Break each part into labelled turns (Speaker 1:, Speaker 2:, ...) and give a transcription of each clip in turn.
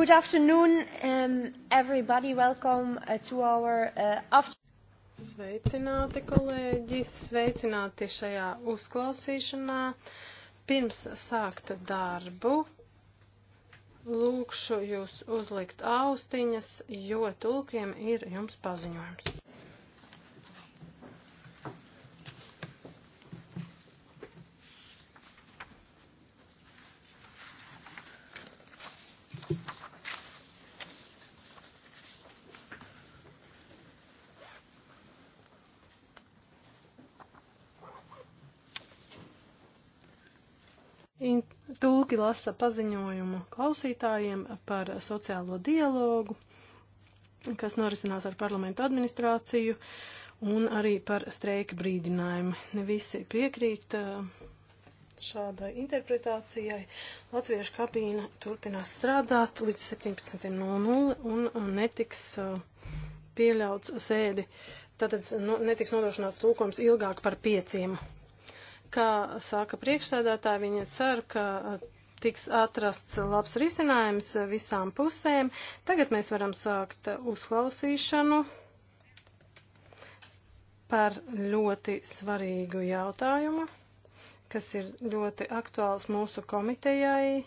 Speaker 1: Good afternoon, um, everybody. Welcome uh, to our uh, after. Sveicināti, kolēģi! Sveicināti šajā uzklausīšanā. Pirms sākt darbu, lūkšu jūs uzlikt austiņas, jo tulkiem ir jums paziņojums. ilgi lasa paziņojumu klausītājiem par sociālo dialogu, kas norisinās ar parlamentu administrāciju, un arī par streika brīdinājumu. Ne visi piekrīt eh, šādai interpretācijai. Latviešu kabīna turpinās strādāt līdz 17.00 un netiks eh, pieļauts sēdi. Tātad nu, netiks nodrošināts tūkojums ilgāk par pieciem kā saka priekšsēdētāji, viņa cer, ka eh, tiks atrasts labs risinājums visām pusēm. Tagad mēs varam sākt uzklausīšanu par ļoti svarīgu jautājumu, kas ir ļoti aktuāls mūsu komitejai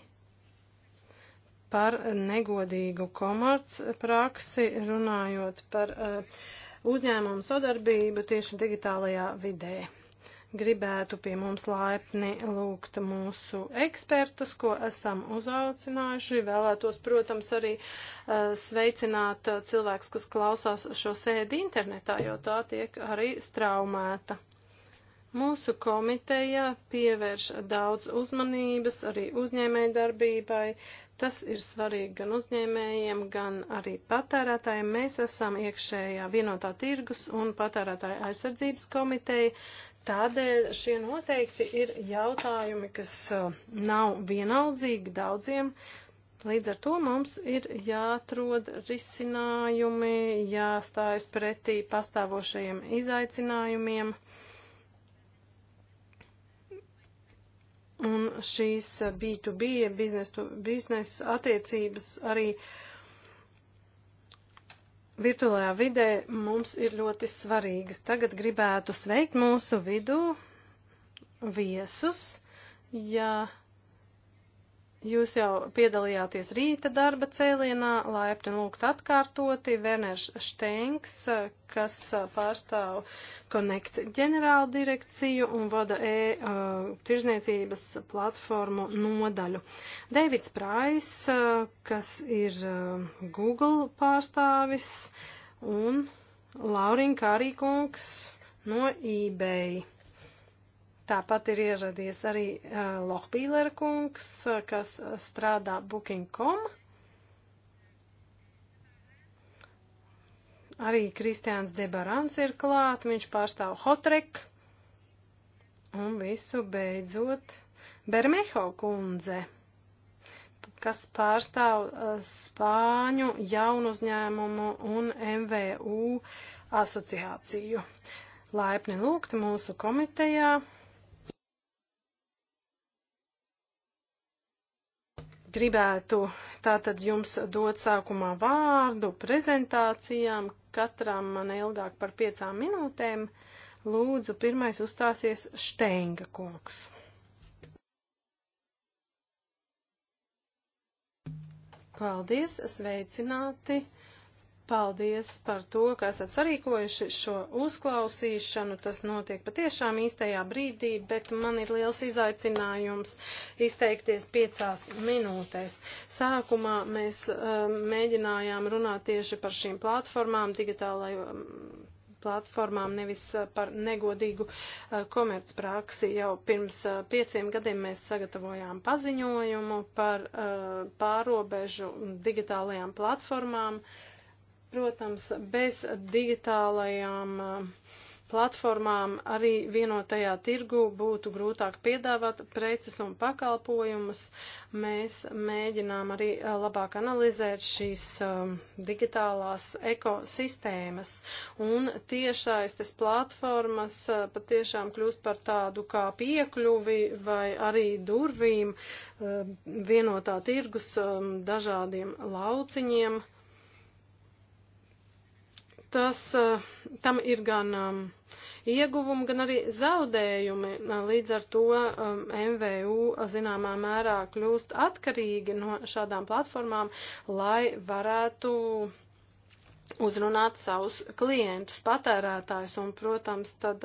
Speaker 1: par negodīgu komerc praksi, runājot par uh, uzņēmumu sadarbību tieši digitālajā vidē gribētu pie mums laipni lūgt mūsu ekspertus, ko esam uzaucinājuši. Vēlētos, protams, arī uh, sveicināt uh, cilvēks, kas klausās šo sēdi internetā, jo tā tiek arī straumēta. Mūsu komiteja pievērš daudz uzmanības arī uzņēmējdarbībai. Tas ir svarīgi gan uzņēmējiem, gan arī patērētājiem. Mēs esam iekšējā vienotā tirgus un patērētāja aizsardzības komiteja. Tādēļ šie noteikti ir jautājumi, kas uh, nav vienaldzīgi daudziem. Līdz ar to mums ir jāatrod risinājumi, jāstājas pretī pastāvošajiem izaicinājumiem. Un šīs B2B biznesa attiecības arī uh, virtuālajā vidē mums ir ļoti svarīgas. Tagad gribētu sveikt mūsu vidū viesus. Ja Jūs jau piedalījāties rīta darba cēlienā, laipni lūgt atkārtoti, Werners Štenks, kas pārstāv Connect ģenerāla direkciju un vada e uh, tirzniecības platformu nodaļu. Davids Prais, uh, kas ir uh, Google pārstāvis un Laurin Kārīkungs no eBay. Tāpat ir ieradies arī uh, Lohbīlera kungs, uh, kas uh, strādā Booking.com. Arī Kristiāns Debarans ir klāt, viņš pārstāv Hotrek. Un visu beidzot Bermeho kundze, kas pārstāv uh, Spāņu jaunu uzņēmumu un MVU asociāciju. Laipni lūgt mūsu komitejā. gribētu tātad jums dot sākumā vārdu prezentācijām, katram man ilgāk par piecām minūtēm. Lūdzu, pirmais uzstāsies Šteinga kungs. Paldies, sveicināti! Paldies par to, ka esat sarīkojuši šo uzklausīšanu. Tas notiek patiešām īstajā brīdī, bet man ir liels izaicinājums izteikties piecās minūtēs. Sākumā mēs um, mēģinājām runāt tieši par šīm platformām, digitālajām um, platformām, nevis uh, par negodīgu uh, komercpraksi. Jau pirms uh, pieciem gadiem mēs sagatavojām paziņojumu par pārobežu digitālajām platformām. Uh, Protams, bez digitālajām uh, platformām arī vienotajā tirgu būtu grūtāk piedāvāt preces un pakalpojumus. Mēs mēģinām arī uh, labāk analizēt šīs um, digitālās ekosistēmas. Un tiešaistes platformas uh, patiešām kļūst par tādu kā piekļuvi vai arī durvīm uh, vienotā tirgus um, dažādiem lauciņiem tas, eh, tam ir gan eh, ieguvumi, gan arī zaudējumi. Eh, līdz ar to MVU zināmā mērā kļūst atkarīgi no šādām platformām, lai varētu uzrunāt savus klientus, patērētājus, un, protams, tad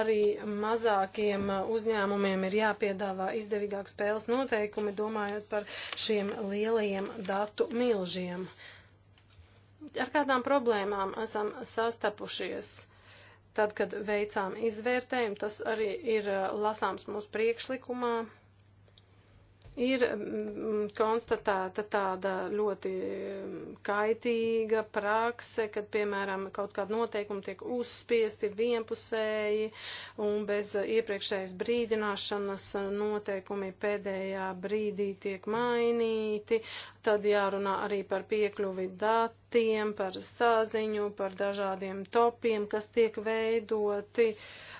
Speaker 1: arī mazākiem uzņēmumiem ir jāpiedāvā izdevīgāk spēles noteikumi, domājot par šiem lielajiem datu milžiem. Uh, ar kādām problēmām esam sastapušies. Tad, kad veicām izvērtējumu, tas arī ir lasāms mūsu priekšlikumā ir mm, konstatēta tāda ļoti mm, kaitīga prakse, kad, piemēram, kaut kāda noteikuma tiek uzspiesti vienpusēji un bez iepriekšējas brīdināšanas noteikumi pēdējā brīdī tiek mainīti. Tad jārunā arī par piekļuvi datiem, par saziņu, par dažādiem topiem, kas tiek veidoti. Uh,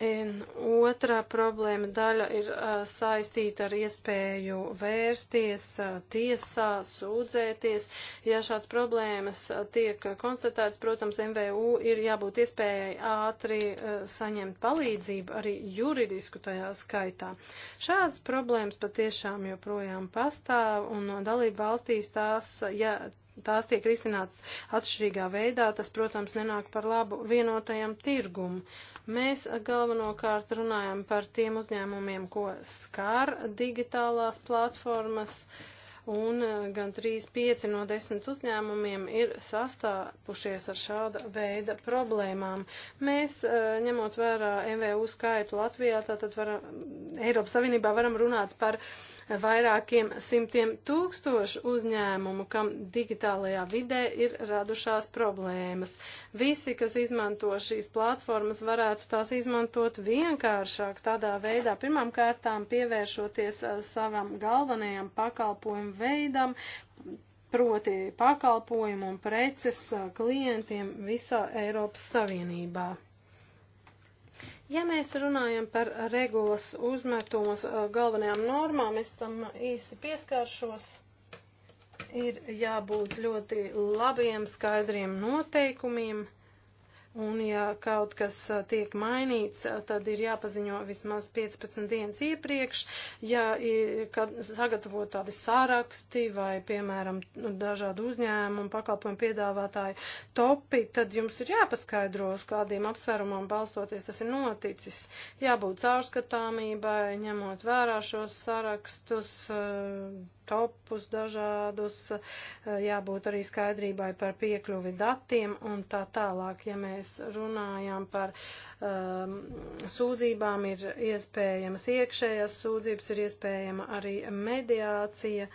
Speaker 1: Un otrā problēma daļa ir uh, saistīta ar iespēju vērsties uh, tiesā, sūdzēties. Ja šāds problēmas uh, tiek konstatēts, protams, MVU ir jābūt iespējai ātri uh, saņemt palīdzību, arī juridisku tajā skaitā. Šādas problēmas patiešām joprojām pastāv, un no dalību valstīs tās, ja tās tiek risināts atšķirīgā veidā, tas, protams, nenāk par labu vienotajam tirgumu Mēs galvenokārt runājam par tiem uzņēmumiem, ko skar digitālās platformas, un eh, gan 3-5 no 10 uzņēmumiem ir sastāpušies ar šāda veida problēmām. Mēs, eh, ņemot vērā MVU skaitu Latvijā, tātad varam, Eiropas Savienībā varam runāt par uh, vairākiem simtiem tūkstošu uzņēmumu, kam digitālajā vidē ir radušās problēmas. Visi, kas izmanto šīs platformas, varētu tās izmantot vienkāršāk tādā veidā, pirmām kārtām pievēršoties uh, savam galvenajam pakalpojumu veidam, proti pakalpojumu un preces uh, klientiem visā Eiropas Savienībā. Ja mēs runājam par regulas uzmetumus uh, galvenajām normām, es tam īsi pieskāršos. Ir jābūt ļoti labiem, skaidriem noteikumiem. Un ja kaut kas tiek mainīts, tad ir jāpaziņo vismaz 15 dienas iepriekš, ja sagatavo tādi sāraksti vai, piemēram, nu, dažādu uzņēmumu pakalpojumu piedāvātāju topi, tad jums ir jāpaskaidro, uz kādiem apsvērumam balstoties tas ir noticis. Jābūt caurskatāmībai, ņemot vērā šos sārakstus. Uh, topus dažādus, e, jābūt arī skaidrībai par piekļuvi datiem un tā tālāk. Ja mēs runājam par um, sūdzībām, ir iespējamas iekšējās sūdzības, ir iespējama arī mediācija.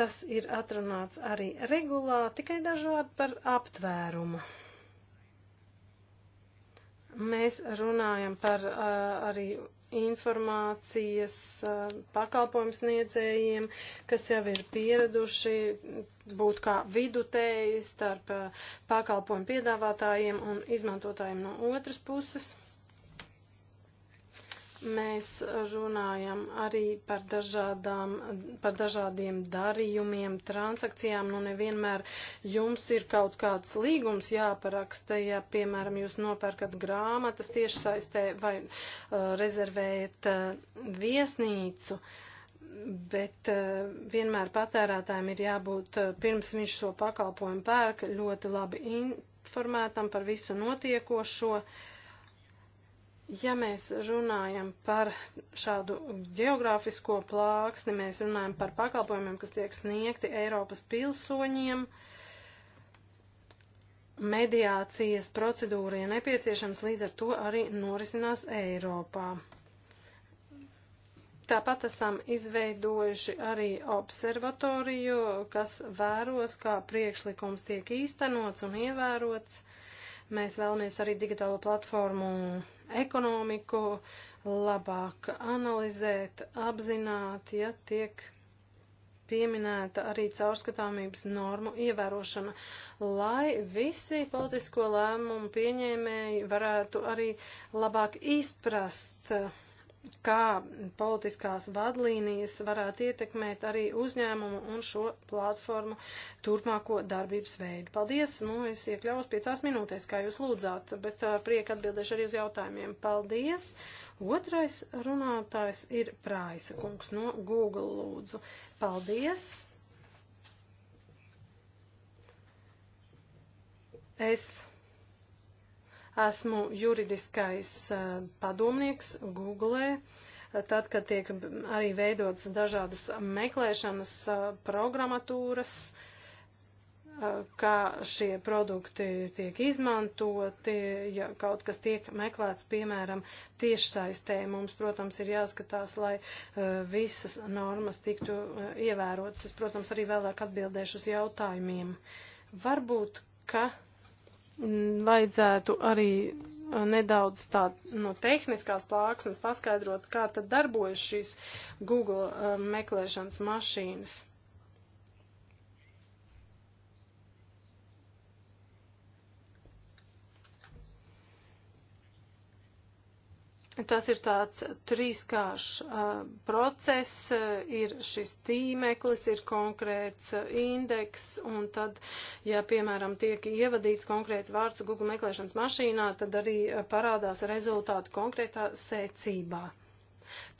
Speaker 1: Tas ir atrunāts arī regulā, tikai dažvārdi par aptvērumu. Mēs runājam par uh, arī informācijas uh, pakalpojumu sniedzējiem, kas jau ir pieraduši būt kā vidutēji starp uh, pakalpojumu piedāvātājiem un izmantotājiem no otras puses. Mēs runājam arī par, dažādām, par dažādiem darījumiem, transakcijām. Nu, nevienmēr jums ir kaut kāds līgums jāparaksta, ja, piemēram, jūs nopērkat grāmatas tieši saistē vai uh, rezervējat uh, viesnīcu. Bet uh, vienmēr patērētājiem ir jābūt, uh, pirms viņš šo pakalpojumu pērk, ļoti labi informētam par visu notiekošo. Uh, Ja mēs runājam par šādu geogrāfisko plāksni, mēs runājam par pakalpojumiem, kas tiek sniegti Eiropas pilsoņiem, mediācijas procedūra, ja nepieciešams, līdz ar to arī norisinās Eiropā. Tāpat esam izveidojuši arī observatoriju, kas vēros, kā priekšlikums tiek īstenots un ievērots. Mēs vēlamies arī digitālo platformu ekonomiku, labāk analizēt, apzināt, ja tiek pieminēta arī caurskatāmības normu ievērošana, lai visi politisko lēmumu pieņēmēji varētu arī labāk izprast uh, kā politiskās vadlīnijas varētu ietekmēt arī uzņēmumu un šo platformu turpmāko darbības veidu. Paldies, nu es iekļaujos piecās minūtēs, kā jūs lūdzāt, bet uh, prieku atbildēšu arī uz jautājumiem. Paldies! Otrais runātājs ir Prāisa kungs no Google lūdzu. Paldies! Es Esmu juridiskais eh, padomnieks Google. Eh, tad, kad tiek arī veidotas dažādas meklēšanas eh, programmatūras, kā šie produkti tiek izmantoti, ja kaut kas tiek meklēts, piemēram, tiešsaistē, mums, protams, ir jāskatās, lai visas normas tiktu ievērotas. Es, protams, arī vēlāk atbildēšu uz jautājumiem. Varbūt, ka vajadzētu arī uh, nedaudz tā no nu, tehniskās plāksnes paskaidrot, kā tad darbojas šīs Google uh, meklēšanas mašīnas. Tas ir tāds trīskāršs uh, process, uh, ir šis tīmeklis, ir konkrēts uh, indeks, un tad, ja, piemēram, tiek ievadīts konkrēts vārds Google meklēšanas mašīnā, tad arī uh, parādās rezultāti konkrētā secībā.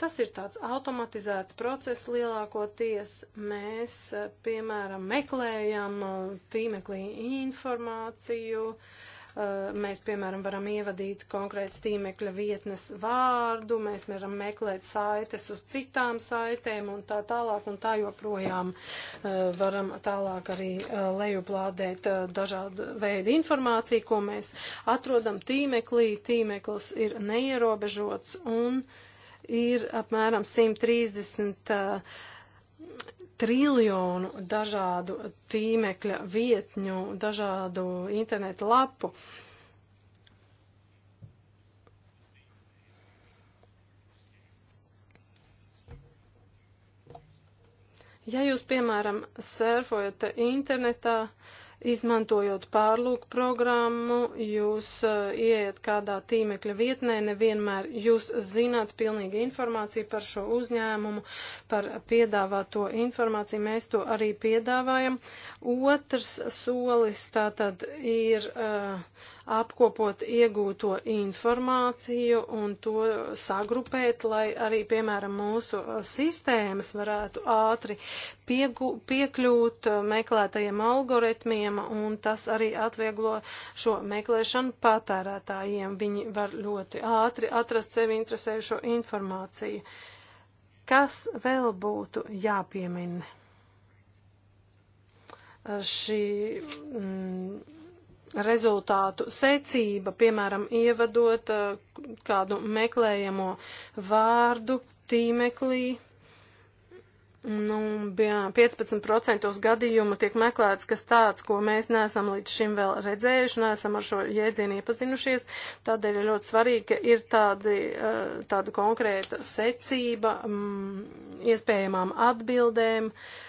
Speaker 1: Tas ir tāds automatizēts process lielākoties. Mēs, uh, piemēram, meklējam uh, tīmeklī informāciju, uh, Eh, mēs, piemēram, varam ievadīt konkrēts tīmekļa vietnes vārdu, mēs varam meklēt saites uz citām saitēm un tā tālāk un tā joprojām eh, varam tālāk arī eh, lejuplādēt dažādu veidu informāciju, ko mēs atrodam tīmeklī. Tīmeklis ir neierobežots un ir apmēram 130 uh, triljonu dažādu tīmekļa vietņu, dažādu internetu lapu. Ja jūs, piemēram, sērfojat internetā, uh, Izmantojot pārlūku programmu, jūs uh, ieiet kādā tīmekļa vietnē, nevienmēr jūs zināt pilnīgi informāciju par šo uzņēmumu, par piedāvāto informāciju. Mēs to arī piedāvājam. Otrs solis tātad ir. Uh, apkopot iegūto informāciju un to sagrupēt, lai arī, piemēram, mūsu uh, sistēmas varētu ātri piegu, piekļūt uh, meklētajiem algoritmiem, un tas arī atvieglo šo meklēšanu patērētājiem. Viņi var ļoti ātri atrast sevi interesējušo informāciju. Kas vēl būtu jāpiemina? Šī mm, rezultātu secība, piemēram, ievadot eh, kādu meklējamo vārdu tīmeklī. Nu, 15% gadījumu tiek meklēts kas tāds, ko mēs neesam līdz šim vēl redzējuši, neesam ar šo jēdzienu iepazinušies. Tādēļ ir ļoti svarīgi, ka ir tādi, eh, tāda konkrēta secība mm, iespējamām atbildēm. Uh,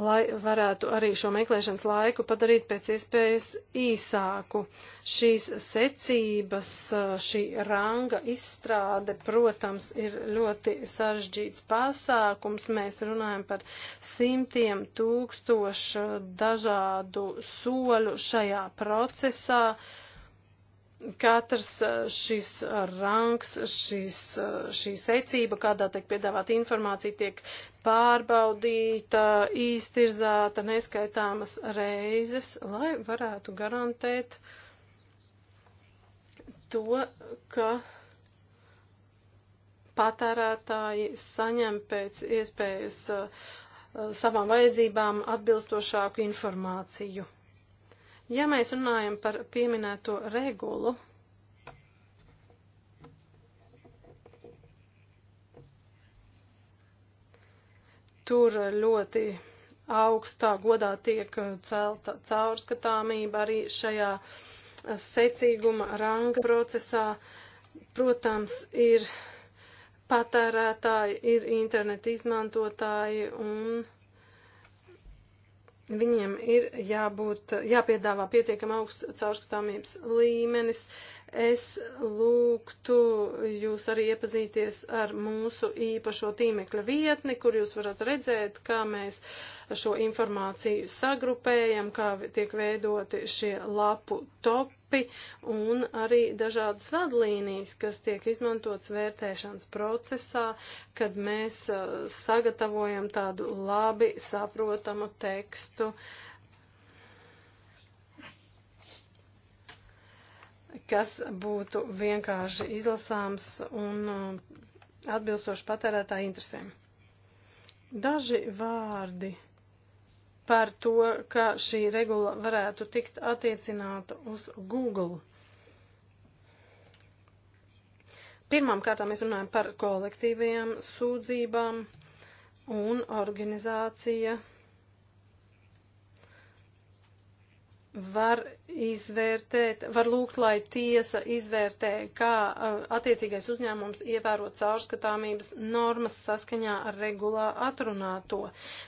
Speaker 1: lai varētu arī šo meklēšanas laiku padarīt pēc iespējas īsāku. Šīs secības, šī ranga izstrāde, protams, ir ļoti sarežģīts pasākums. Mēs runājam par simtiem tūkstošu dažādu soļu šajā procesā. Uh, katrs šis rangs, šis, šī secība, kādā tiek piedāvāta informācija, tiek pārbaudīta, īstirzāta neskaitāmas reizes, lai varētu garantēt to, ka patērētāji saņem pēc iespējas savām vajadzībām atbilstošāku informāciju. Ja mēs runājam par pieminēto regulu, tur ļoti augstā godā tiek celta caurskatāmība arī šajā secīguma ranga procesā. Protams, ir patērētāji, ir interneta izmantotāji un Viņiem ir jābūt, jāpiedāvā pietiekam augsts caurskatāmības līmenis, uh, Es lūgtu jūs arī iepazīties ar mūsu īpašo tīmekļa vietni, kur jūs varat redzēt, kā mēs šo informāciju sagrupējam, kā tiek veidoti šie lapu topi un arī dažādas vadlīnijas, kas tiek izmantotas vērtēšanas procesā, kad mēs eh, sagatavojam tādu labi saprotamu tekstu uh, kas būtu vienkārši izlasāms un um, atbilstoši patērētāju interesēm. Daži vārdi par to, ka šī regula varētu tikt attiecināta uz Google. Pirmām kārtām mēs runājam par kolektīvajām sūdzībām un organizācija var izvērtēt, var lūgt, lai tiesa izvērtē, kā attiecīgais uzņēmums ievēro caurskatāmības normas saskaņā ar regulā atrunāto.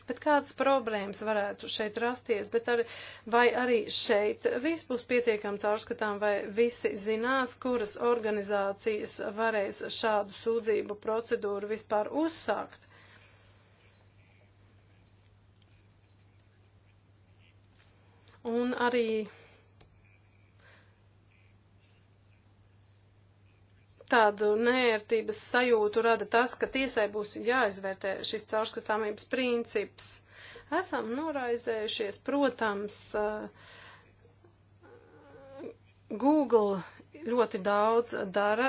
Speaker 1: Bet kādas problēmas varētu šeit rasties, bet arī, vai arī šeit viss būs pietiekami caurskatām, vai visi zinās, kuras organizācijas varēs šādu sūdzību procedūru vispār uzsākt? un arī tādu nērtības sajūtu rada tas, ka tiesai būs jāizvērtē šis caurskatāmības princips. Esam noraizējušies, protams, Google ļoti daudz dara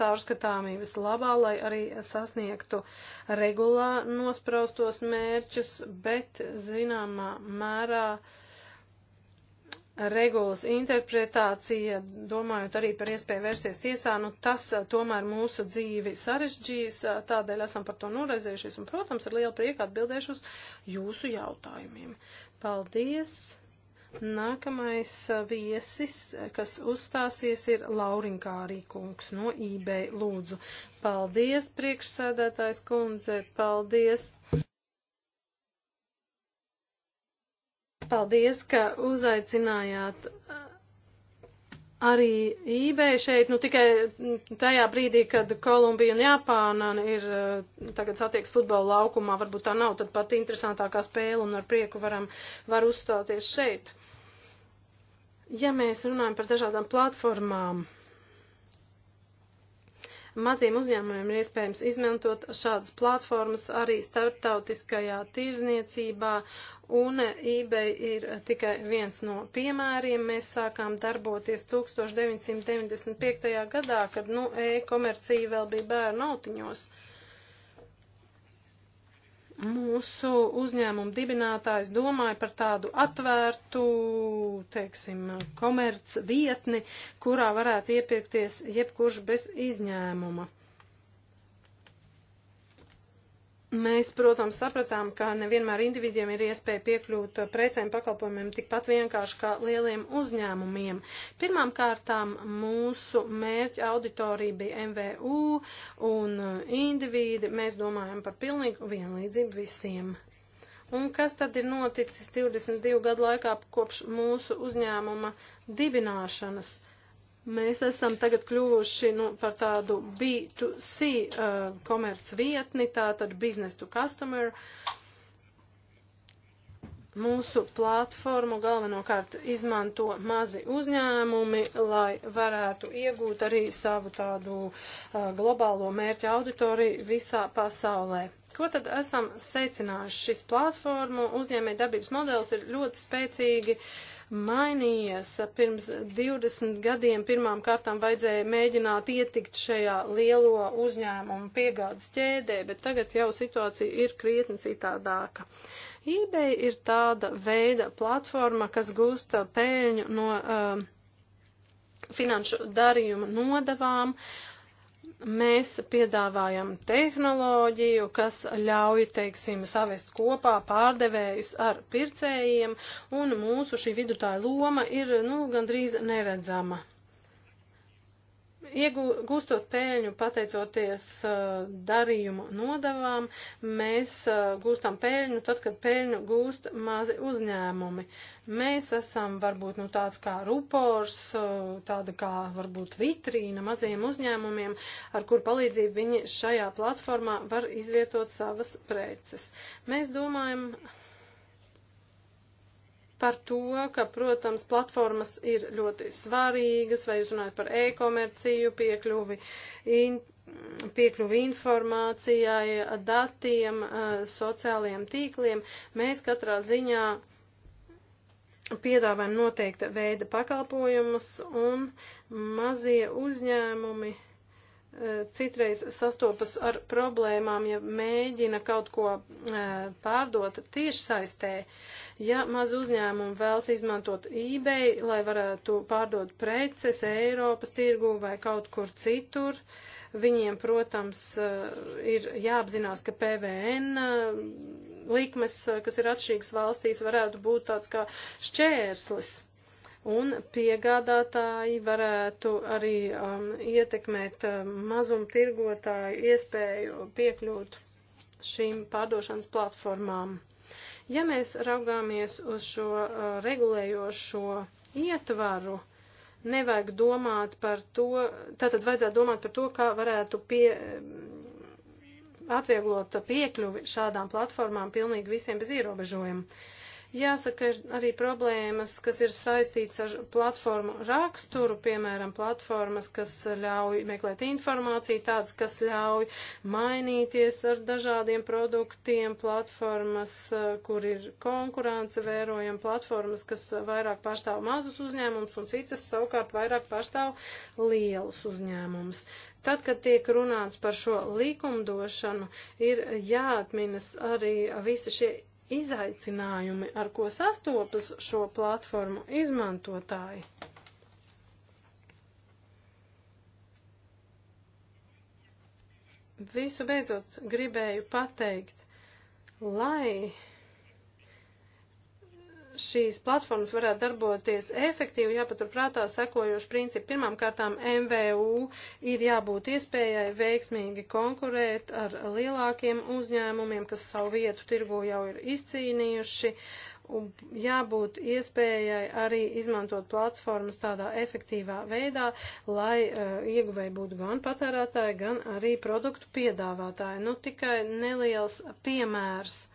Speaker 1: caurskatāmības labā, lai arī sasniegtu regulā nospraustos mērķus, bet zināmā mērā uh, regulas interpretācija, domājot arī par iespēju vērsties tiesā, nu tas eh, tomēr mūsu dzīvi sarežģīs, eh, tādēļ esam par to noraizējušies un, protams, ar lielu prieku atbildēšu uz jūsu jautājumiem. Paldies! Nākamais eh, viesis, kas uzstāsies, ir Laurinkārī kungs no eBay. Lūdzu, paldies, priekšsēdētājs kundze, paldies! Paldies, ka uzaicinājāt uh, arī eBay šeit, nu tikai tajā brīdī, kad Kolumbija un Japāna ir uh, tagad satieks futbola laukumā, varbūt tā nav tad pat interesantākā spēle un ar prieku varam, var uzstāties šeit. Ja mēs runājam par dažādām platformām, maziem uzņēmumiem ir iespējams izmantot šādas platformas arī starptautiskajā tirzniecībā Un eBay ir tikai viens no piemēriem. Mēs sākām darboties 1995. gadā, kad nu, e-komercija vēl bija bērnu autiņos. Mūsu uzņēmuma dibinātājs domāja par tādu atvērtu, teiksim, komerc vietni, kurā varētu iepirkties jebkurš bez izņēmuma. Mēs, protams, sapratām, ka nevienmēr individiem ir iespēja piekļūt uh, precēm pakalpojumiem tikpat vienkārši kā lieliem uzņēmumiem. Pirmām kārtām mūsu mērķa auditorija bija MVU un uh, individi. Mēs domājam par pilnīgu vienlīdzību visiem. Un kas tad ir noticis 22 gadu laikā kopš mūsu uzņēmuma dibināšanas? Mēs esam tagad kļuvuši nu, par tādu B2C uh, komerc vietni, tātad business to customer. Mūsu platformu galvenokārt izmanto mazi uzņēmumi, lai varētu iegūt arī savu tādu uh, globālo mērķu auditoriju visā pasaulē. Ko tad esam secinājuši? Šis platformu uzņēmē darbības modelis ir ļoti spēcīgi uh, mainījies. Pirms 20 gadiem pirmām kārtām vajadzēja mēģināt ietikt šajā lielo uzņēmumu piegādes ķēdē, bet tagad jau situācija ir krietni citādāka. eBay ir tāda veida platforma, kas gūsta pēļņu no uh, finanšu darījuma nodavām. Uh, mēs piedāvājam tehnoloģiju, kas ļauj, teiksim, savest kopā pārdevējus ar pircējiem, un mūsu šī vidutāja loma ir, nu, gandrīz neredzama. Iegūstot pēļņu pateicoties uh, darījumu nodavām, mēs uh, gūstam pēļņu tad, kad pēļņu gūst mazi uzņēmumi. Mēs esam varbūt nu, tāds kā rupors, uh, tāda kā varbūt vitrīna maziem uzņēmumiem, ar kur palīdzību viņi šajā platformā var izvietot savas preces. Mēs domājam, par to, ka, protams, platformas ir ļoti svarīgas, vai jūs runājat par e-komerciju, piekļuvi, in, piekļuvi informācijai, datiem, eh, sociālajiem tīkliem. Mēs katrā ziņā piedāvājam noteikta veida pakalpojumus un mazie uzņēmumi citreiz sastopas ar problēmām, ja mēģina kaut ko pārdot tiešsaistē. Ja maz uzņēmumi vēlas izmantot eBay, lai varētu pārdot preces Eiropas tirgu vai kaut kur citur, viņiem, protams, ir jāapzinās, ka PVN likmes, kas ir atšķirīgas valstīs, varētu būt tāds kā šķērslis un piegādātāji varētu arī um, ietekmēt um, mazumtirgotāju iespēju piekļūt šīm pārdošanas platformām. Ja mēs raugāmies uz šo uh, regulējošo ietvaru, nevajag domāt par to, tātad vajadzētu domāt par to, kā varētu pie, um, atvieglot piekļuvi šādām platformām pilnīgi visiem bez ierobežojuma. Uh, Jāsaka, ir arī problēmas, kas ir saistīts ar platformu raksturu, piemēram, platformas, kas ļauj meklēt informāciju, tādas, kas ļauj mainīties ar dažādiem produktiem, platformas, eh, kur ir konkurence vērojama, platformas, kas vairāk pārstāv mazus uzņēmumus un citas savukārt vairāk pārstāv lielus uzņēmumus. Tad, kad tiek runāts par šo likumdošanu, ir jāatminas arī visi šie izaicinājumi, ar ko sastopas šo platformu izmantotāji. Visu beidzot gribēju pateikt, lai šīs platformas varētu darboties efektīvi, jāpaturprātā sekojoši principi. Pirmām kārtām MVU ir jābūt iespējai veiksmīgi konkurēt ar lielākiem uzņēmumiem, kas savu vietu tirgu jau ir izcīnījuši, un jābūt iespējai arī izmantot platformas tādā efektīvā veidā, lai uh, ieguvēji būtu gan patērētāji, gan arī produktu piedāvātāji. Nu, tikai neliels piemērs. Uh,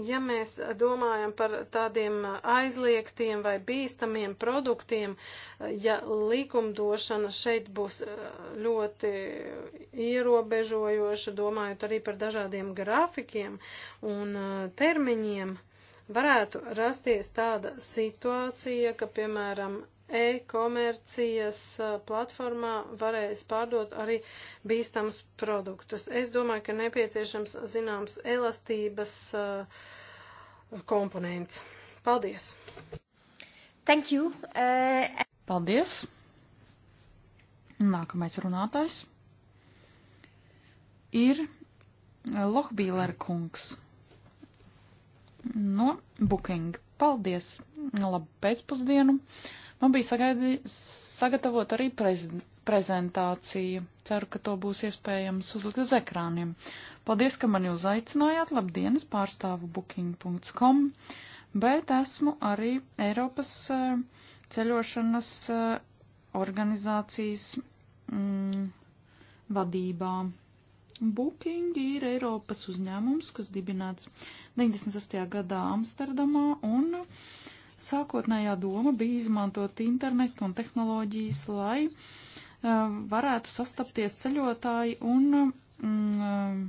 Speaker 1: Ja mēs domājam par tādiem aizliegtiem vai bīstamiem produktiem, ja likumdošana šeit būs eh, ļoti ierobežojoša, domājot arī par dažādiem grafikiem un eh, termiņiem, varētu rasties tāda situācija, ka, piemēram, e-komercijas e, platformā varēs pārdot arī bīstams produktus. Es domāju, ka nepieciešams zināms elastības e, komponents. Paldies!
Speaker 2: Thank you! Uh... Paldies! Nākamais runātājs ir Lohbīlera kungs no Booking. Paldies! Labu pēcpusdienu! Man bija sagaidi, sagatavot arī prez, prezentāciju. Ceru, ka to būs iespējams uzlikt uz ekrāniem. Paldies, ka mani uzaicinājāt. Labdien, es pārstāvu booking.com, bet esmu arī Eiropas eh, ceļošanas eh, organizācijas mm, vadībā. Booking ir Eiropas uzņēmums, kas dibināts 98. gadā Amsterdamā un uh, Sākotnējā doma bija izmantot internetu un tehnoloģijas, lai uh, varētu sastapties ceļotāji un mm,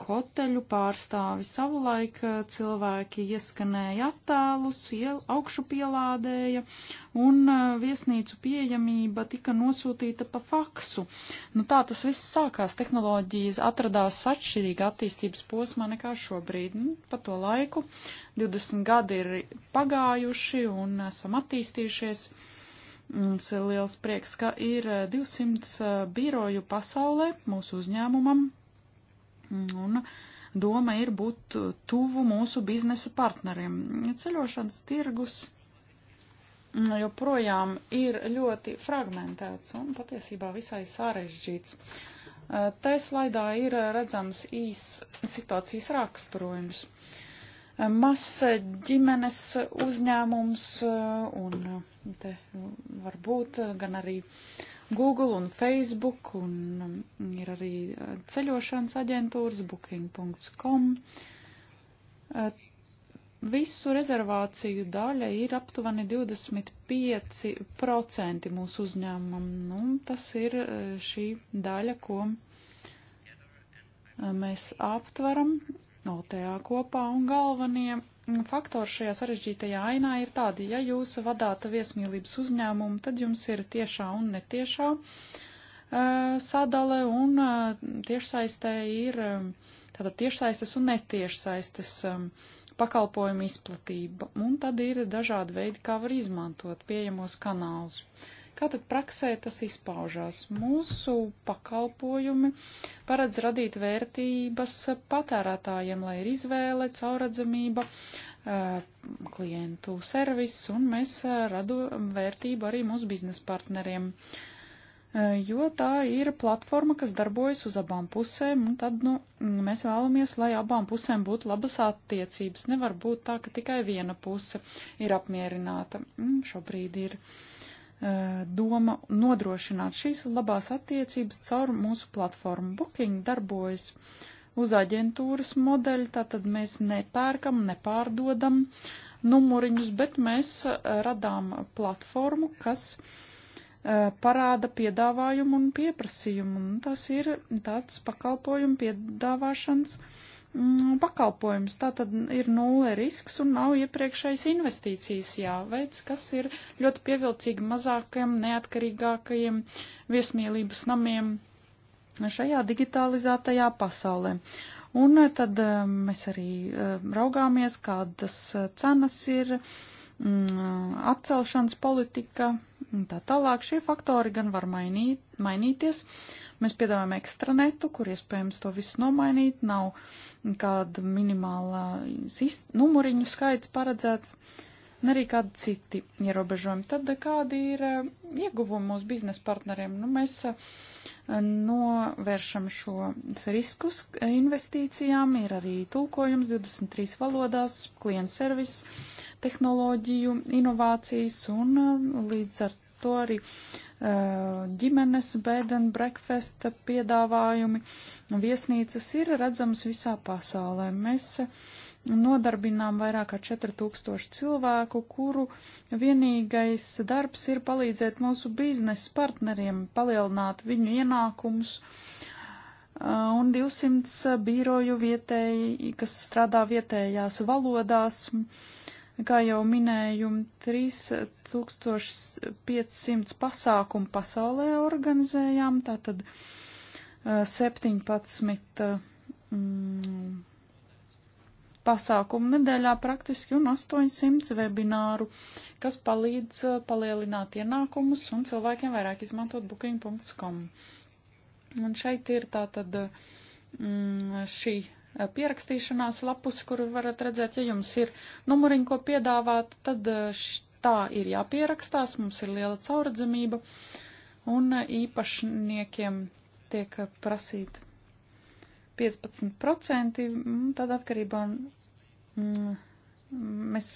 Speaker 2: hoteļu pārstāvi savulaik eh, cilvēki ieskanēja attēlus, iel, augšu pielādēja, un eh, viesnīcu pieejamība tika nosūtīta pa faksu. Nu, tā tas viss sākās. Tehnoloģijas atradās atšķirīga attīstības posmā nekā šobrīd. Nu, pa to laiku 20 gadi ir pagājuši un esam attīstījušies. Mums ir liels prieks, ka ir 200 eh, biroju pasaulē mūsu uzņēmumam, Un doma ir būt tuvu mūsu biznesa partneriem. Ceļošanas tirgus joprojām ir ļoti fragmentēts un patiesībā visai sarežģīts. Tā slaidā ir redzams īs situācijas raksturojums. Masa ģimenes uzņēmums un te var būt gan arī uh, Google un Facebook, un um, ir arī uh, ceļošanas aģentūras, booking.com. Uh, visu rezervāciju daļa ir aptuveni 25% mūsu uzņēmumam. Nu, tas ir uh, šī daļa, ko mēs aptveram OTA kopā un galvenie faktori šajā sarežģītajā ainā ir tādi, ja jūs vadāt viesmīlības uzņēmumu, tad jums ir tiešā un netiešā uh, sadale un uh, tiešsaistē ir tātad tiešsaistes un netiešsaistes um, pakalpojumu izplatība, un tad ir dažādi veidi, kā var izmantot pieejamos kanālus. Uh, Kā tad praksē tas izpaužās? Mūsu pakalpojumi paredz radīt vērtības patērētājiem, lai ir izvēle, cauradzamība, eh, klientu servis, un mēs eh, radām vērtību arī mūsu biznesa partneriem eh, jo tā ir platforma, kas darbojas uz abām pusēm, un tad, nu, mēs vēlamies, lai abām pusēm būtu labas attiecības. Nevar būt tā, ka tikai viena puse ir apmierināta. Mm, šobrīd ir uh, E, doma nodrošināt šīs labās attiecības caur mūsu platformu. Booking darbojas uz aģentūras modeļa, tātad mēs nepērkam, nepārdodam numuriņus, bet mēs e, radām platformu, kas e, parāda piedāvājumu un pieprasījumu. Un tas ir tāds pakalpojumu piedāvāšanas uh, Mm, pakalpojums. Tā tad ir nulle risks un nav iepriekšējas investīcijas jāveic, kas ir ļoti pievilcīgi mazākajiem, neatkarīgākajiem viesmīlības namiem šajā digitalizētajā pasaulē. Un eh, tad eh, mēs arī eh, raugāmies, kādas cenas ir, mm, atcelšanas politika un tā tālāk. Šie faktori gan var mainīt, mainīties Mēs piedāvājam ekstranetu, kur iespējams to visu nomainīt, nav kāda minimāla numuriņu skaits paredzēts, ne arī kādi citi ierobežojumi. Tad eh, kādi ir eh, ieguvumi mūsu biznesa partneriem? Nu, mēs eh, novēršam šos riskus investīcijām, ir arī tulkojums 23 valodās, klienta servis, tehnoloģiju, inovācijas un līdz ar to arī Eh, ģimenes bed and breakfast piedāvājumi, viesnīcas ir redzamas visā pasaulē. Mēs eh, nodarbinām vairāk kā 4000 cilvēku, kuru vienīgais darbs ir palīdzēt mūsu biznesa partneriem palielināt viņu ienākumus. Eh, un 200 bīroju vietēji, kas strādā vietējās valodās, uh, Kā jau minēju, 3500 pasākumu pasaulē organizējām, tātad 17 mm, pasākumu nedēļā praktiski un 800 webināru, kas palīdz palielināt ienākumus un cilvēkiem vairāk izmantot booking.com. Un šeit ir tātad mm, šī Eh, pierakstīšanās lapus, kur varat redzēt, ja jums ir numuriņu, ko piedāvāt, tad eh, tā ir jāpierakstās, mums ir liela cauradzamība, un eh, īpašniekiem tiek prasīt 15%, tad atkarībā mm, mēs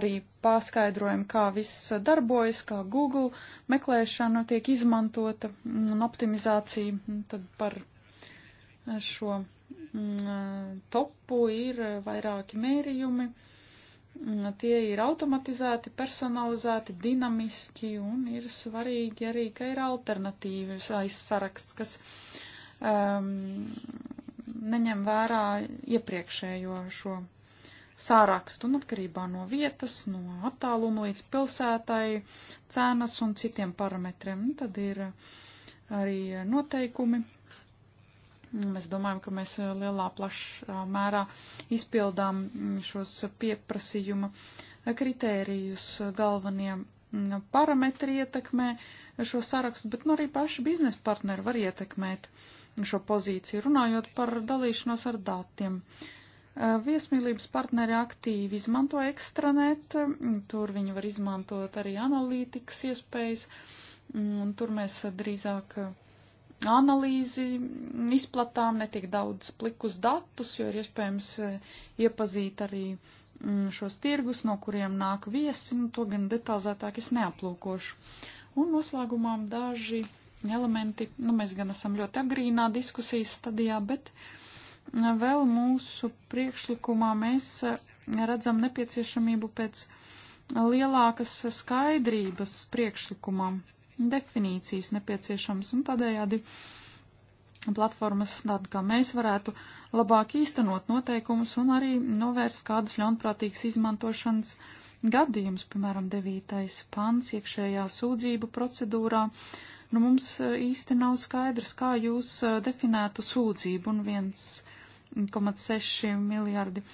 Speaker 2: arī pārskaidrojam, kā viss darbojas, kā Google meklēšana tiek izmantota un optimizācija tad par šo Mm, topu ir vairāki mērījumi. Mm, tie ir automatizēti, personalizēti, dinamiski un ir svarīgi arī, ka ir alternatīvas aizsaraksts, kas um, neņem vērā iepriekšējo šo sārakstu un atkarībā no vietas, no attāluma līdz pilsētai, cenas un citiem parametriem. Un tad ir arī noteikumi Mēs domājam, ka mēs eh, lielā plašā eh, mērā izpildām mm, šos pieprasījuma kritērijus galveniem mm, parametri ietekmē šo sarakstu, bet nu, arī paši biznesa partneri var ietekmēt šo pozīciju, runājot par dalīšanos ar datiem. Eh, viesmīlības partneri aktīvi izmanto ekstranet, mm, tur viņi var izmantot arī analītikas iespējas, un tur mēs drīzāk uh, analīzi izplatām, netik daudz plikus datus, jo ir iespējams eh, iepazīt arī mm, šos tirgus, no kuriem nāk viesi, un nu, to gan detalizētāk es neaplūkošu. Un noslēgumā daži elementi, nu mēs gan esam ļoti agrīnā diskusijas stadijā, bet mm, vēl mūsu priekšlikumā mēs eh, redzam nepieciešamību pēc lielākas skaidrības priekšlikumam definīcijas nepieciešams, un tādējādi platformas, tāda kā mēs, varētu labāk īstenot noteikumus un arī novērst kādas ļaunprātīgas izmantošanas gadījumus, piemēram, 9. pants iekšējā sūdzību procedūrā. Nu, mums e, īsti nav skaidrs, kā jūs e, definētu sūdzību un 1,6 miljardi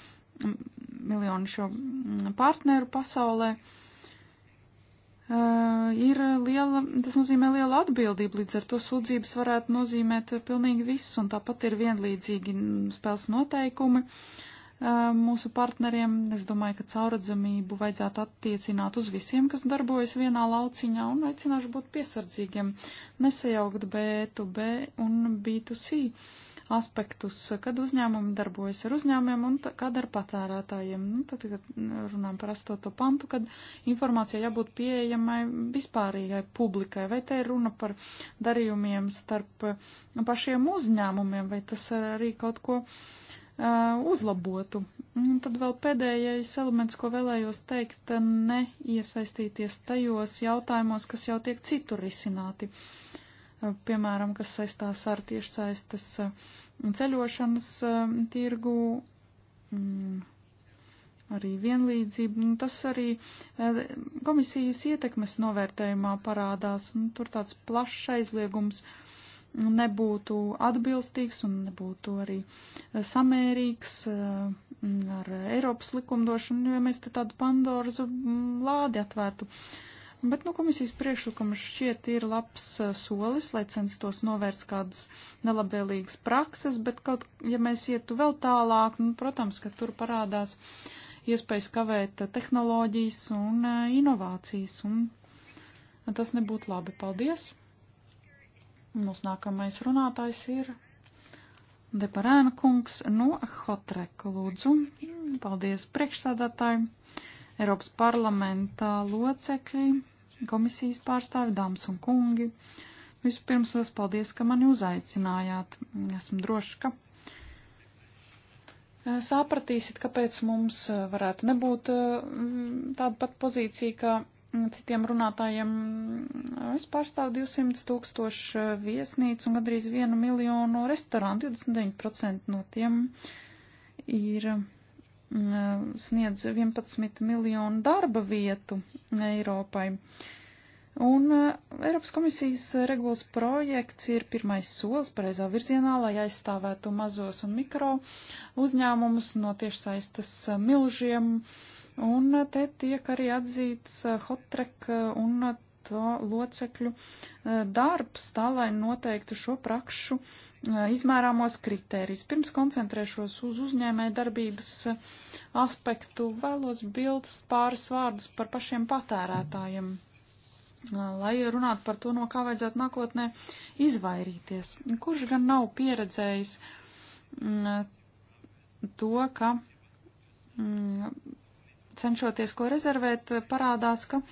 Speaker 2: miljoni šo partneru pasaulē. Uh, uh, ir liela, tas nozīmē liela atbildība, līdz ar to sūdzības varētu nozīmēt pilnīgi viss, un tāpat ir vienlīdzīgi spēles noteikumi uh, mūsu partneriem. Es domāju, ka cauradzamību vajadzētu attiecināt uz visiem, kas darbojas vienā lauciņā, un aicināšu būt piesardzīgiem, nesajaukt B, tu B un B, tu C. Uh, aspektus, kad uzņēmumi darbojas ar uzņēmumiem un kad ar patērētājiem. Nu, tad, kad runājam par 8. pantu, kad informācija jābūt pieejamai vispārīgai publikai, vai te ir runa par darījumiem starp pašiem uzņēmumiem, vai tas arī kaut ko uzlabotu. Un tad vēl pēdējais elements, ko vēlējos teikt, neiesaistīties tajos jautājumos, kas jau tiek citur risināti. Uh, Eh, piemēram, kas saistās ar tiešsaistes eh, ceļošanas eh, tirgu, mm, arī vienlīdzību. Un nu, tas arī komisijas ietekmes novērtējumā parādās, un nu, tur tāds plašs aizliegums nebūtu atbilstīgs un nebūtu arī samērīgs ar Eiropas likumdošanu, jo mēs te tādu Pandoras mm, lādi atvērtu. Uh, Bet nu, komisijas priekšlikums šķiet ir labs eh, solis, lai censtos novērst kādas nelabvēlīgas prakses, bet kaut, ja mēs ietu vēl tālāk, nu, protams, ka tur parādās iespējas kavēt eh, tehnoloģijas un eh, inovācijas, un tas nebūtu labi. Paldies! Mūsu nākamais runātājs ir Deparēna kungs no Hotreka, lūdzu. Paldies priekšsādātājiem! Eiropas parlamenta locekļi, komisijas pārstāvi, dāmas un kungi. Vispirms liels paldies, ka mani uzaicinājāt. Esmu droši, ka sapratīsiet, kāpēc mums eh, varētu nebūt eh, tāda pat pozīcija, kā citiem runātājiem. Eh, es pārstāvu 200 tūkstošu viesnīcu un gadrīz 1 miljonu restorānu. 29% no tiem ir Mm, sniedz 11 miljonu darba vietu Eiropai. Un mm, Eiropas komisijas regulas projekts ir pirmais solis pareizā virzienā, lai aizstāvētu mazos un mikro uzņēmumus no tiešsaistes milžiem. Un mm, te tiek arī atzīts hotrek un to locekļu eh, darbs, tā lai noteiktu šo prakšu eh, izmērāmos kritērijus. Pirms koncentrēšos uz uzņēmē darbības eh, aspektu, vēlos bildes pāris vārdus par pašiem patērētājiem, lai runātu par to, no kā vajadzētu nākotnē izvairīties. Kurš gan nav pieredzējis mm, to, ka mm, cenšoties ko rezervēt, parādās, ka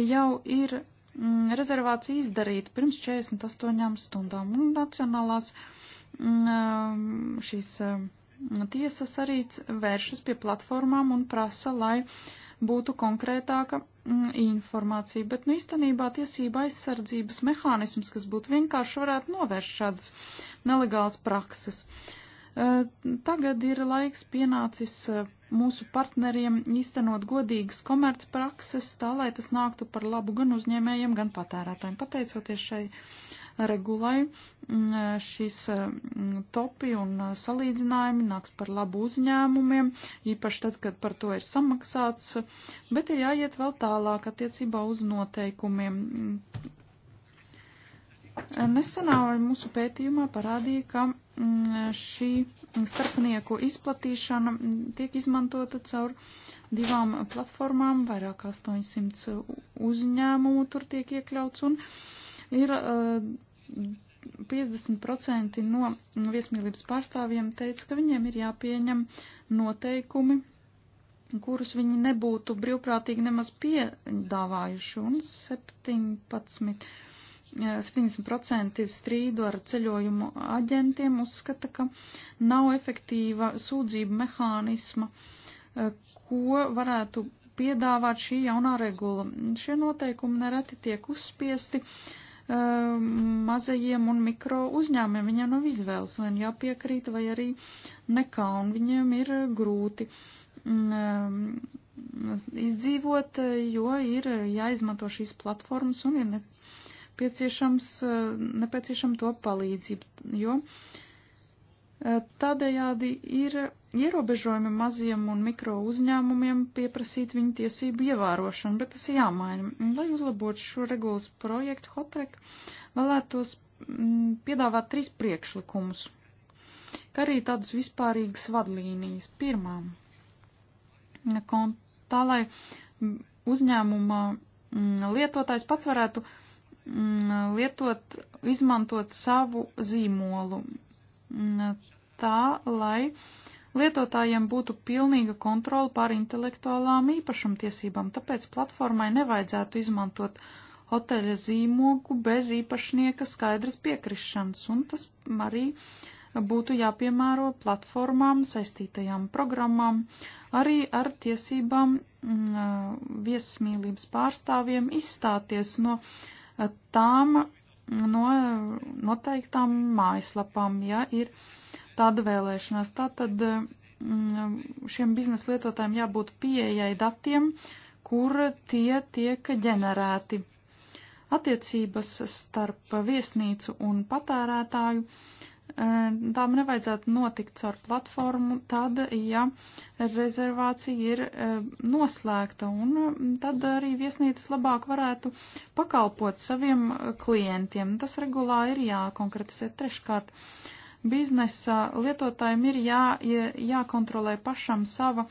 Speaker 2: jau ir Mm, rezervācija izdarīta pirms 48 stundām, un nacionālās mm, šīs tiesas arī vēršas pie platformām un prasa, lai būtu konkrētāka mm, informācija, bet nu īstenībā tiesība aizsardzības mehānisms, kas būtu vienkārši, varētu novērst šādas nelegālas prakses. Tagad ir laiks pienācis mūsu partneriem īstenot godīgas komercprakses, tā lai tas nāktu par labu gan uzņēmējiem, gan patērētājiem. Pateicoties šai regulai, mm, šīs mm, topi un mm, salīdzinājumi nāks par labu uzņēmumiem, īpaši tad, kad par to ir samaksāts, bet ir jāiet vēl tālāk attiecībā uz noteikumiem. Nesenā mūsu pētījumā parādīja, ka Mm, šī starpnieku izplatīšana tiek izmantota caur divām platformām, vairāk 800 uzņēmumu tur tiek iekļauts un ir 50% eh, no viesmīlības pārstāvjiem teica, ka viņiem ir jāpieņem noteikumi, kurus viņi nebūtu brīvprātīgi nemaz piedāvājuši un 17 70% strīdu ar ceļojumu aģentiem uzskata, ka nav efektīva sūdzību mehānisma, eh, ko varētu piedāvāt šī jaunā regula. Šie noteikumi nereti tiek uzspiesti um, mazajiem un mikro uzņēmiem. Viņiem nav izvēles, vai nu jāpiekrīt, vai arī nekā, un viņiem ir grūti um, izdzīvot, jo ir jāizmanto šīs platformas un ir. Ja ne Eh, nepieciešama to palīdzība, jo eh, tādējādi ir ierobežojumi maziem un mikro uzņēmumiem pieprasīt viņu tiesību ievērošanu, bet tas jāmaina. Lai uzlabotu šo regulas projektu, Hotrek vēlētos mm, piedāvāt trīs priekšlikumus, kā arī tādus vispārīgas vadlīnijas. Pirmām, tā lai mm, uzņēmuma mm, lietotājs pats varētu uh, Mm, lietot, izmantot savu zīmolu mm, tā, lai lietotājiem būtu pilnīga kontrola pār intelektuālām īpašumtiesībām, tāpēc platformai nevajadzētu izmantot hoteļa zīmogu bez īpašnieka skaidras piekrišanas, un tas arī būtu jāpiemēro platformām, saistītajām programmām, arī ar tiesībām mm, viesmīlības pārstāvjiem izstāties no uh, tām no noteiktām mājaslapām, ja ir tāda vēlēšanās. Tātad mm, šiem biznesa lietotājiem jābūt pieejai datiem, kur tie tiek ģenerēti. Attiecības starp viesnīcu un patērētāju uh, tām nevajadzētu notikt caur platformu, tad, ja rezervācija ir noslēgta, un tad arī viesnīcas labāk varētu pakalpot saviem klientiem. Tas regulā ir jākonkretizē treškārt. Biznesa lietotājiem ir jā, jākontrolē pašam sava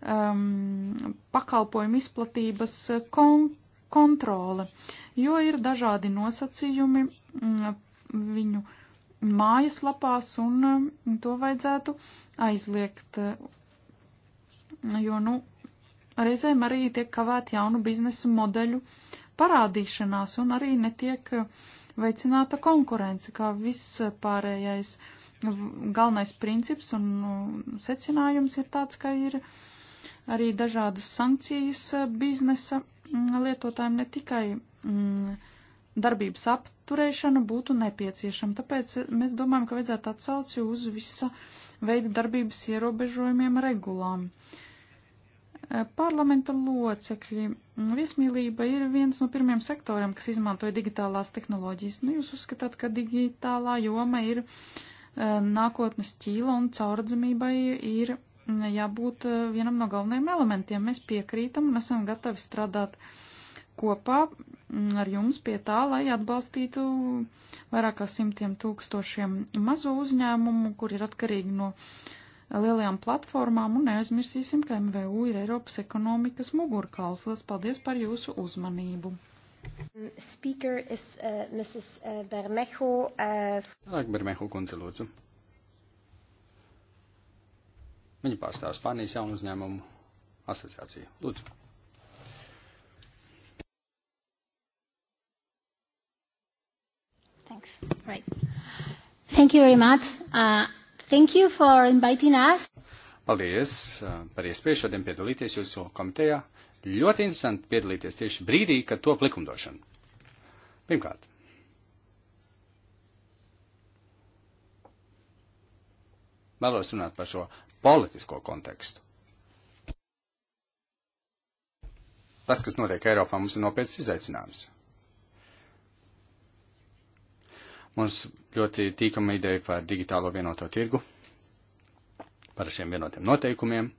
Speaker 2: um, pakalpojuma izplatības kon kontrole, jo ir dažādi nosacījumi m, viņu uh, mājaslapās, un um, to vajadzētu aizliegt, jo, nu, reizēm arī tiek kavēt jaunu biznesa modeļu parādīšanās, un arī netiek uh, veicināta konkurence, kā vispārējais galvenais princips un um, secinājums ir tāds, ka ir arī dažādas sankcijas uh, biznesa mm, lietotājiem ne tikai mm, darbības apturēšana būtu nepieciešama. Tāpēc mēs domājam, ka vajadzētu atsauci uz visa veida darbības ierobežojumiem regulām. Parlamenta locekļi. Viesmīlība ir viens no pirmiem sektoriem, kas izmantoja digitālās tehnoloģijas. Nu, jūs uzskatāt, ka digitālā joma ir e, nākotnes ķīla un caurdzamībai ir jābūt e, vienam no galvenajiem elementiem. Mēs piekrītam un esam gatavi strādāt kopā Mm, ar jums pie tā, lai atbalstītu vairāk kā simtiem tūkstošiem mazu uzņēmumu, kur ir atkarīgi no lielajām platformām, un neaizmirsīsim, ka MVU ir Eiropas ekonomikas mugurkauls. Lielas paldies par jūsu uzmanību! Speaker is uh, Mrs. Uh, Bermejo. Uh...
Speaker 3: Bermejo kundze, lūdzu. Viņa pārstāv Spānijas jaunu uzņēmumu asociāciju. Lūdzu. Thanks. Right. Thank you very much. Uh, thank you for inviting us. Paldies uh, par iespēju šodien piedalīties jūsu komitejā. Ļoti interesanti piedalīties tieši brīdī, kad top likumdošana. Pirmkārt. Vēlos runāt par šo politisko kontekstu. Tas, kas notiek Eiropā, mums ir nopietns izaicinājums. Mums ļoti tīkama ideja par digitālo vienoto tirgu, par šiem vienotiem noteikumiem.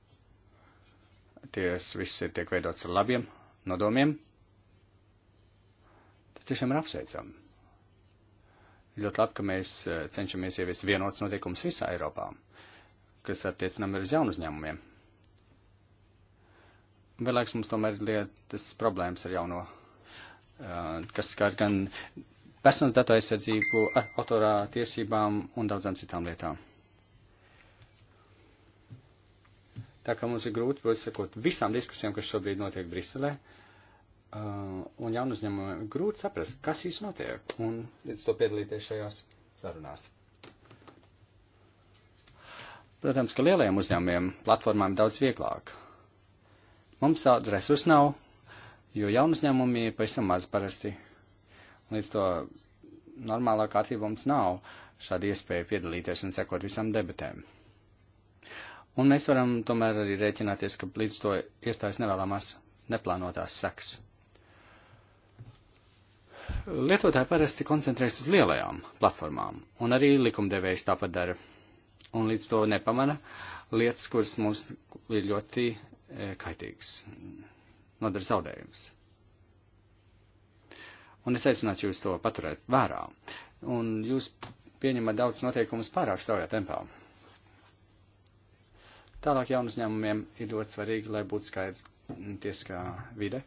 Speaker 3: Ties viss ir tiek veidots ar labiem nodomiem. Tas tiešām ir apsveicami. Ļoti labi, ka mēs eh, cenšamies ieviest vienots noteikums visā Eiropā, kas attiecinām ir uz jaunu uzņēmumiem. Vienlaiks mums tomēr ir lietas problēmas ar jauno, eh, kas skar gan personas datu aizsardzību, autorā tiesībām un daudzām citām lietām. Tā kā mums ir grūti, protams, sekot visām diskusijām, kas šobrīd notiek Briselē, uh, un jaunu uzņēmumu grūti saprast, kas īsti notiek, un līdz to piedalīties šajās sarunās. Protams, ka lielajiem uzņēmumiem platformām daudz vieglāk. Mums tādu resursu nav, jo jaunu uzņēmumi ir pavisam maz parasti Līdz to normālā kārtībā mums nav šāda iespēja piedalīties un sekot visām debatēm. Un mēs varam tomēr arī rēķināties, ka līdz to iestājas nevēlamās neplānotās seks. Lietotāji parasti koncentrējas uz lielajām platformām, un arī likumdevējs tāpat dara. Un līdz to nepamana lietas, kuras mums ir ļoti e, kaitīgas, nodara zaudējumus. Un es aicinātu jūs to paturēt vērā. Un jūs pieņemat daudz noteikumus pārāk straujā tempā. Tālāk jaunu uzņēmumiem ir ļoti svarīgi, lai būtu skaidra mm, tiesiskā vide,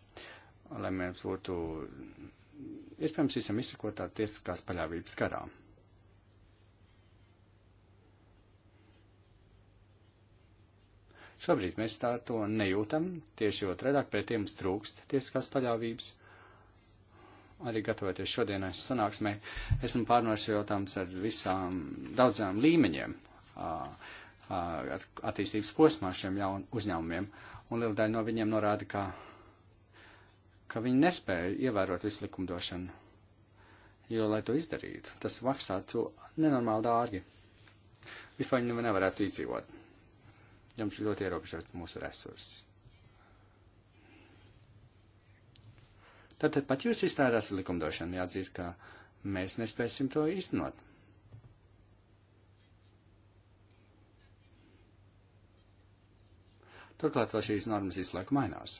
Speaker 3: lai mums būtu iespējams visam izsakot tā tiesiskās paļāvības karā. Šobrīd mēs tā to nejūtam, tieši otrādāk pret tiem trūkst tiesiskās paļāvības arī gatavoties šodienai sanāksmē, esmu pārnošu jautājums ar visām daudzām līmeņiem attīstības posmā šiem jaun uzņēmumiem, un liela daļa no viņiem norāda, ka, ka viņi nespēja ievērot visu likumdošanu, jo, lai to izdarītu, tas maksātu nenormāli dārgi. Vispār viņi nevarētu izdzīvot. Jums ļoti ierobežot mūsu resursi. Tātad pat jūs izstrādāsiet likumdošanu, jāatzīst, ka mēs nespēsim to iznot. Turklāt vēl šīs normas visu laiku mainās.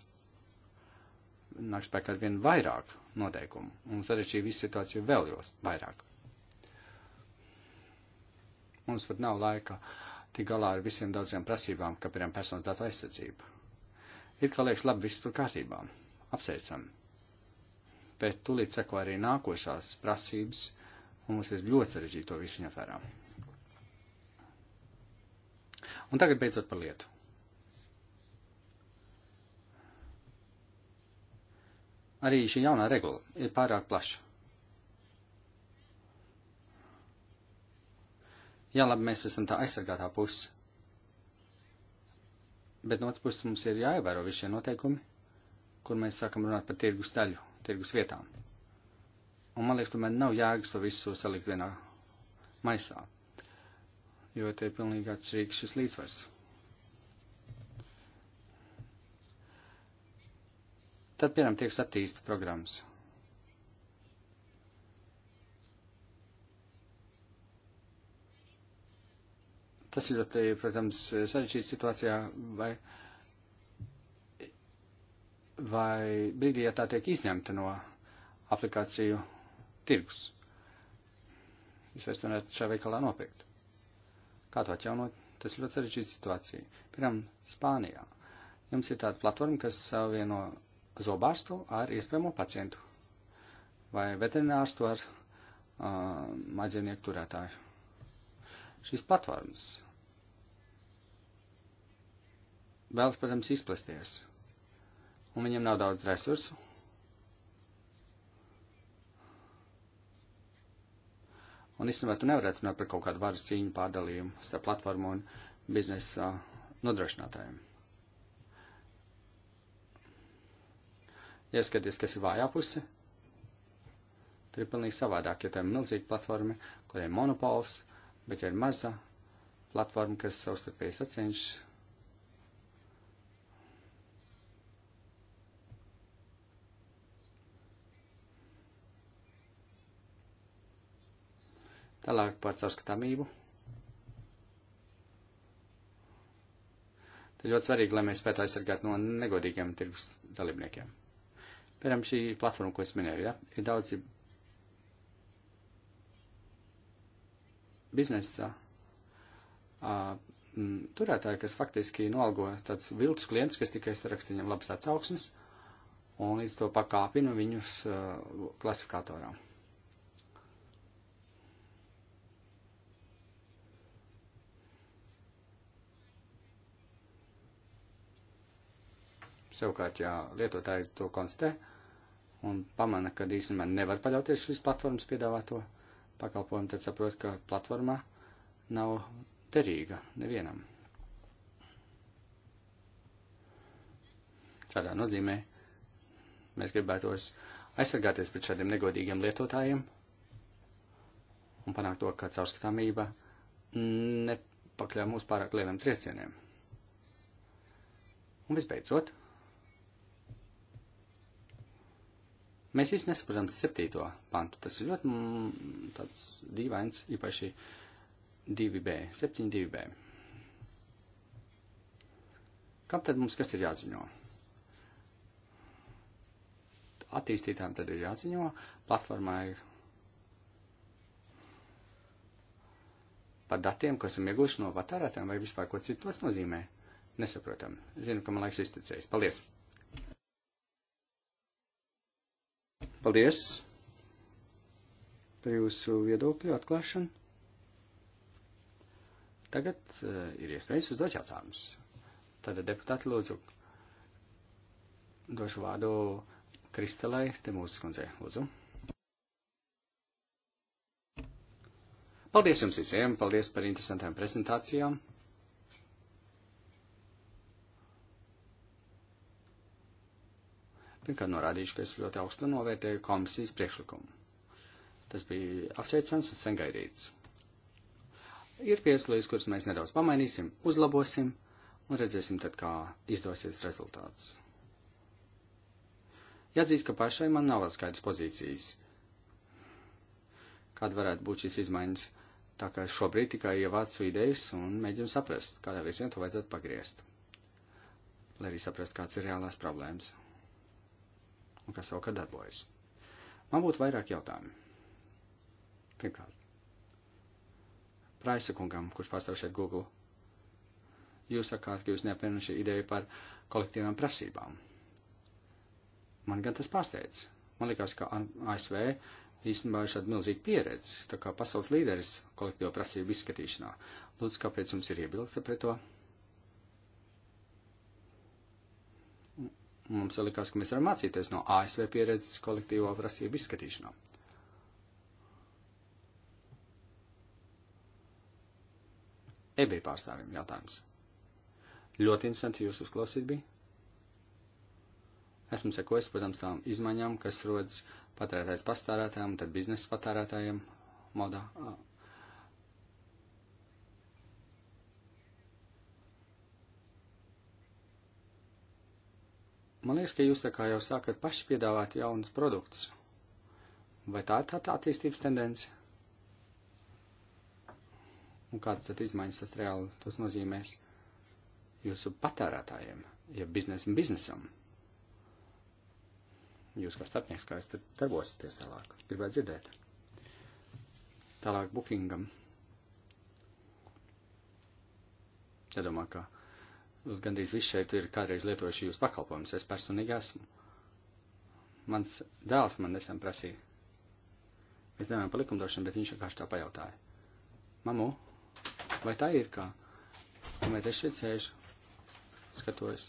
Speaker 3: Nāk spēkā ar vien vairāk noteikumu, un sarežģīja visu situāciju vēl jūs vairāk. Mums pat nav laika tik galā ar visiem daudziem prasībām, kā, piemēram, personas datu aizsardzība. It kā liekas, labi, viss tur kārtībā. Apsveicam bet tulīt seko arī nākošās prasības, un mums ir ļoti sarežģīti to visu ņemt vērā. Un tagad beidzot par lietu. Arī šī jaunā regula ir pārāk plaša. Jā, labi, mēs esam tā aizsargātā puse. Bet no otras puses mums ir jāievēro visi šie noteikumi, kur mēs sākam runāt par tirgus daļu tirgus vietām. Un man liekas, tomēr nav jēgas to visu salikt vienā maisā, jo te ir pilnīgi atšķirīgs šis līdzsvars. Tad, piemēram, tiek attīstīta programmas. Tas ir ļoti, protams, sarežģīta situācijā, vai uh, vai brīdī, ja tā tiek izņemta no aplikāciju tirgus. Jūs vairs nevarat šajā veikalā nopirkt. Kā to atjaunot? Tas ir ļoti sarežģīta situācija. Piemēram, Spānijā. Jums ir tāda platforma, kas savieno zobārstu ar iespējamo pacientu vai veterinārstu ar uh, maizienieku turētāju. Šīs platformas vēlas, protams, izplesties un viņam nav daudz resursu. Un īstenībā tu nevarētu runāt par kaut kādu varas cīņu pārdalījumu starp platformu un biznesa uh, nodrošinātājiem. Ieskaties, kas ir vājā puse. Tur ir pilnīgi savādāk, jo tā ir milzīga platforma, kuriem ir monopols, bet ja ir maza platforma, kas savstarpēji sacenšas Tālāk par caurskatāmību. Te ļoti svarīgi, lai mēs spētu aizsargāt no negodīgiem tirgus dalībniekiem. Piemēram, šī platforma, ko es minēju, ja, ir daudzi biznesa uh, turētāji, kas faktiski nolgo tāds viltus klientus, kas tikai saraksta viņam labas atsauksmes, un līdz to pakāpina viņus uh, klasifikātorām. Savukārt, ja lietotājs to konstatē un pamana, ka īstenībā nevar paļauties šīs platformas piedāvāto pakalpojumu, tad saprot, ka platformā nav derīga nevienam. Tādā nozīmē mēs gribētos aizsargāties pret šādiem negodīgiem lietotājiem un panākt to, ka caurskatāmība nepakļauj mūs pārāk lieliem triecieniem. Un visbeidzot, Mēs visi nesaprotam septīto pantu. Tas ir ļoti mm, tāds dīvains, īpaši 2B, 7.2b. Kam tad mums kas ir jāziņo? Attīstītām tad ir jāziņo, platformai par datiem, ko esam ieguvuši no patērētājiem, vai vispār ko citu tas nozīmē. Nesaprotam. Zinu, ka man laiks izticējis. Paldies! Paldies par jūsu viedokļu atklāšanu. Tagad uh, ir iespējas uzdot jautājumus. Tad deputāti lūdzu došu vārdu Kristelai Temūzes kundzei. Lūdzu. Paldies jums visiem, paldies par interesantām prezentācijām. pirmkārt norādīšu, ka es ļoti augstu novērtēju komisijas priekšlikumu. Tas bija apsveicams un sengaidīts. Ir pieslēdz, kurus mēs nedaudz pamainīsim, uzlabosim un redzēsim tad, kā izdosies rezultāts. Jāatzīst, ka pašai man nav vēl skaidrs pozīcijas, kāda varētu būt šīs izmaiņas, tā kā šobrīd tikai ievācu idejas un mēģinu saprast, kādā virzienā to vajadzētu pagriezt, lai arī saprast, kāds ir reālās problēmas un kas savukārt darbojas. Man būtu vairāk jautājumu. Pirmkārt, Praisa kungam, kurš pārstāv šeit Google, jūs sakāt, ka jūs neapvienot šī ideja par kolektīvām prasībām. Man gan tas pārsteidz. Man liekas, ka ASV īstenībā ir šāda milzīga pieredze, tā kā pasaules līderis kolektīvo prasību izskatīšanā. Lūdzu, kāpēc jums ir iebilsta pret to? mums likās, ka mēs varam mācīties no ASV pieredzes kolektīvo prasību izskatīšanā. EBI pārstāvjiem jautājums. Ļoti interesanti jūs uzklausīt bija. Esmu sekojis, protams, tām izmaiņām, kas rodas patērētājs pastārētājiem, tad biznesa patērētājiem modā Man liekas, ka jūs tā kā jau sākat paši piedāvāt jaunus produktus. Vai tā ir tā, tā attīstības tendence? Un kādas tad izmaiņas tad reāli tas nozīmēs jūsu patērētājiem, ja biznesam biznesam? Jūs kā starpnieks, kā jūs tad darbosieties tālāk? Gribētu dzirdēt. Tālāk Bookingam. Ja domāju, ka Jūs gandrīz visi šeit ir kādreiz lietojuši jūsu pakalpojumus. Es personīgi esmu. Mans dēls man nesen prasīja. Mēs nevaram par likumdošanu, bet viņš vienkārši tā pajautāja. Mamu, vai tā ir kā? Un vai es šeit sēžu? Skatos.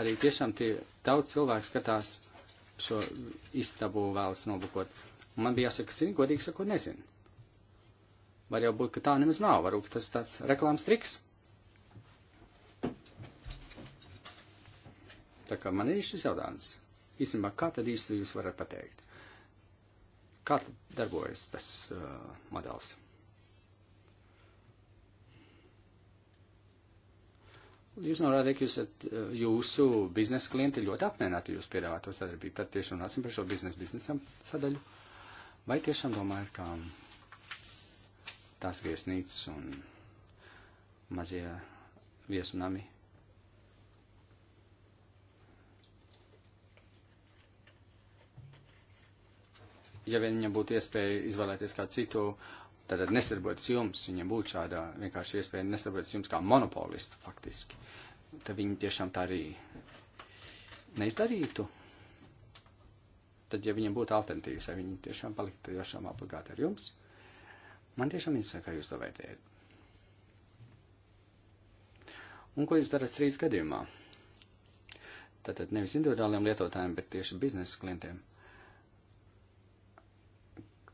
Speaker 3: Arī tiešām tie daudz cilvēku skatās šo istabu vēlas nobukot. Un man bija jāsaka, zini, godīgi sakot, nezinu. Var jau būt, ka tā nemaz nav, varbūt tas tāds reklāmas triks. Tā kā man ir šis jautājums. Īstenībā, kā tad īsti jūs varat pateikt? Kā tad darbojas tas uh, modelis? Jūs norādījāt, ka jūs esat, uh, jūsu biznesa klienti ļoti apmierināti jūs piedāvāto sadarbību. Tad tieši runāsim par šo biznesa biznesam sadaļu. Vai tiešām domājat, ka tās viesnīcas un mazie viesnami ja vien viņam būtu iespēja izvēlēties kādu citu, tad nesadarboties jums, viņam būtu šāda vienkārši iespēja nesadarboties jums kā monopolistu faktiski, tad viņi tiešām tā arī neizdarītu. Tad, ja viņam būtu alternatīvas, vai viņi tiešām paliktu tiešām obligāti ar jums, man tiešām interesē, kā jūs to vērtējat. Un ko jūs darat strīdus gadījumā? Tātad nevis individuāliem lietotājiem, bet tieši biznesa klientiem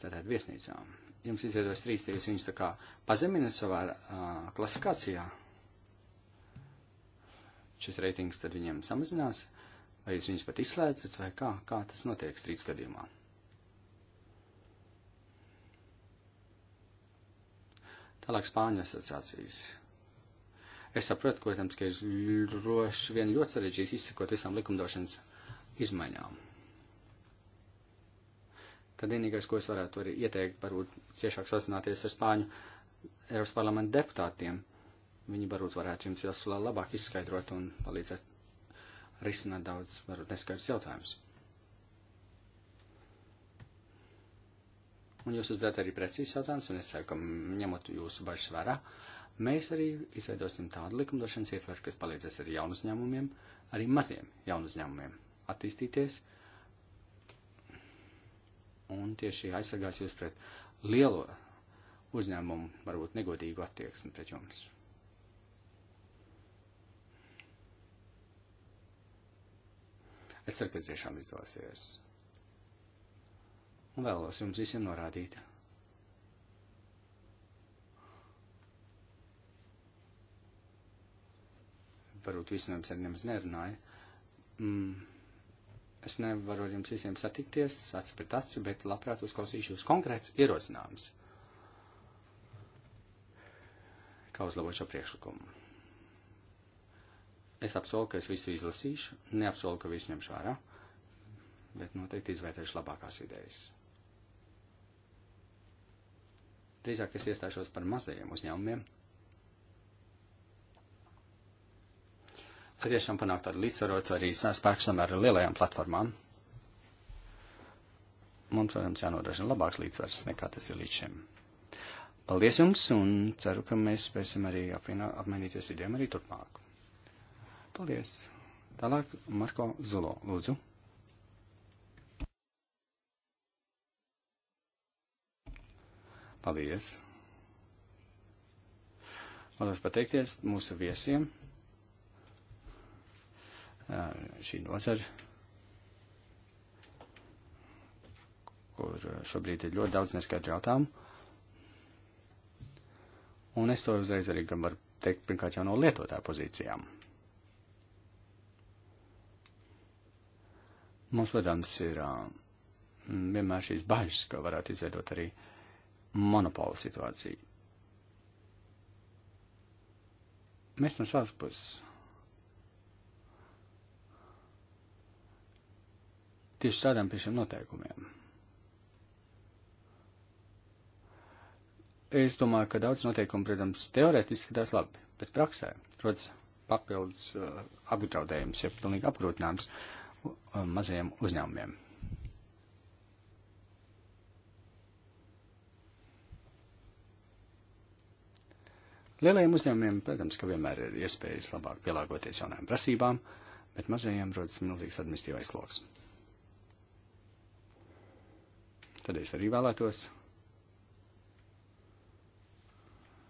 Speaker 3: tātad viesnīcām. Jums izveidos trīs tīrus, viņus tā kā pazemina savā uh, klasifikācijā. Šis reitings tad viņiem samazinās, vai jūs viņus pat izslēdzat, vai kā, kā tas notiek strīdus gadījumā. Tālāk Spāņu asociācijas. Es saprotu, protams, ka ir droši vien ļoti sarežģīti izsekot visām likumdošanas izmaiņām tad vienīgais, ko es varētu arī ieteikt, varbūt ciešāk sazināties ar Spāņu Eiropas parlamenta deputātiem. Viņi varbūt varētu jums jau labāk izskaidrot un palīdzēt risināt daudz, varbūt neskaidrs jautājumus. Un jūs uzdevat arī precīzi jautājumus, un es ceru, ka ņemot jūsu bažas vērā, mēs arī izveidosim tādu likumdošanas ietveru, kas palīdzēs arī jaunu uzņēmumiem, arī maziem jaunu uzņēmumiem attīstīties un tieši aizsargās jūs pret lielo uzņēmumu, varbūt negodīgu attieksmi pret jums. Es ceru, ka tiešām izdosies. Un vēlos jums visiem norādīt. Varbūt visiem jums ar nemaz nerunāja. Mm. Es nevaru ar jums visiem satikties, aci pret aci, bet labprāt uzklausīšu jūs konkrēts ierosinājums, kā uzlabot šo priekšlikumu. Es apsolu, ka es visu izlasīšu, neapsolu, ka visu ņemšu vērā, bet noteikti izvērtēšu labākās idejas. Drīzāk es iestāšos par mazajiem uzņēmumiem tiešām panākt tādu līdzsvarotu arī spēku samēru ar lielajām platformām. Mums, protams, jānodrošina labāks līdzsvars nekā tas ir līdz šim. Paldies jums un ceru, ka mēs spēsim arī apvienā, apmainīties idejām arī turpmāk. Paldies! Tālāk Marko Zulo, lūdzu. Paldies! Vēlos pateikties mūsu viesiem šī nozara, kur šobrīd ir ļoti daudz neskaidru jautājumu. Un es to uzreiz arī gan varu teikt, pirmkārt, jau no lietotāja pozīcijām. Mums, protams, ir vienmēr šīs bažas, ka varētu izveidot arī monopolu situāciju. Mēs no savas puses tieši strādājam pie šiem noteikumiem. Es domāju, ka daudz noteikumu, protams, teorētiski skatās labi, bet praksē rodas papildus uh, apdraudējums, ja pilnīgi apgrūtinājums uh, mazajiem uzņēmumiem. Lielajiem uzņēmumiem, protams, ka vienmēr ir iespējas labāk pielāgoties jaunajām prasībām, bet mazajiem rodas milzīgs administratīvais sloks tad es arī vēlētos.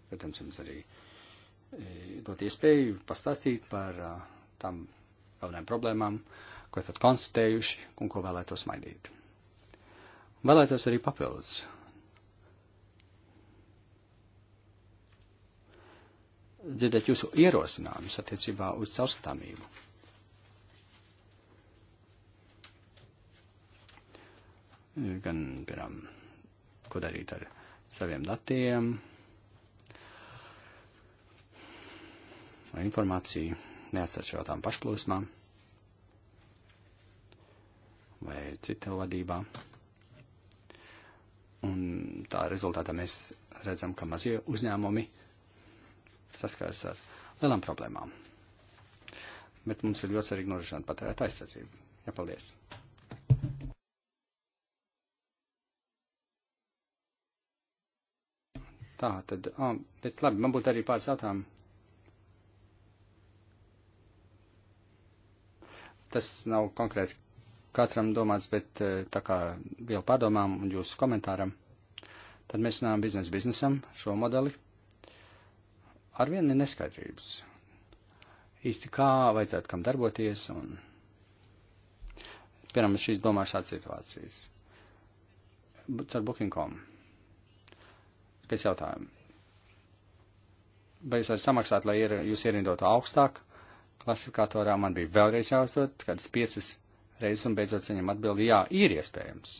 Speaker 3: Protams, jums arī e, dot iespēju pastāstīt par uh, tam galvenajām problēmām, ko esat konstatējuši un ko vēlētos mainīt. Vēlētos arī papildus dzirdēt jūsu ierosinājumus attiecībā uz caurskatāmību. gan, piemēram, ko darīt ar saviem datiem, lai informāciju neatstāt šādām pašplūsmām vai cita vadībā. Un tā rezultātā mēs redzam, ka mazie uzņēmumi saskars ar lielām problēmām. Bet mums ir ļoti svarīgi nodrošināt patērēt aizsardzību. Jā, paldies! Tā tad, oh, bet labi, man būtu arī pāris jautājumi. Tas nav konkrēti katram domāts, bet e, tā kā vēl pārdomām un jūsu komentāram, tad mēs runājam biznesa biznesam šo modeli. Arvien ir neskaidrības. Īsti kā vajadzētu kam darboties un, piemēram, šīs domāšanas situācijas. Ar booking.com pēc jautājuma. Vai jūs varat samaksāt, lai ir, jūs ierindotu augstāk klasifikatorā? Man bija vēlreiz jāuzdod kādas piecas reizes un beidzot saņem atbildi, jā, ir iespējams.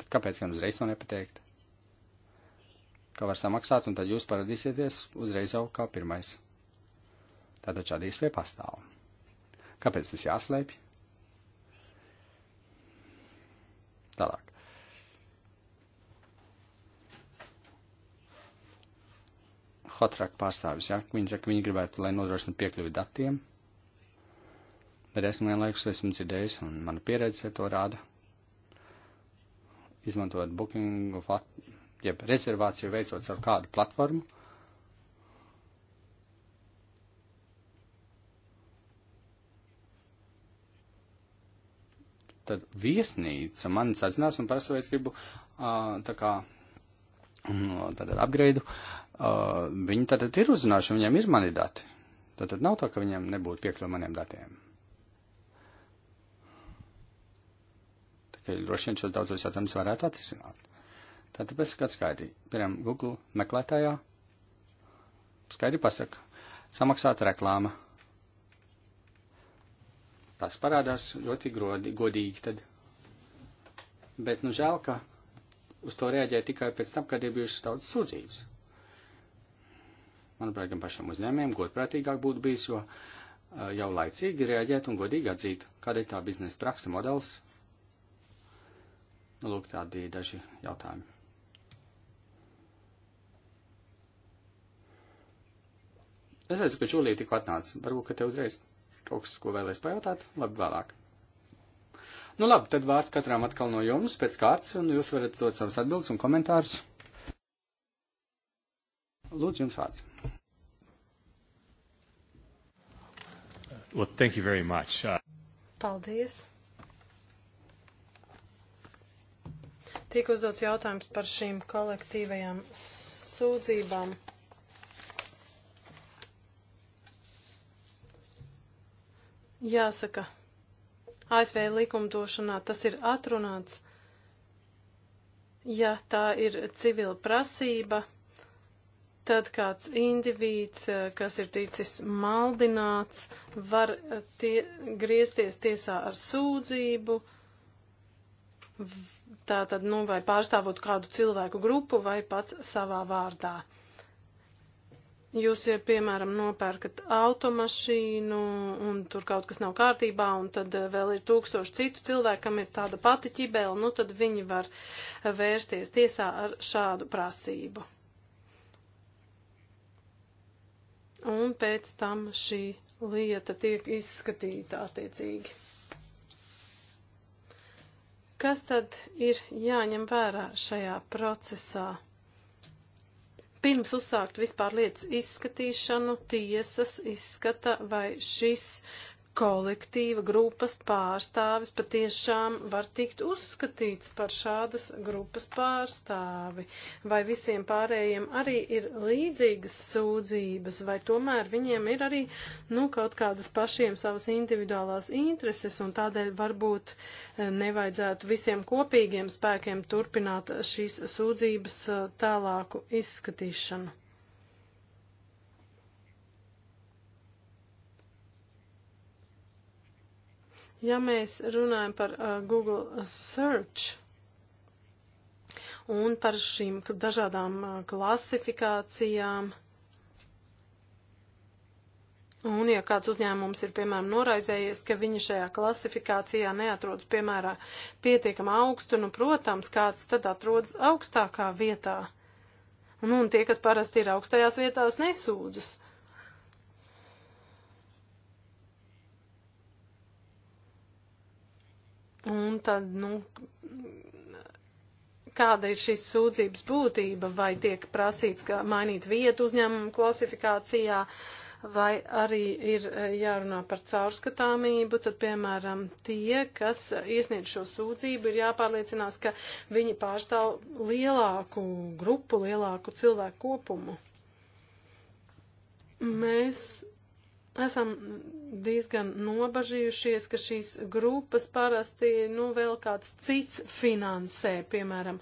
Speaker 3: Tad kāpēc gan uzreiz to nepateikt? Ka var samaksāt, un tad jūs paradīsieties uzreiz jau kā pirmais. Tātad šāda iespēja pastāv. Kāpēc tas jāslēpj? Tālāk. Hotrak pārstāvis, ja? Viņi saka, viņi gribētu, lai nodrošina piekļuvi datiem, bet esmu vienlaikus esmu dzirdējis, un mana pieredze to rāda, izmantojot bookingu, jeb rezervāciju veicot ar kādu platformu. Tad viesnīca man sazinās un prasa, vai es gribu uh, tā kā um, mm, apgreidu. Uh, uh, viņi tātad ir uzzinājuši, viņiem ir mani dati. Tātad nav tā, ka viņiem nebūtu piekļuva maniem datiem. Tā kā droši vien šos daudzos jautājumus varētu atrisināt. Tātad pēc skats skaidri. Piemēram, Google meklētājā skaidri pasaka, samaksāt reklāma. Tas parādās ļoti grodi, godīgi tad. Bet, nu, žēl, ka uz to reaģēja tikai pēc tam, kad ir bijušas daudz sūdzības. Manuprāt, gan pašiem uzņēmiem godprātīgāk būtu bijis, jo uh, jau laicīgi reaģēt un godīgi atzīt, kāda ir tā biznesa praksa modelis. Nu, lūk, tādi daži jautājumi. Es redzu, ka Čulija tikko atnāca. Varbūt, ka te uzreiz kaut kas, ko vēlēs pajautāt, labi vēlāk. Nu labi, tad vārds katram atkal no jums pēc kārtas, un jūs varat dot savas atbildes un komentārus. Lūdzu, jums vārds. Well, thank you very much. Uh...
Speaker 1: Paldies. Tiek uzdots jautājums par šīm kolektīvajām sūdzībām. Jāsaka, ASV likumdošanā tas ir atrunāts, ja tā ir civila prasība tad kāds indivīds, eh, kas ir ticis maldināts, var eh, tie, griezties tiesā ar sūdzību, tātad, nu, vai pārstāvot kādu cilvēku grupu vai pats savā vārdā. Jūs, ja, piemēram, nopērkat automašīnu un tur kaut kas nav kārtībā, un tad eh, vēl ir tūkstoši citu cilvēkam ir tāda pati ķibela, nu tad viņi var vērsties tiesā ar šādu prasību. un pēc tam šī lieta tiek izskatīta attiecīgi. Kas tad ir jāņem vērā šajā procesā? Pirms uzsākt vispār lietas izskatīšanu, tiesas izskata, vai šis uh, kolektīva grupas pārstāvis patiešām var tikt uzskatīts par šādas grupas pārstāvi, vai visiem pārējiem arī ir līdzīgas sūdzības, vai tomēr viņiem ir arī, nu, kaut kādas pašiem savas individuālās intereses, un tādēļ varbūt eh, nevajadzētu visiem kopīgiem spēkiem turpināt šīs sūdzības eh, tālāku izskatīšanu. Ja mēs runājam par uh, Google Search un par šīm dažādām uh, klasifikācijām, Un, ja kāds uzņēmums ir, piemēram, noraizējies, ka viņi šajā klasifikācijā neatrodas, piemēram, pietiekam augstu, nu, protams, kāds tad atrodas augstākā vietā. Un, nu, un tie, kas parasti ir augstajās vietās, nesūdzas. Uh, Un tad, nu, kāda ir šīs sūdzības būtība, vai tiek prasīts, ka mainīt vietu uzņēmumu klasifikācijā, vai arī ir eh, jārunā par caurskatāmību, tad, piemēram, tie, kas iesniedz šo sūdzību, ir jāpārliecinās, ka viņi pārstāv lielāku grupu, lielāku cilvēku kopumu. Mēs esam diezgan nobažījušies, ka šīs grupas parasti, nu, vēl kāds cits finansē, piemēram,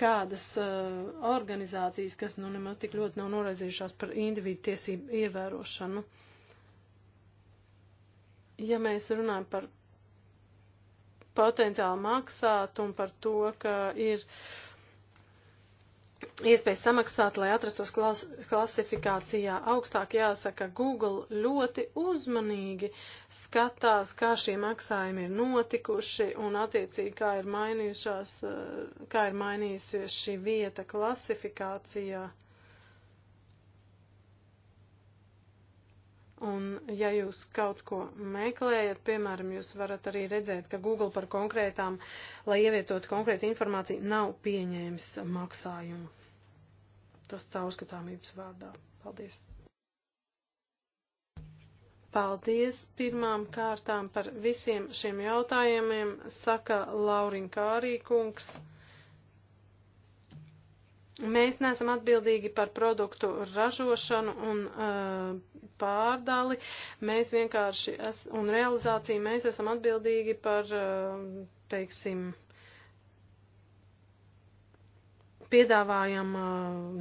Speaker 1: kādas uh, organizācijas, kas, nu, nemaz tik ļoti nav noraizījušās par individu tiesību ievērošanu. Ja mēs runājam par potenciāli maksāt un par to, ka ir uh, iespējas samaksāt, lai atrastos klas klasifikācijā augstāk, jāsaka, Google ļoti uzmanīgi skatās, kā šie maksājumi ir notikuši un attiecīgi, kā ir mainījušās, kā ir mainījusies šī vieta klasifikācijā. Uh, Un, ja jūs kaut ko meklējat, piemēram, jūs varat arī redzēt, ka Google par konkrētām, lai ievietotu konkrētu informāciju, nav pieņēmis maksājumu. Tas caurskatāmības vārdā. Paldies! Paldies pirmām kārtām par visiem šiem jautājumiem, saka Laurin Kārīkungs. Mēs neesam atbildīgi par produktu ražošanu un uh, pārdali, mēs vienkārši es, un realizāciju mēs esam atbildīgi par, uh, teiksim, piedāvājam uh,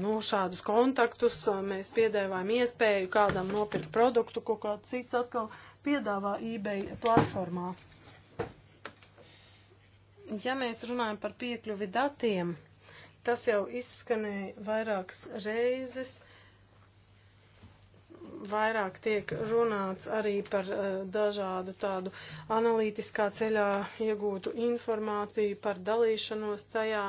Speaker 1: nu, šādus kontaktus, uh, mēs piedāvājam iespēju kādam nopirkt produktu, ko kāds cits atkal piedāvā eBay platformā. Ja mēs runājam par piekļuvi datiem, Tas jau izskanēja vairākas reizes. Vairāk tiek runāts arī par uh, dažādu tādu analītiskā ceļā iegūtu informāciju, par dalīšanos tajā.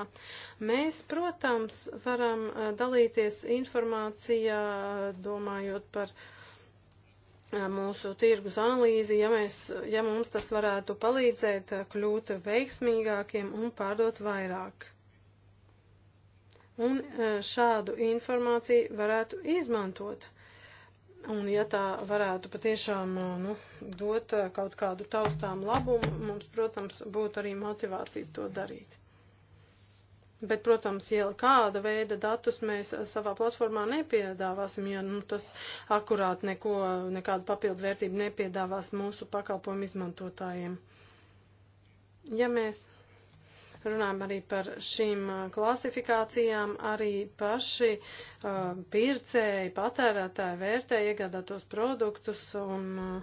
Speaker 1: Mēs, protams, varam uh, dalīties informācijā, eh, domājot par uh, mūsu tirgus analīzi, ja, mēs, ja mums tas varētu palīdzēt kļūt veiksmīgākiem un pārdot vairāk un e, šādu informāciju varētu izmantot. Un ja tā varētu patiešām e, nu, dot e, kaut kādu taustām labumu, mums, protams, būtu arī motivācija to darīt. Bet, protams, ja kāda veida datus mēs savā platformā nepiedāvāsim, ja nu, tas akurāt neko, nekādu papildu vērtību nepiedāvās mūsu pakalpojumu izmantotājiem. Ja mēs runājam arī par šīm klasifikācijām, arī paši uh, pircēji, patērētāji vērtē iegādātos produktus un uh,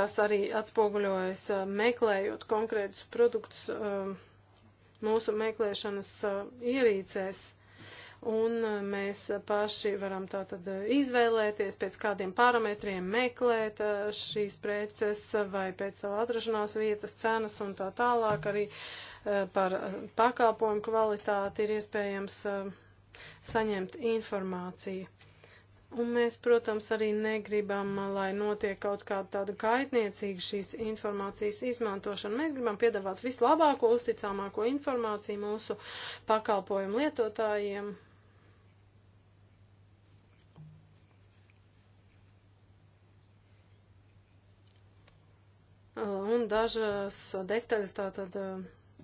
Speaker 1: tas arī atspoguļojas uh, meklējot konkrētus produktus mūsu meklēšanas ierīcēs un e, mēs paši varam tātad e, izvēlēties, pēc kādiem parametriem meklēt e, šīs preces vai pēc savu atrašanās vietas cenas un tā tālāk arī par pakalpojumu kvalitāti ir iespējams saņemt informāciju. Un mēs, protams, arī negribam, lai notiek kaut kāda tāda kaitniecīga šīs informācijas izmantošana. Mēs gribam piedāvāt vislabāko, uzticamāko informāciju mūsu pakalpojumu lietotājiem, Eh, un dažas detaļas tātad eh,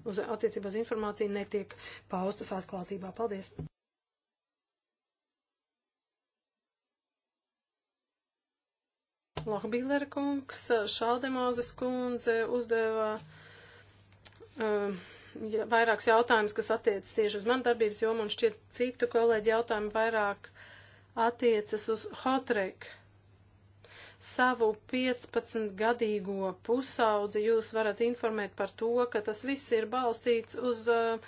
Speaker 1: uz attiecībā uz informāciju netiek paustas atklātībā. Paldies! Lohbīlera kungs, Šaldemozes kundze uzdeva uh, vairākus jautājumus, kas attiecas tieši uz man darbības jomu, un šķiet citu kolēģi jautājumi vairāk attiecas uz Hotrek. Uh, savu 15-gadīgo pusaudzi jūs varat informēt par to, ka tas viss ir balstīts uz uh,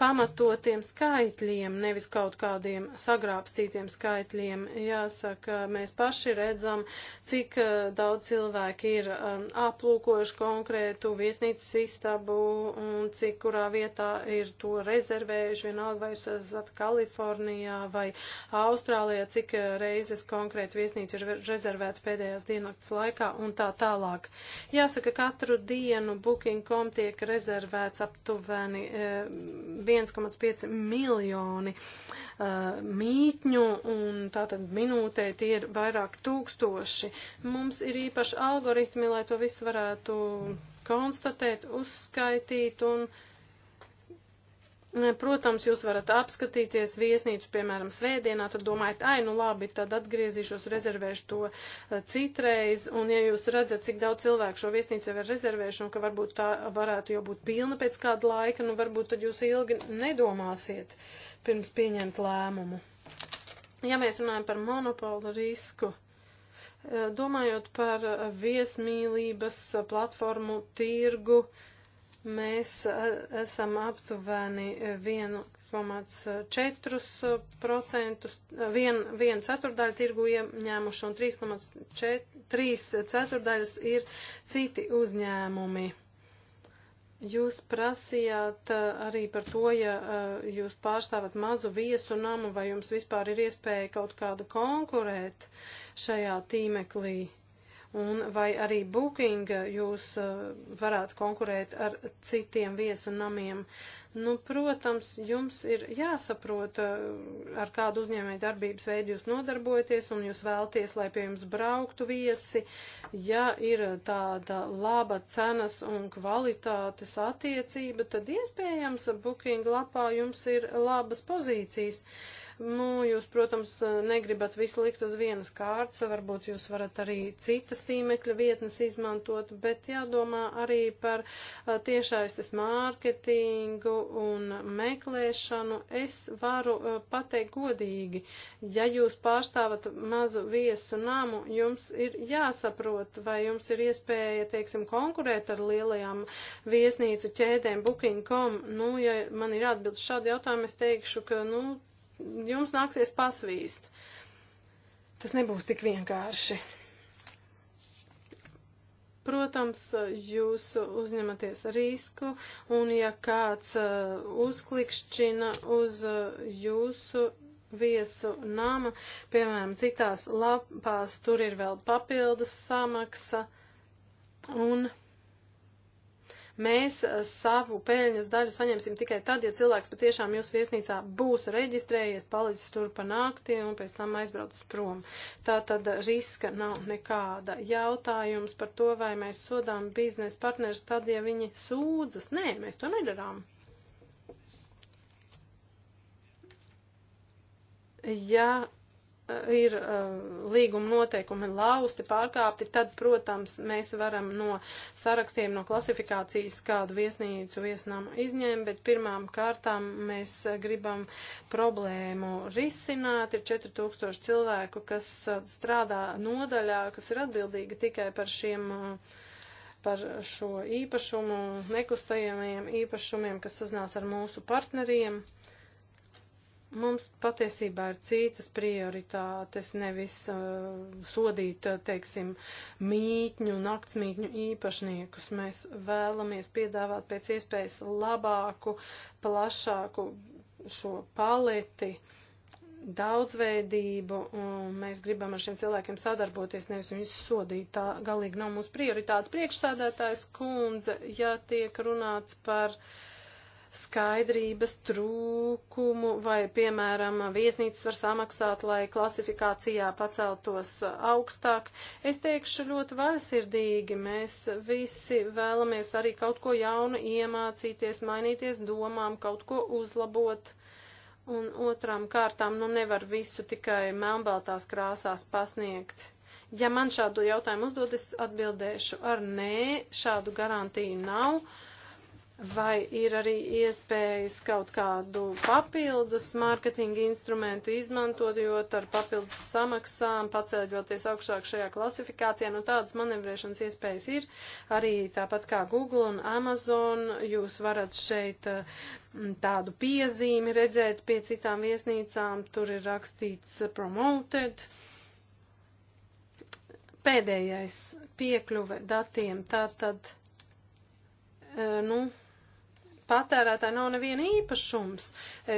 Speaker 1: pamatotiem skaitļiem, nevis kaut kādiem sagrābstītiem skaitļiem. Jāsaka, mēs paši redzam, cik eh, daudz cilvēki ir ehm, aplūkojuši konkrētu viesnīcas istabu un cik kurā vietā ir to rezervējuši, vienalga vai esat Kalifornijā vai Austrālijā, cik eh, reizes konkrēti viesnīca ir rezervēta pēdējās diennakts laikā un tā tālāk. Jāsaka, katru dienu booking.com tiek rezervēts aptuveni eh, 1,5 miljoni uh, mītņu, un tātad minūtē tie ir vairāk tūkstoši. Mums ir īpaši algoritmi, lai to visu varētu konstatēt, uzskaitīt un uh, Protams, jūs varat apskatīties viesnīcu, piemēram, svētdienā, tad domājat, ai, nu labi, tad atgriezīšos, rezervēšu to eh, citreiz, un ja jūs redzat, cik daudz cilvēku šo viesnīcu jau ir rezervējuši, un ka varbūt tā varētu jau būt pilna pēc kāda laika, nu varbūt tad jūs ilgi nedomāsiet pirms pieņemt lēmumu. Ja mēs runājam par monopolu risku, eh, domājot par viesmīlības platformu tirgu, uh, Mēs esam aptuveni 1,4%, 1 ceturdaļa tirgu ieņēmuši un 3 ceturdaļas ir citi uzņēmumi. Jūs prasījāt arī par to, ja jūs pārstāvat mazu viesu namu, vai jums vispār ir iespēja kaut kāda konkurēt šajā tīmeklī un vai arī Booking jūs eh, varētu konkurēt ar citiem viesu namiem. Nu, protams, jums ir jāsaprot, eh, ar kādu uzņēmēju darbības veidu jūs nodarbojaties, un jūs vēlties, lai pie jums brauktu viesi. Ja ir tāda laba cenas un kvalitātes attiecība, tad iespējams Booking lapā jums ir labas pozīcijas. Uh, Nu, jūs, protams, negribat visu likt uz vienas kārtas, varbūt jūs varat arī citas tīmekļa vietnes izmantot, bet jādomā arī par tiešaistes mārketingu un meklēšanu. Es varu pateikt godīgi, ja jūs pārstāvat mazu viesu namu, jums ir jāsaprot, vai jums ir iespēja, teiksim, konkurēt ar lielajām viesnīcu ķēdēm Booking.com. Nu, ja man ir atbildes šādi jautājumi, es teikšu, ka, nu, jums nāksies pasvīst. Tas nebūs tik vienkārši. Protams, jūs uzņematies risku, un ja kāds uh, uzklikšķina uz uh, jūsu viesu nama, piemēram, citās lapās tur ir vēl papildus samaksa, un Mēs eh, savu peļņas daļu saņemsim tikai tad, ja cilvēks patiešām jūsu viesnīcā būs reģistrējies, palicis tur pa nakti un pēc tam aizbraucis prom. Tā tad riska nav nekāda. Jautājums par to, vai mēs sodām biznesa partners tad, ja viņi sūdzas. Nē, mēs to nedarām. Ja ir eh, līguma noteikumi lausti, pārkāpti, tad, protams, mēs varam no sarakstiem, no klasifikācijas kādu viesnīcu viesnām izņēmu, bet pirmām kārtām mēs eh, gribam problēmu risināt. Ir 4000 cilvēku, kas eh, strādā nodaļā, kas ir atbildīga tikai par šiem par šo īpašumu, nekustajiem īpašumiem, kas sazinās ar mūsu partneriem. Uh, Mums patiesībā ir citas prioritātes, nevis uh, sodīt, uh, teiksim, mītņu, naktsmītņu īpašniekus. Mēs vēlamies piedāvāt pēc iespējas labāku, plašāku šo paleti, daudzveidību, un mēs gribam ar šiem cilvēkiem sadarboties, nevis viņus sodīt. Tā galīgi nav mūsu prioritāte. Priekšsādātājs kundze, ja tiek runāts par. Uh, skaidrības trūkumu vai, piemēram, viesnīcas var samaksāt, lai klasifikācijā paceltos augstāk. Es teikšu ļoti vaļasirdīgi, mēs visi vēlamies arī kaut ko jaunu iemācīties, mainīties domām, kaut ko uzlabot. Un otrām kārtām, nu nevar visu tikai melnbaltās krāsās pasniegt. Ja man šādu jautājumu uzdod, es atbildēšu ar nē, šādu garantiju nav. Uh, Vai ir arī iespējas kaut kādu papildus mārketinga instrumentu izmantot, jo ar papildus samaksām paceļoties augšāk šajā klasifikācijā, nu tādas manevrēšanas iespējas ir. Arī tāpat kā Google un Amazon, jūs varat šeit eh, tādu piezīmi redzēt pie citām viesnīcām, tur ir rakstīts eh, promoted. Pēdējais piekļuve datiem, tātad. Uh, nu, patērētāji nav neviena īpašums.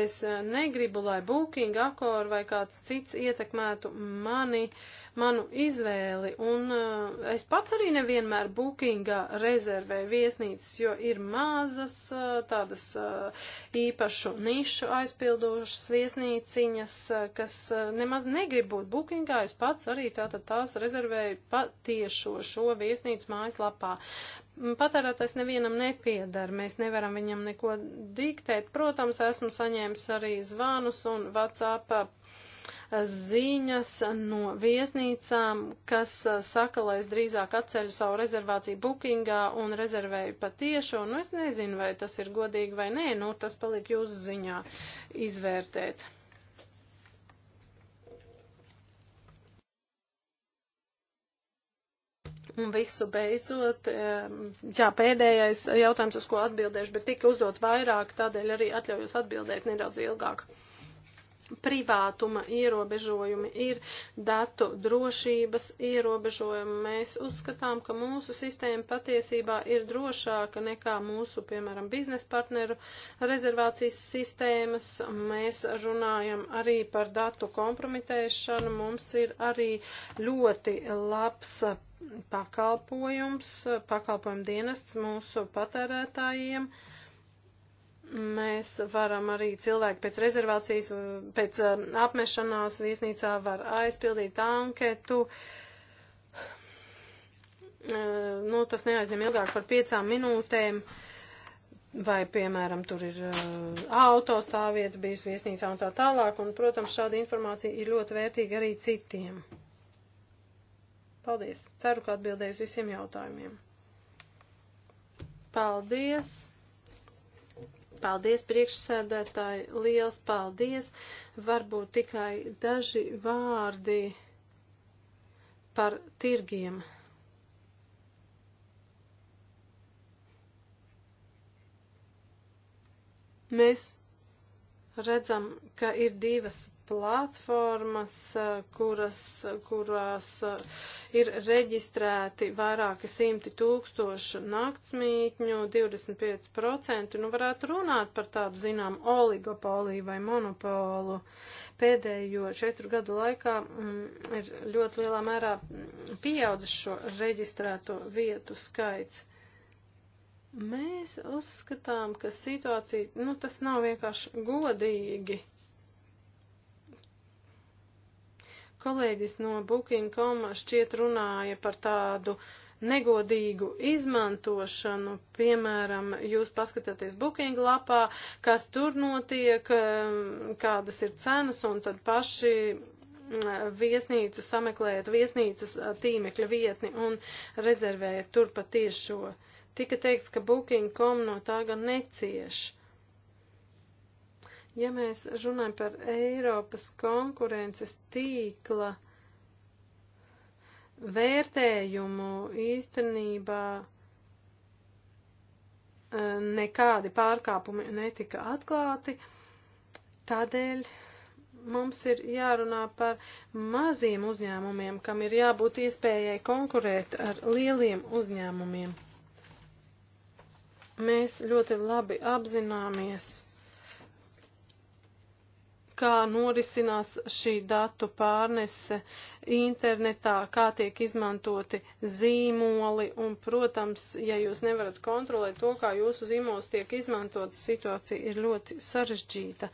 Speaker 1: Es eh, negribu, lai Booking, Accor vai kāds cits ietekmētu mani, manu izvēli. Un uh, es pats arī nevienmēr Bookinga rezervēju viesnīcas, jo ir mazas uh, tādas uh, īpašu nišu aizpildošas viesnīciņas, uh, kas uh, nemaz negrib būt Bookingā. Es pats arī tātad tās rezervēju patiešo šo viesnīcu mājaslapā. Patērētājs nevienam nepiedara, mēs nevaram viņam neko diktēt. Protams, esmu saņēmis arī zvanus un WhatsApp eh, ziņas no viesnīcām, kas eh, saka, lai es drīzāk atceļu savu rezervāciju bookingā un rezervēju patiešu, un nu, es nezinu, vai tas ir godīgi vai nē, nu tas paliek jūsu ziņā izvērtēt. Un visu beidzot, jā, pēdējais jautājums, uz ko atbildēšu, bet tika uzdots vairāk, tādēļ arī atļaujos atbildēt nedaudz ilgāk. Privātuma ierobežojumi ir datu drošības ierobežojumi. Mēs uzskatām, ka mūsu sistēma patiesībā ir drošāka nekā mūsu, piemēram, biznesa partneru rezervācijas sistēmas. Mēs runājam arī par datu kompromitēšanu. Mums ir arī ļoti labs pakalpojums, pakalpojumu dienests mūsu patērētājiem. Mēs varam arī cilvēku pēc rezervācijas, pēc eh, apmešanās viesnīcā var aizpildīt anketu. Eh, nu, tas neaizņem ilgāk par piecām minūtēm. Vai, piemēram, tur ir uh, autostāvvieta bijusi viesnīcā un tā tālāk, un, protams, šāda informācija ir ļoti vērtīga arī citiem. Paldies! Ceru, ka atbildēju uz visiem jautājumiem. Paldies! Paldies, priekšsēdētāji! Liels paldies! Varbūt tikai daži vārdi par tirgiem. Mēs redzam, ka ir divas platformas, eh, kuras, kurās eh, ir reģistrēti vairāki simti tūkstošu naktsmītņu, 25%, nu varētu runāt par tādu, zinām, oligopoliju vai monopolu. Pēdējo četru gadu laikā mm, ir ļoti lielā mērā mm, pieaudzis šo reģistrēto vietu skaits. Mēs uzskatām, ka situācija, nu tas nav vienkārši godīgi Kolēģis no Booking.com šķiet runāja par tādu negodīgu izmantošanu, piemēram, jūs paskatāties booking lapā, kas tur notiek, um, kādas ir cenas, un tad paši mm, viesnīcu sameklējat viesnīcas uh, tīmekļa vietni un rezervējat tur patiešo. Tika teikts, ka booking.com no tā gan necieš. Ja mēs runājam par Eiropas konkurences tīkla vērtējumu īstenībā e, nekādi pārkāpumi netika atklāti, tādēļ mums ir jārunā par maziem uzņēmumiem, kam ir jābūt iespējai konkurēt ar lieliem uzņēmumiem. Mēs ļoti labi apzināmies, kā norisinās šī datu pārnese internetā, kā tiek izmantoti zīmoli, un, protams, ja jūs nevarat kontrolēt to, kā jūsu zīmols tiek izmantots, situācija ir ļoti sarežģīta.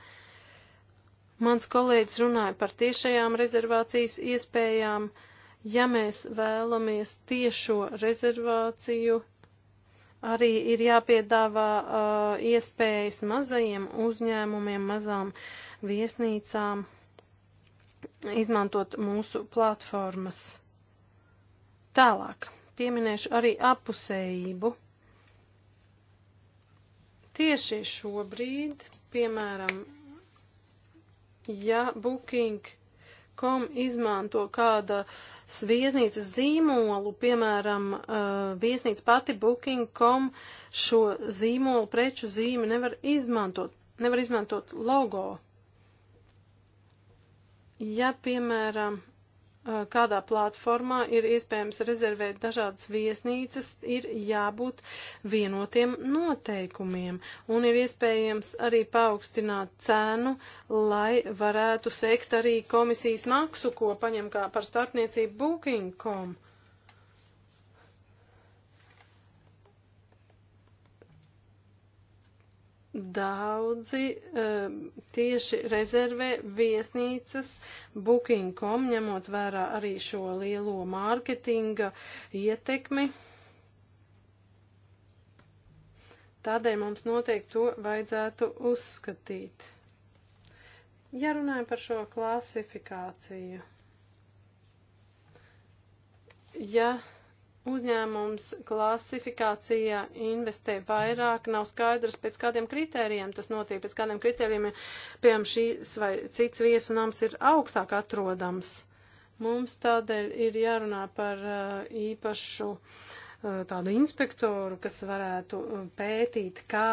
Speaker 1: Mans kolēģis runāja par tiešajām rezervācijas iespējām. Ja mēs vēlamies tiešo rezervāciju, arī ir jāpiedāvā uh, iespējas mazajiem uzņēmumiem, mazām uh, viesnīcām, izmantot mūsu platformas. Tālāk pieminēšu arī apusējību. Tieši šobrīd, piemēram, ja Booking kom izmanto kāda viesnīcas zīmolu, piemēram, uh, viesnīca pati booking.com šo zīmolu, preču zīmi nevar izmantot, nevar izmantot logo. Ja, piemēram, kādā platformā ir iespējams rezervēt dažādas viesnīcas, ir jābūt vienotiem noteikumiem un ir iespējams arī paaugstināt cenu, lai varētu sekt arī komisijas maksu, ko paņem kā par starpniecību Booking.com. daudzi uh, tieši rezervē viesnīcas booking.com, ņemot vērā arī šo lielo mārketinga ietekmi. Tādēļ mums noteikti to vajadzētu uzskatīt. Ja runājam par šo klasifikāciju, ja uzņēmums klasifikācijā investē vairāk, nav skaidrs, pēc kādiem kritērijiem tas notiek, pēc kādiem kritērijiem, piemēram, šīs vai cits viesu nams ir augstāk atrodams. Mums tādēļ ir jārunā par uh, īpašu uh, tādu inspektoru, kas varētu uh, pētīt, kā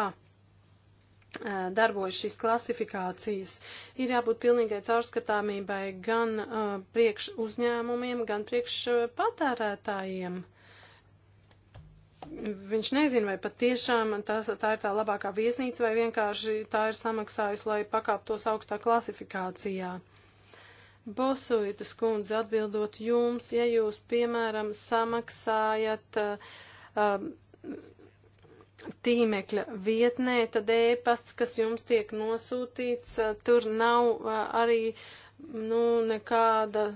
Speaker 1: darbojas šīs klasifikācijas. Ir jābūt pilnīgai caurskatāmībai gan priekš uzņēmumiem, gan priekš patērētājiem. Uh, Viņš nezina, vai patiešām tas, tā ir tā labākā viesnīca, vai vienkārši tā ir samaksājusi, lai pakāptos augstā klasifikācijā. Bosuitas kundze atbildot jums, ja jūs, piemēram, samaksājat uh, tīmekļa vietnē, tad ēpasts, kas jums tiek nosūtīts, uh, tur nav uh, arī, nu, nekāda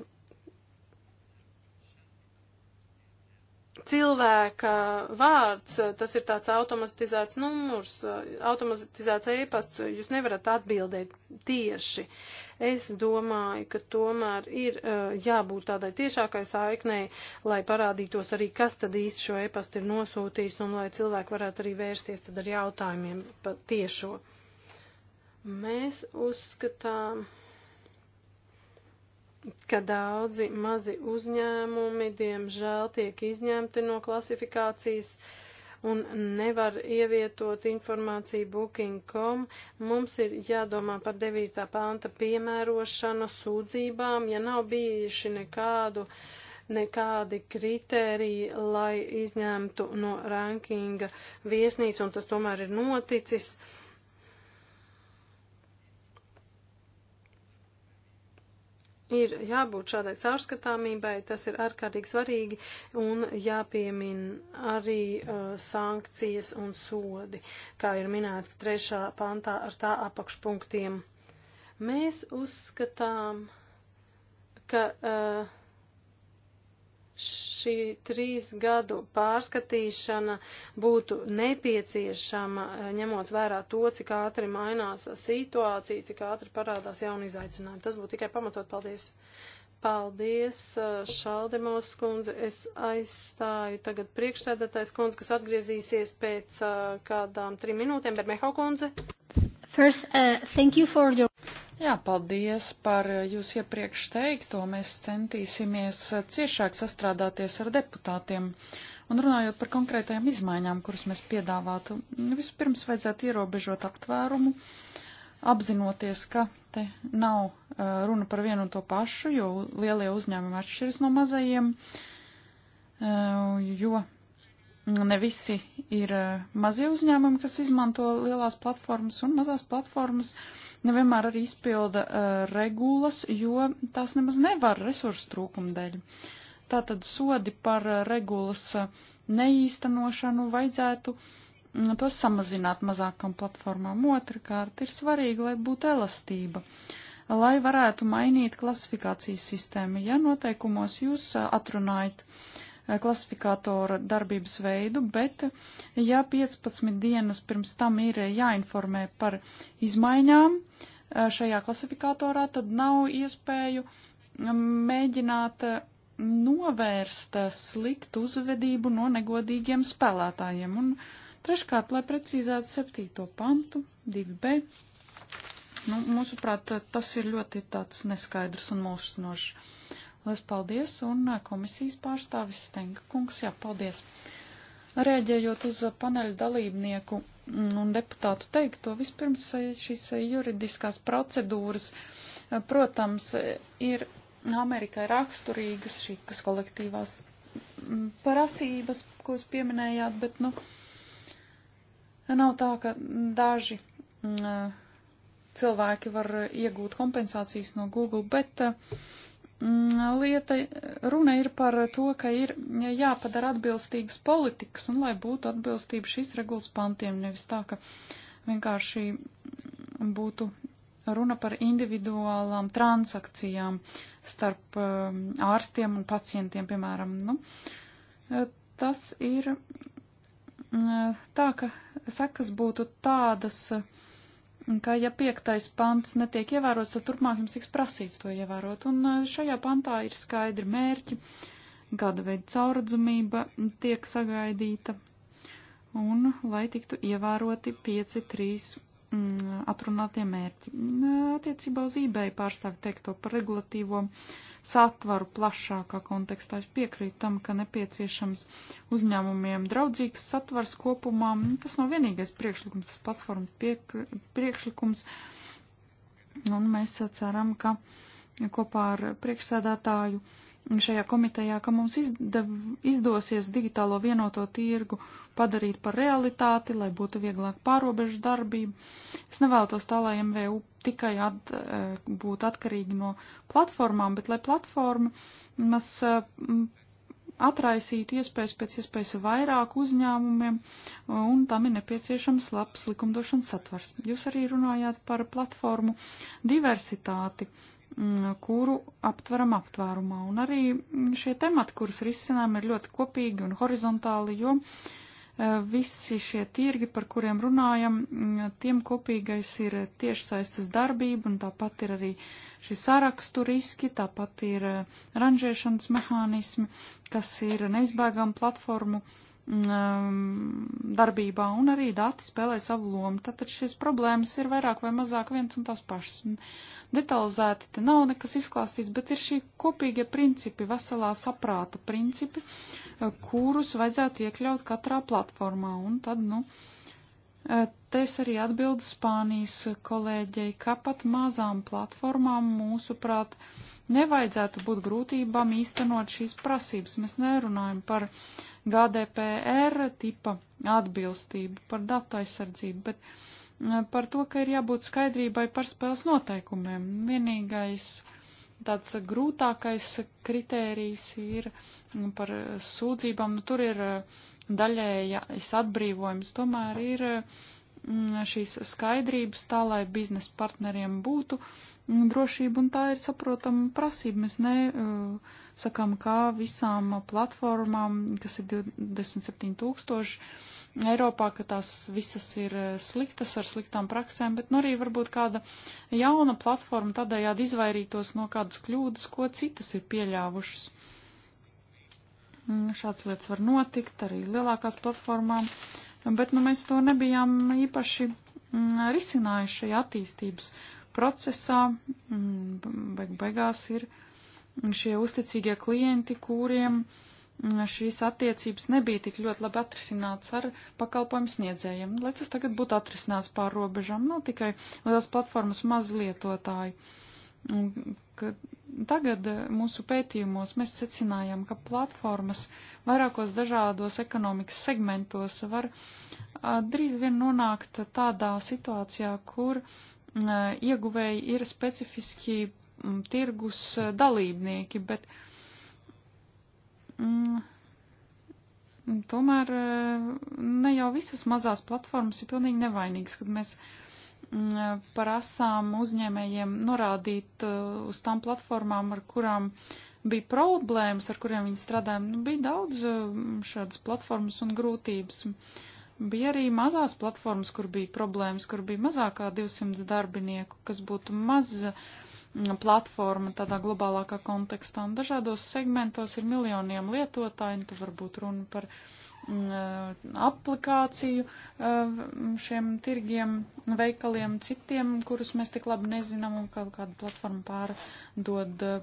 Speaker 1: cilvēka vārds, tas ir tāds automatizēts numurs, automatizēts e-pasts, jūs nevarat atbildēt tieši. Es domāju, ka tomēr ir e, jābūt tādai tiešākai saiknei, lai parādītos arī, kas tad īsti šo e-pastu ir nosūtījis un lai cilvēki varētu arī vērsties tad ar jautājumiem pa tiešo. Mēs uzskatām ka daudzi mazi uzņēmumi, diemžēl, tiek izņemti no klasifikācijas un nevar ievietot informāciju booking.com. Mums ir jādomā par 9. panta piemērošanu sūdzībām, ja nav bijuši nekādu nekādi kriteriji, lai izņemtu no rankinga viesnīcu, un tas tomēr ir noticis. Uh, ir jābūt šādai caurskatāmībai, tas ir ārkārtīgi svarīgi un jāpiemin arī uh, sankcijas un sodi, kā ir minēts trešā pantā ar tā apakšpunktiem. Mēs uzskatām, ka uh, šī trīs gadu pārskatīšana būtu nepieciešama, eh, ņemot vērā to, cik ātri mainās situācija, cik ātri parādās jauni izaicinājumi. Tas būtu tikai pamatot. Paldies! Paldies, uh, Šaldemos kundze. Es aizstāju tagad priekšsēdētājs kundze, kas atgriezīsies pēc uh, kādām trim minūtēm, bet Meho kundze.
Speaker 2: First, uh, thank you for your... Jā, paldies par jūs iepriekš teikto. Mēs centīsimies uh, ciešāk sastrādāties ar deputātiem. Un runājot par konkrētajām izmaiņām, kuras mēs piedāvātu, vispirms vajadzētu ierobežot aptvērumu apzinoties, ka te nav uh, runa par vienu un to pašu, jo lielie uzņēmumi atšķiras no mazajiem, uh, jo ne visi ir uh, mazie uzņēmumi, kas izmanto lielās platformas, un mazās platformas nevienmēr arī izpilda uh, regulas, jo tās nemaz nevar resursu trūkuma dēļ. Tātad sodi par uh, regulas uh, neīstenošanu vajadzētu uh, Nu, tos samazināt mazākam platformām. Otrakārt, ir svarīgi, lai būtu elastība, lai varētu mainīt klasifikācijas sistēmu. Ja noteikumos jūs atrunājat klasifikātora darbības veidu, bet ja 15 dienas pirms tam ir jāinformē par izmaiņām šajā klasifikātorā, tad nav iespēju mēģināt novērst sliktu uzvedību no negodīgiem spēlētājiem. Un, uh, Treškārt, lai precīzētu septīto pantu, 2b, nu, mūsuprāt, tas ir ļoti tāds neskaidrs un mulšanošs. Lielas paldies, un komisijas pārstāvis Stenka kungs, jā, paldies. Rēģējot uz paneļa dalībnieku mm, un deputātu teikto, vispirms šīs juridiskās procedūras, protams, ir Amerikai raksturīgas šīs kolektīvās mm, prasības, ko jūs pieminējāt, bet, nu, Nu, nav tā, ka daži m, mm, eh, cilvēki var iegūt kompensācijas no Google, bet eh, m, mm, lieta runa ir par to, ka ir jāpadara atbilstīgas politikas un lai būtu atbilstība šīs regulas pantiem, nevis tā, ka vienkārši mm, būtu runa par individuālām transakcijām starp eh, ārstiem un pacientiem, piemēram. Nu, tas ir Mm, tā, ka sekas būtu tādas, mm, ka ja piektais pants netiek ievērots, tad turpmāk jums tiks prasīts to ievērot. Un mm, šajā pantā ir skaidri mērķi, gada veida caurredzamība tiek sagaidīta, un lai tiktu ievēroti 5-3 atrunātie mērķi. Attiecībā uz eBay pārstāvi teikto par regulatīvo uh, satvaru plašākā kontekstā. Es piekrītu tam, ka nepieciešams uzņēmumiem draudzīgs satvars kopumā. Tas nav vienīgais priekšlikums, tas platformas piekri, priekšlikums. Un mēs ceram, ka kopā ar priekšsēdētāju uh, šajā komitejā, ka mums izdev, izdosies digitālo vienoto tirgu padarīt par realitāti, lai būtu vieglāk pārobežu darbību. Es nevēlos tā, lai MVU tikai at, eh, būtu atkarīgi no platformām, bet lai platformas eh, atraisītu iespējas pēc iespējas vairāk uzņēmumiem, un tam ir nepieciešams labs likumdošanas satvers. Jūs arī runājāt par platformu diversitāti Mm, kuru aptveram aptvērumā. Un arī šie temati, kurus risinām, ir ļoti kopīgi un horizontāli, jo e, visi šie tirgi, par kuriem runājam, mm, tiem kopīgais ir tiešsaistes darbība, un tāpat ir arī šī sarakstu riski, tāpat ir e, ranžēšanas mehānismi, kas ir neizbēgama platformu uh, Um, darbībā, un arī dati spēlē savu lomu. Tātad šīs problēmas ir vairāk vai mazāk viens un tās pašas. Detalizēti te nav nekas izklāstīts, bet ir šī kopīgie principi, veselā saprāta principi, uh, kurus vajadzētu iekļaut katrā platformā. Un tad, nu, uh, te es arī atbildu Spānijas kolēģei, ka pat mazām platformām mūsuprāt nevajadzētu būt grūtībām īstenot šīs prasības. Mēs nerunājam par uh, GDPR tipa atbilstību, par datu aizsardzību, bet eh, par to, ka ir jābūt skaidrībai par spēles noteikumiem. Vienīgais tāds grūtākais kritērijs ir mm, par sūdzībām, nu tur ir eh, daļējais atbrīvojums, tomēr ir eh, Mm, šīs skaidrības tā, lai biznesa partneriem būtu mm, drošība, un tā ir saprotama prasība. Mēs ne uh, sakām, kā visām platformām, kas ir 27 tūkstoši Eiropā, ka tās visas ir uh, sliktas ar sliktām praksēm, bet nu arī varbūt kāda jauna platforma tādējādi izvairītos no kādas kļūdas, ko citas ir pieļāvušas. Mm, šāds lietas var notikt arī lielākās platformām. Uh, bet nu, mēs to nebijām īpaši mm, risinājuši šajā attīstības procesā. Mm, beig beigās ir šie uzticīgie klienti, kuriem mm, šīs attiecības nebija tik ļoti labi atrisināts ar pakalpojumu sniedzējiem. Lai tas tagad būtu atrisināts pār robežām, nav tikai lielās platformas mazlietotāji. Tagad eh, mūsu pētījumos mēs secinājām, ka platformas uh, vairākos dažādos ekonomikas segmentos var drīz vien nonākt tādā situācijā, kur ieguvēji ir specifiski tirgus dalībnieki, bet mm, tomēr ne jau visas mazās platformas ir pilnīgi nevainīgas, kad mēs mm, prasām uzņēmējiem norādīt uz tām platformām, ar kurām uh, bija problēmas, ar kuriem viņi strādāja. Nu, bija daudz mm, šādas platformas un grūtības. Bija arī mazās platformas, kur bija problēmas, kur bija mazākā 200 darbinieku, kas būtu maza mm, platforma tādā globālākā kontekstā. Un dažādos segmentos ir miljoniem lietotāji, un nu, tu varbūt runa par uh, Mm, eh, aplikāciju eh, šiem tirgiem, veikaliem, citiem, kurus mēs tik labi nezinām, un kaut kāda platforma pārdod eh,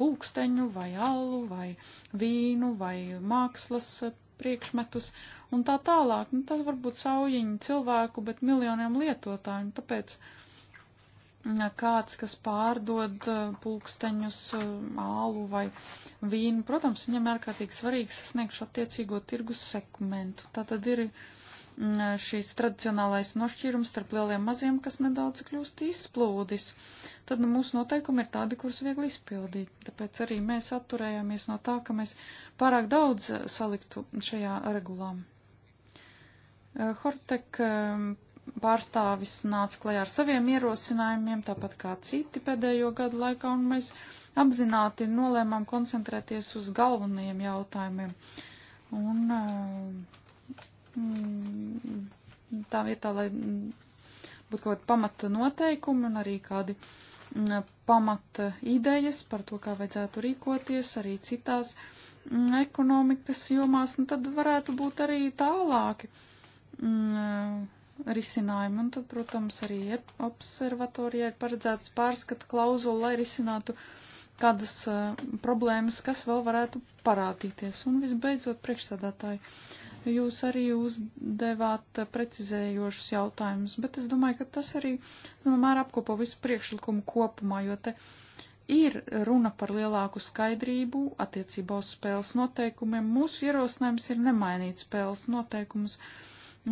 Speaker 2: pulksteņu vai alu vai vīnu vai mākslas priekšmetus un tā tālāk. Nu, tas var būt saujiņi cilvēku, bet miljoniem lietotāju, un tāpēc uh, kāds, kas pārdod eh, pulksteņus, eh, ālu vai vīnu. Protams, viņam ārkārtīgi svarīgi sasniegt šo attiecīgo tirgus segmentu. Tā tad ir mm, šīs tradicionālais nošķīrums starp lieliem maziem, kas nedaudz kļūst izplūdis. Tad nu, mūsu noteikumi ir tādi, kurus viegli izpildīt. Tāpēc arī mēs atturējāmies no tā, ka mēs pārāk daudz eh, saliktu šajā regulā. Hortek pārstāvis nāca klajā ar saviem ierosinājumiem, tāpat kā citi pēdējo gadu laikā, un mēs apzināti nolēmām koncentrēties uz galvenajiem jautājumiem. Un mm, tā vietā, lai būtu kaut kādi pamata noteikumi un arī kādi mm, pamata idejas par to, kā vajadzētu rīkoties arī citās mm, ekonomikas jomās, nu tad varētu būt arī tālāki risinājumu. Un tad, protams, arī observatorijai ir paredzēts pārskata klauzula, lai risinātu kādas uh, problēmas, kas vēl varētu parādīties. Un visbeidzot, priekšsādātāji, jūs arī uzdevāt precizējošus jautājumus, bet es domāju, ka tas arī, zinām, mērā apkopo visu priekšlikumu kopumā, jo te ir runa par lielāku skaidrību attiecībā uz spēles noteikumiem. Mūsu ierosinājums ir nemainīt spēles noteikumus. Uh,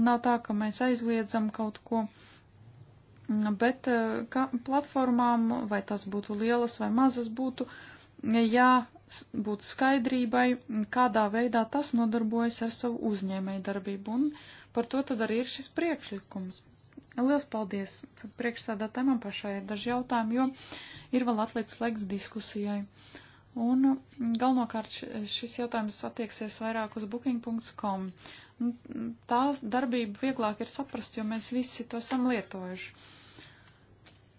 Speaker 2: Nav tā, ka mēs aizliedzam kaut ko, bet eh, ka platformām, vai tas būtu lielas vai mazas, būtu jābūt skaidrībai, kādā veidā tas nodarbojas ar savu uzņēmēju darbību, un par to tad arī ir šis priekšlikums. Lielas paldies! Priekšsādātājiem pašai ir daži jautājumi, jo ir vēl atlicis laiks diskusijai. Uh, Un mm, galvenokārt šis jautājums attieksies vairāk uz booking.com. Mm, tā darbība vieglāk ir saprast, jo mēs visi to esam lietojuši.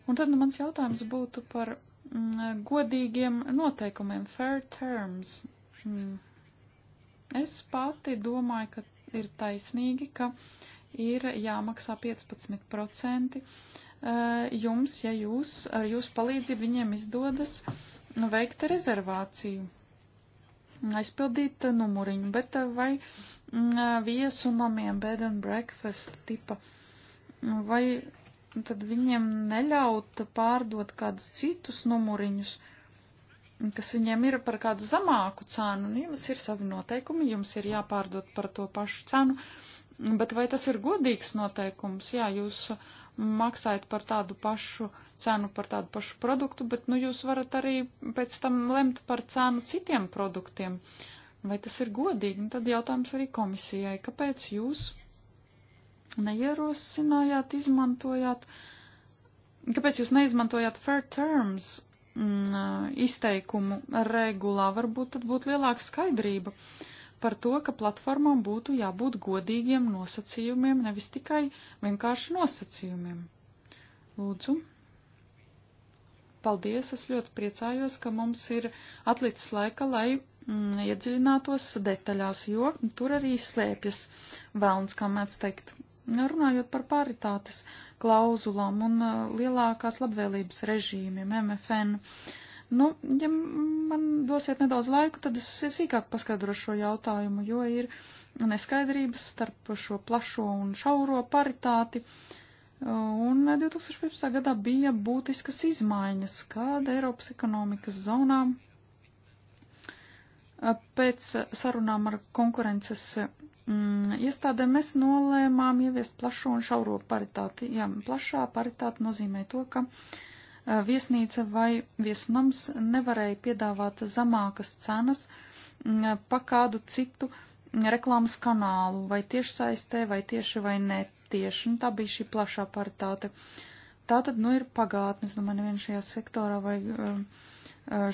Speaker 2: Un tad nu, mans jautājums būtu par mm, godīgiem noteikumiem, fair terms. Mm. Es pati domāju, ka ir taisnīgi, ka ir jāmaksā 15% eh, jums, ja jūs ar jūsu palīdzību viņiem izdodas uh, Nu, veikt rezervāciju, aizpildīt uh, numuriņu, bet uh, vai mm, uh, viesu namiem bed and breakfast tipa, mm, vai tad viņiem neļaut pārdot kādus citus numuriņus, mm, kas viņiem ir par kādu zamāku cenu, un nu, jums ir savi noteikumi, jums ir jāpārdot par to pašu cenu, bet vai tas ir godīgs noteikums? Jā, jūs uh, maksājat par tādu pašu cenu, par tādu pašu produktu, bet nu, jūs varat arī pēc tam lemt par cenu citiem produktiem. Vai tas ir godīgi? Un nu, tad jautājums arī komisijai, kāpēc jūs neierosinājāt, izmantojāt, kāpēc jūs neizmantojāt fair terms mm, izteikumu regulā? Varbūt tad būtu lielāka skaidrība. Uh, par to, ka platformām būtu jābūt godīgiem nosacījumiem, nevis tikai vienkārši nosacījumiem. Lūdzu. Paldies, es ļoti priecājos, ka mums ir atlicis laika, lai mm, iedziļinātos detaļās, jo tur arī slēpjas vēlns, kā mēdz teikt. Runājot par paritātes klauzulām un uh, lielākās labvēlības režīmiem, MFN. Uh, Nu, ja man dosiet nedaudz laiku, tad es sīkāk paskaidrošu šo jautājumu, jo ir neskaidrības starp šo plašo un šauro paritāti. Un 2015. gadā bija būtiskas izmaiņas, kad Eiropas ekonomikas zonā pēc sarunām ar konkurences mm, iestādēm mēs nolēmām ieviest plašo un šauro paritāti. Jā, plašā paritāte nozīmē to, ka uh, Eh, viesnīca vai viesnams nevarēja piedāvāt zemākas cenas mm, eh, pa kādu citu mm, reklāmas kanālu, vai tieši saistē, vai tieši vai netieši, un nu, tā bija šī plašā paritāte. Tā tad, nu, ir pagātne, es domāju, nevien šajā sektorā vai eh,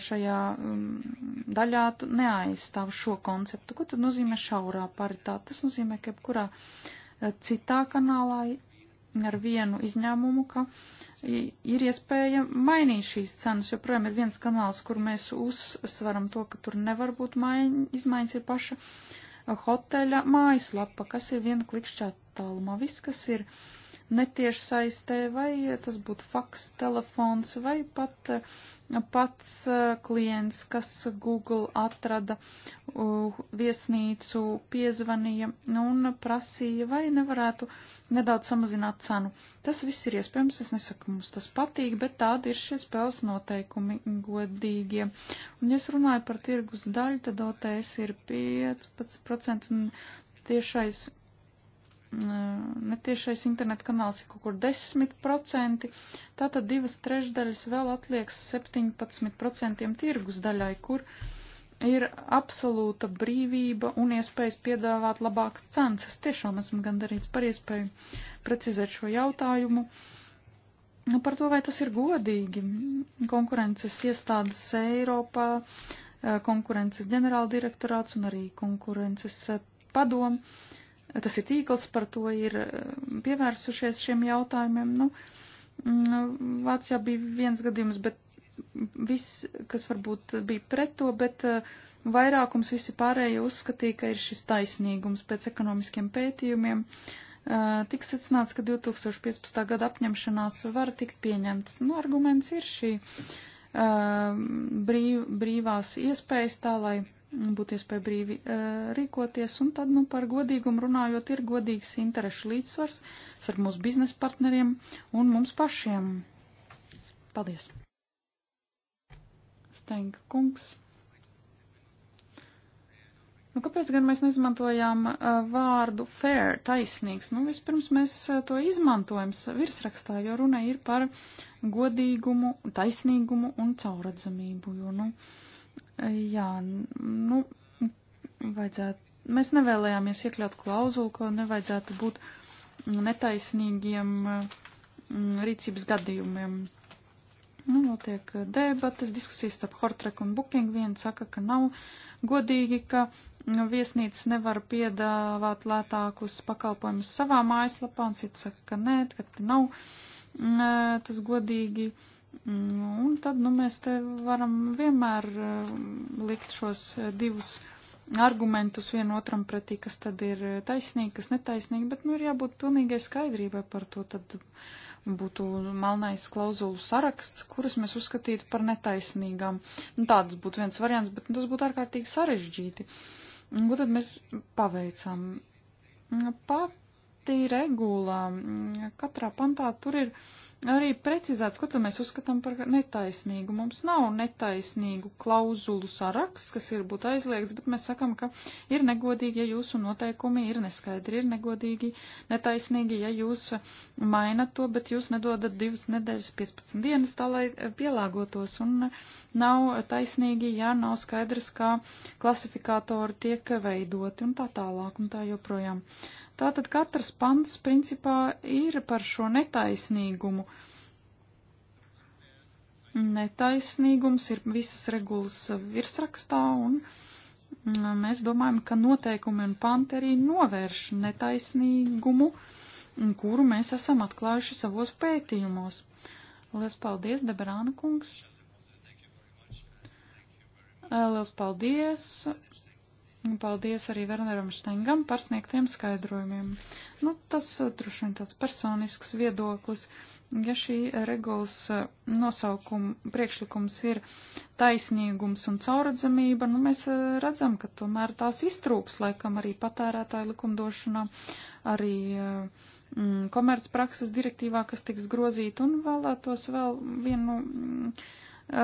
Speaker 2: šajā mm, daļā neaizstāv šo konceptu. Ko tad nozīmē šaurā paritāte? Tas nozīmē, ka jebkurā citā kanālā ar vienu izņēmumu, ka uh, ir iespēja mainīt šīs cenas, jo, protams, ir viens kanāls, kur mēs uzsveram to, ka tur nevar būt maiņ, izmaiņas, ir paša hoteļa mājaslapa, kas ir viena klikšķā tālumā. Viss, kas ir uh, netieši saistē, vai tas būtu faks, telefons, vai pat eh, pats eh, klients, kas Google atrada uh, viesnīcu, piezvanīja un prasīja, vai nevarētu nedaudz samazināt cenu. Tas viss ir iespējams, es nesaku, mums tas patīk, bet tādi ir šie spēles noteikumi godīgie. Un, ja es runāju par tirgus daļu, tad OTS ir 15% un tiešais netiešais internet kanāls ir kaut kur 10%, tātad divas trešdaļas vēl atliek 17% tirgus daļai, kur ir absolūta brīvība un iespējas piedāvāt labākas cenas. Es tiešām esmu gandarīts par iespēju precizēt šo jautājumu. Nu, par to, vai tas ir godīgi. Konkurences iestādes Eiropā, konkurences ģenerāldirektorāts un arī konkurences padomu tas ir tīkls, par to ir um, pievērsušies šiem jautājumiem. Nu, mm, Vācijā bija viens gadījums, bet viss, kas varbūt bija pret to, bet uh, vairākums visi pārējie uzskatīja, ka ir šis taisnīgums pēc ekonomiskiem pētījumiem. Uh, Tik secināts, ka 2015. gada apņemšanās var tikt pieņemtas. Nu, arguments ir šī uh, brīv, brīvās iespējas tā, lai būtu iespēja brīvi e, rīkoties, un tad, nu, par godīgumu runājot, ir godīgs interešu līdzsvars starp mūsu biznesa partneriem un mums pašiem. Paldies! Stenka kungs. Nu, kāpēc gan mēs neizmantojām uh, vārdu fair, taisnīgs? Nu, vispirms mēs uh, to izmantojam virsrakstā, jo runa ir par godīgumu, taisnīgumu un cauradzamību, jo, nu, uh, Jā, nu, vajadzētu. Mēs nevēlējāmies iekļaut klauzulu, ka nevajadzētu būt netaisnīgiem mm, rīcības gadījumiem. Nu, notiek debatas, diskusijas starp Hortrek un Booking. Viena saka, ka nav godīgi, ka viesnīcas nevar piedāvāt lētākus pakalpojumus savā mājaslapā, un cits saka, ka nē, ka nav mm, tas godīgi. Uh, Nu, un tad nu, mēs te varam vienmēr eh, likt šos eh, divus argumentus vienotram pretī, kas tad ir eh, taisnīgi, kas netaisnīgi, bet nu, ir jābūt pilnīgai skaidrībai par to. Tad būtu melnais klauzulu saraksts, kuras mēs uzskatītu par netaisnīgām. Nu, tāds būtu viens variants, bet nu, tas būtu ārkārtīgi sarežģīti. Ko tad mēs paveicām? Nu, Pat pati regulā, mm, katrā pantā tur ir arī precizēts, ko tad mēs uzskatām par netaisnīgu. Mums nav netaisnīgu klauzulu saraksts, kas ir būtu aizliegts, bet mēs sakam, ka ir negodīgi, ja jūsu noteikumi ir neskaidri, ir negodīgi, netaisnīgi, ja jūs mainat to, bet jūs nedodat divas nedēļas, 15 dienas, tā lai pielāgotos. Un nav taisnīgi, ja nav skaidrs, kā klasifikātori tiek veidoti un tā tālāk un tā joprojām. Tātad katrs pants principā ir par šo netaisnīgumu. Netaisnīgums ir visas regulas virsrakstā, un mm, mēs domājam, ka noteikumi un panti arī novērš netaisnīgumu, kuru mēs esam atklājuši savos pētījumos. Lielas paldies, Deberāna kungs! Lielas paldies, Un paldies arī Werneram Štengam par sniegtiem skaidrojumiem. Nu, tas eh, droši vien tāds personisks viedoklis. Ja šī regulas eh, nosaukuma priekšlikums ir taisnīgums un cauradzamība, nu mēs eh, redzam, ka tomēr tās iztrūks laikam arī patērētāju likumdošanā, arī uh, komercprakses direktīvā, kas tiks grozīta, un vēlētos vēl vienu mm,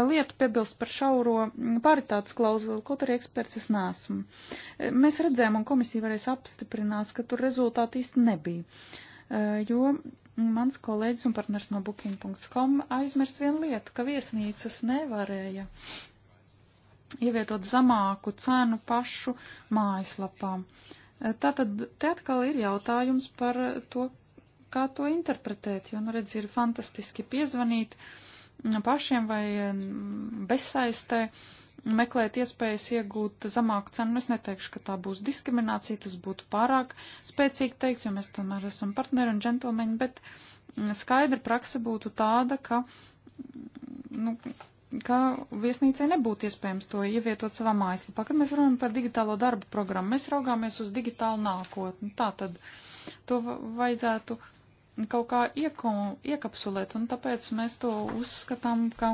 Speaker 2: lietu piebilst par šauro mm, paritātes klauzulu, kaut arī eksperts es nesmu. E, mēs redzējām, un komisija varēs apstiprinās, ka tur rezultāti īsti nebija, e, jo mans kolēģis un partners no booking.com aizmirs vienu lietu, ka viesnīcas nevarēja ievietot zamāku cenu pašu mājaslapām. E, tātad te atkal ir jautājums par to, kā to interpretēt, jo, nu redz, ir fantastiski piezvanīt uh, pašiem vai mm, bezsaistē meklēt iespējas iegūt zemāku cenu. Nu, es neteikšu, ka tā būs diskriminācija, tas būtu pārāk spēcīgi teikt, jo mēs tomēr esam partneri un džentlmeņi, bet mm, skaidra praksa būtu tāda, ka, mm, nu, ka viesnīcai nebūtu iespējams to ievietot savā mājaslapā. Kad mēs runājam par digitālo darbu programmu, mēs raugāmies uz digitālu nākotni. Tā tad to vajadzētu kaut kā ieko, iekapsulēt, un tāpēc mēs to uzskatām, ka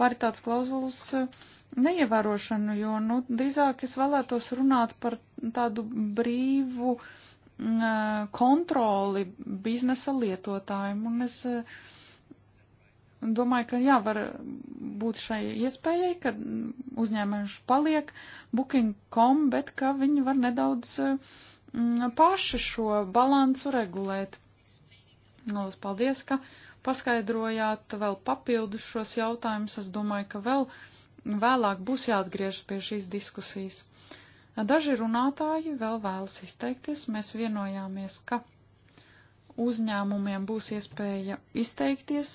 Speaker 2: paritāts klauzulas eh, neievērošanu, jo, nu, drīzāk es vēlētos runāt par tādu brīvu mm, eh, kontroli biznesa lietotājiem, un es eh, domāju, ka jā, var būt šai iespējai, ka uzņēmējs paliek booking.com, bet ka viņi var nedaudz mm, paši šo balansu regulēt. Lielas paldies, ka paskaidrojāt vēl papildus šos jautājumus. Es domāju, ka vēl vēlāk būs jāatgriežas pie šīs diskusijas. Daži runātāji vēl vēlas izteikties. Mēs vienojāmies, ka uzņēmumiem būs iespēja izteikties,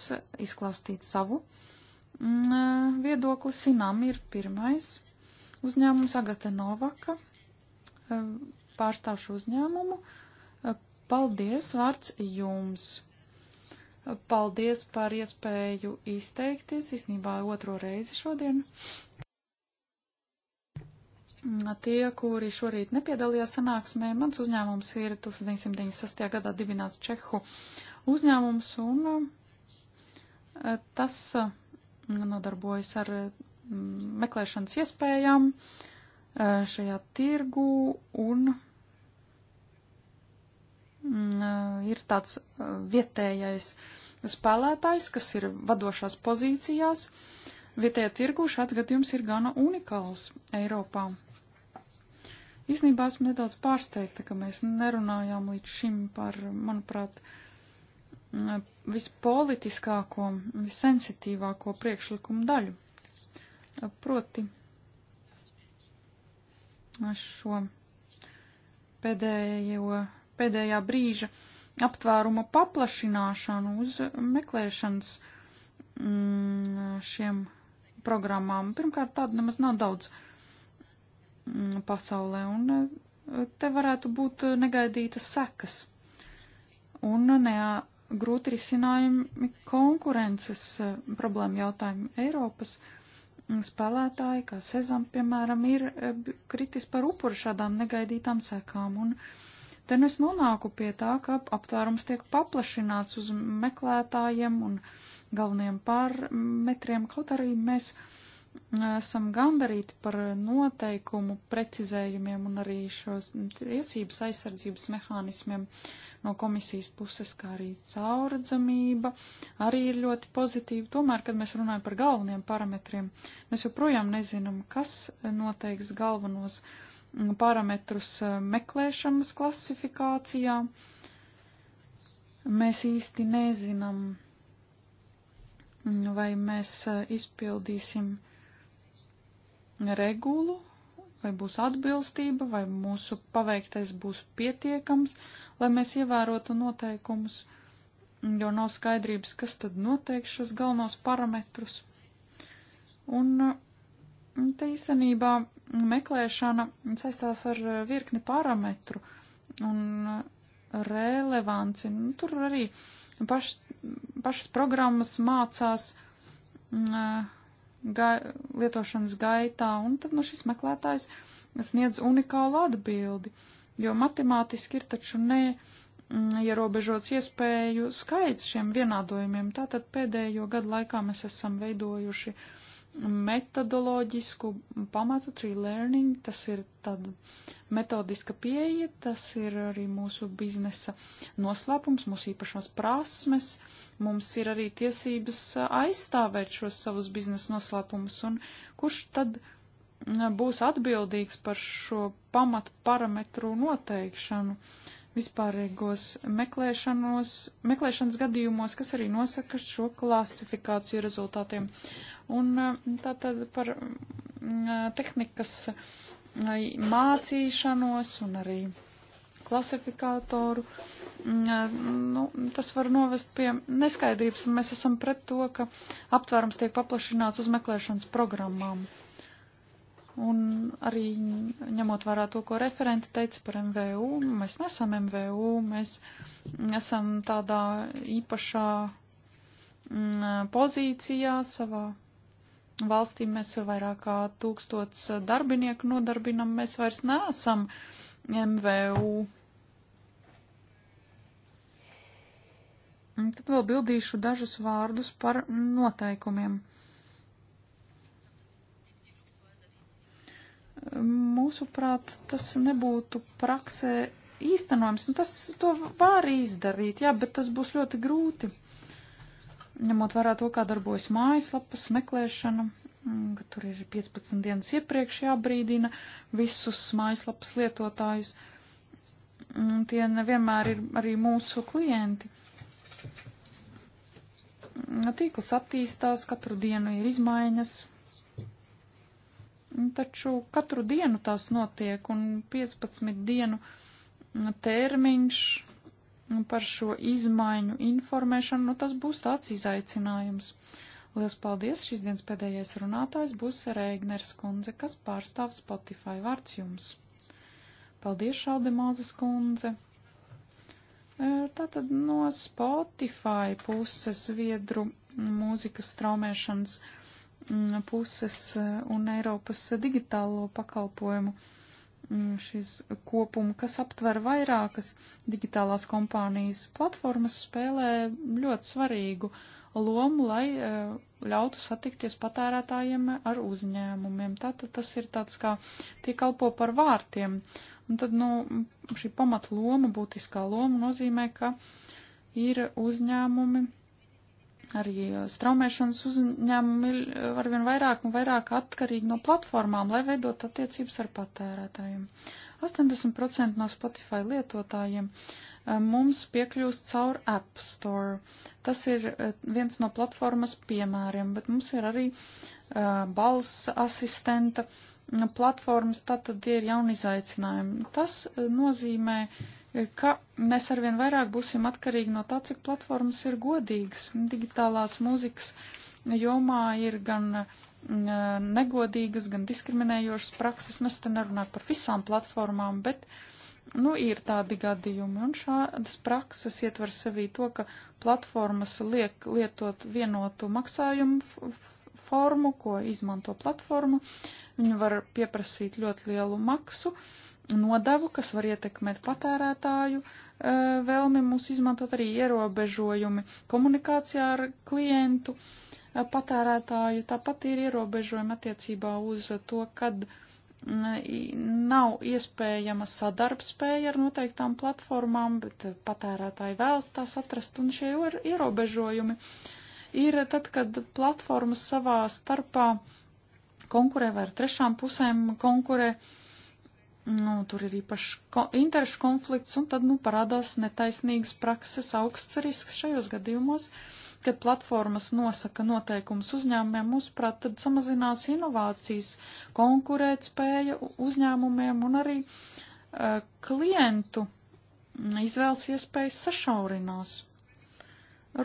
Speaker 2: izklāstīt savu mm, viedokli. Sinām ir pirmais uzņēmums Agate Novaka, eh, pārstāvšu uzņēmumu Paldies, vārds jums! Paldies par iespēju izteikties, īstenībā otro reizi šodien. Tie, kuri šorīt nepiedalījās sanāksmē, mans uzņēmums ir 1996. gadā dibināts Čehu uzņēmums, un eh, tas eh, nodarbojas ar mm, meklēšanas iespējām eh, šajā tirgu un Mm, eh, ir tāds eh, vietējais spēlētājs, kas ir vadošās pozīcijās. Vietējā tirgu šāds gadījums ir gana unikāls Eiropā. Īsnībā esmu nedaudz pārsteigta, ka mēs nerunājām līdz šim par, manuprāt, mm, eh, vispolitiskāko, vissensitīvāko priekšlikumu daļu. Proti šo pēdējo pēdējā brīža aptvēruma paplašināšanu uz meklēšanas mm, šiem programmām. Pirmkārt, tādu nemaz nav daudz mm, pasaulē, un eh, te varētu būt negaidītas sekas. Un ne, grūti risinājumi konkurences eh, problēma jautājumi Eiropas mm, spēlētāji, kā Sezam, piemēram, ir eh, kritis par upuru šādām negaidītām sekām. Un, uh, Te nu es nonāku pie tā, ka aptvērums tiek paplašināts uz meklētājiem un galveniem parametriem, kaut arī mēs mm, esam gandarīti par noteikumu precizējumiem un arī šos tiesības aizsardzības mehānismiem no komisijas puses, kā arī caurdzamība, arī ir ļoti pozitīva. Tomēr, kad mēs runājam par galveniem parametriem, mēs joprojām nezinām, kas noteiks galvenos parametrus parametrus eh, meklēšanas klasifikācijā. Mēs īsti nezinām, mm, vai mēs eh, izpildīsim regulu, vai būs atbilstība, vai mūsu paveiktais būs pietiekams, lai mēs ievērotu noteikumus, jo nav skaidrības, kas tad noteikti šos galvenos parametrus. Un eh, Te īstenībā meklēšana saistās ar eh, virkni parametru un eh, relevanci. Nu, tur arī paš, pašas programmas mācās mm, eh, gai, lietošanas gaitā, un tad nu, šis meklētājs sniedz unikālu atbildi, jo matemātiski ir taču ne mm, ierobežots iespēju skaits šiem vienādojumiem. Tātad pēdējo gadu laikā mēs esam veidojuši uh, metodoloģisku pamatu tree learning, tas ir tāda metodiska pieeja, tas ir arī mūsu biznesa noslēpums, mūsu īpašās prasmes, mums ir arī tiesības aizstāvēt šos savus biznesa noslēpumus, un kurš tad būs atbildīgs par šo pamatu parametru noteikšanu vispārīgos meklēšanos, meklēšanas gadījumos, kas arī nosaka šo klasifikāciju rezultātiem. Un eh, tātad par mm, eh, tehnikas eh, mācīšanos un arī klasifikātoru. Mm, nu, tas var novest pie neskaidrības, un mēs esam pret to, ka aptvērums tiek paplašināts uz meklēšanas programmām. Un arī ņemot vērā to, ko referenti teica par MVU, nu, mēs nesam MVU, mēs esam tādā īpašā mm, pozīcijā savā valstīm mēs vairāk kā tūkstots darbinieku nodarbinam, mēs vairs neesam MVU. Un tad vēl bildīšu dažus vārdus par noteikumiem. Mūsuprāt, tas nebūtu praksē īstenojams. Nu, tas to var izdarīt, jā, bet tas būs ļoti grūti ņemot vērā to, kā darbojas mājaslapas meklēšana, mm, ka tur ir 15 dienas iepriekš jābrīdina visus mājaslapas lietotājus. Tie nevienmēr ir arī mūsu klienti. Mm, tīkls attīstās, katru dienu ir izmaiņas, taču katru dienu tās notiek un 15 dienu termiņš par šo izmaiņu informēšanu, nu tas būs tāds izaicinājums. Lielas paldies! Šīs dienas pēdējais runātājs būs Rēgners kundze, kas pārstāv Spotify vārds jums. Paldies, Šaldemāzes kundze! E, tātad no Spotify puses viedru mūzikas straumēšanas mm, puses e, un Eiropas digitālo pakalpojumu Mm, šis kopums, kas aptver vairākas digitālās kompānijas platformas, spēlē ļoti svarīgu lomu, lai eh, ļautu satikties patērētājiem ar uzņēmumiem. Tātad tas ir tāds kā tie kalpo par vārtiem. Un tad, nu, šī pamatloma, būtiskā loma nozīmē, ka ir uzņēmumi, arī uh, straumēšanas uzņēmumi uh, arvien vairāk un vairāk atkarīgi no platformām, lai veidot attiecības ar patērētājiem. 80% no Spotify lietotājiem uh, mums piekļūst caur App Store. Tas ir viens no platformas piemēriem, bet mums ir arī uh, balss asistenta mm, platformas, tātad tie ir jauni izaicinājumi. Tas nozīmē uh, ka mēs arvien vairāk būsim atkarīgi no tā, cik platformas ir godīgas. Digitālās mūzikas jomā ir gan mm, negodīgas, gan diskriminējošas prakses. Mēs te nerunājam par visām platformām, bet nu, ir tādi gadījumi. Un šādas prakses ietver sevī to, ka platformas liek lietot vienotu maksājumu formu, ko izmanto platforma. Viņi var pieprasīt ļoti lielu maksu. Uh, nodevu, kas var ietekmēt patērētāju e, vēlmi mūs izmantot arī ierobežojumi komunikācijā ar klientu e, patērētāju. Tāpat ir ierobežojumi attiecībā uz to, kad nav iespējama sadarbspēja ar noteiktām platformām, bet patērētāji vēlas tās atrast, un šie ierobežojumi ir tad, kad platformas savā starpā konkurē vai ar trešām pusēm konkurē uh, Nu, tur ir īpašs ko interešu konflikts, un tad, nu, parādās netaisnīgas prakses augsts risks šajos gadījumos, kad platformas nosaka noteikumus uzņēmumiem, uzprat, tad samazinās inovācijas, konkurēt spēja uzņēmumiem un arī uh, klientu mm, izvēles iespējas sašaurinās.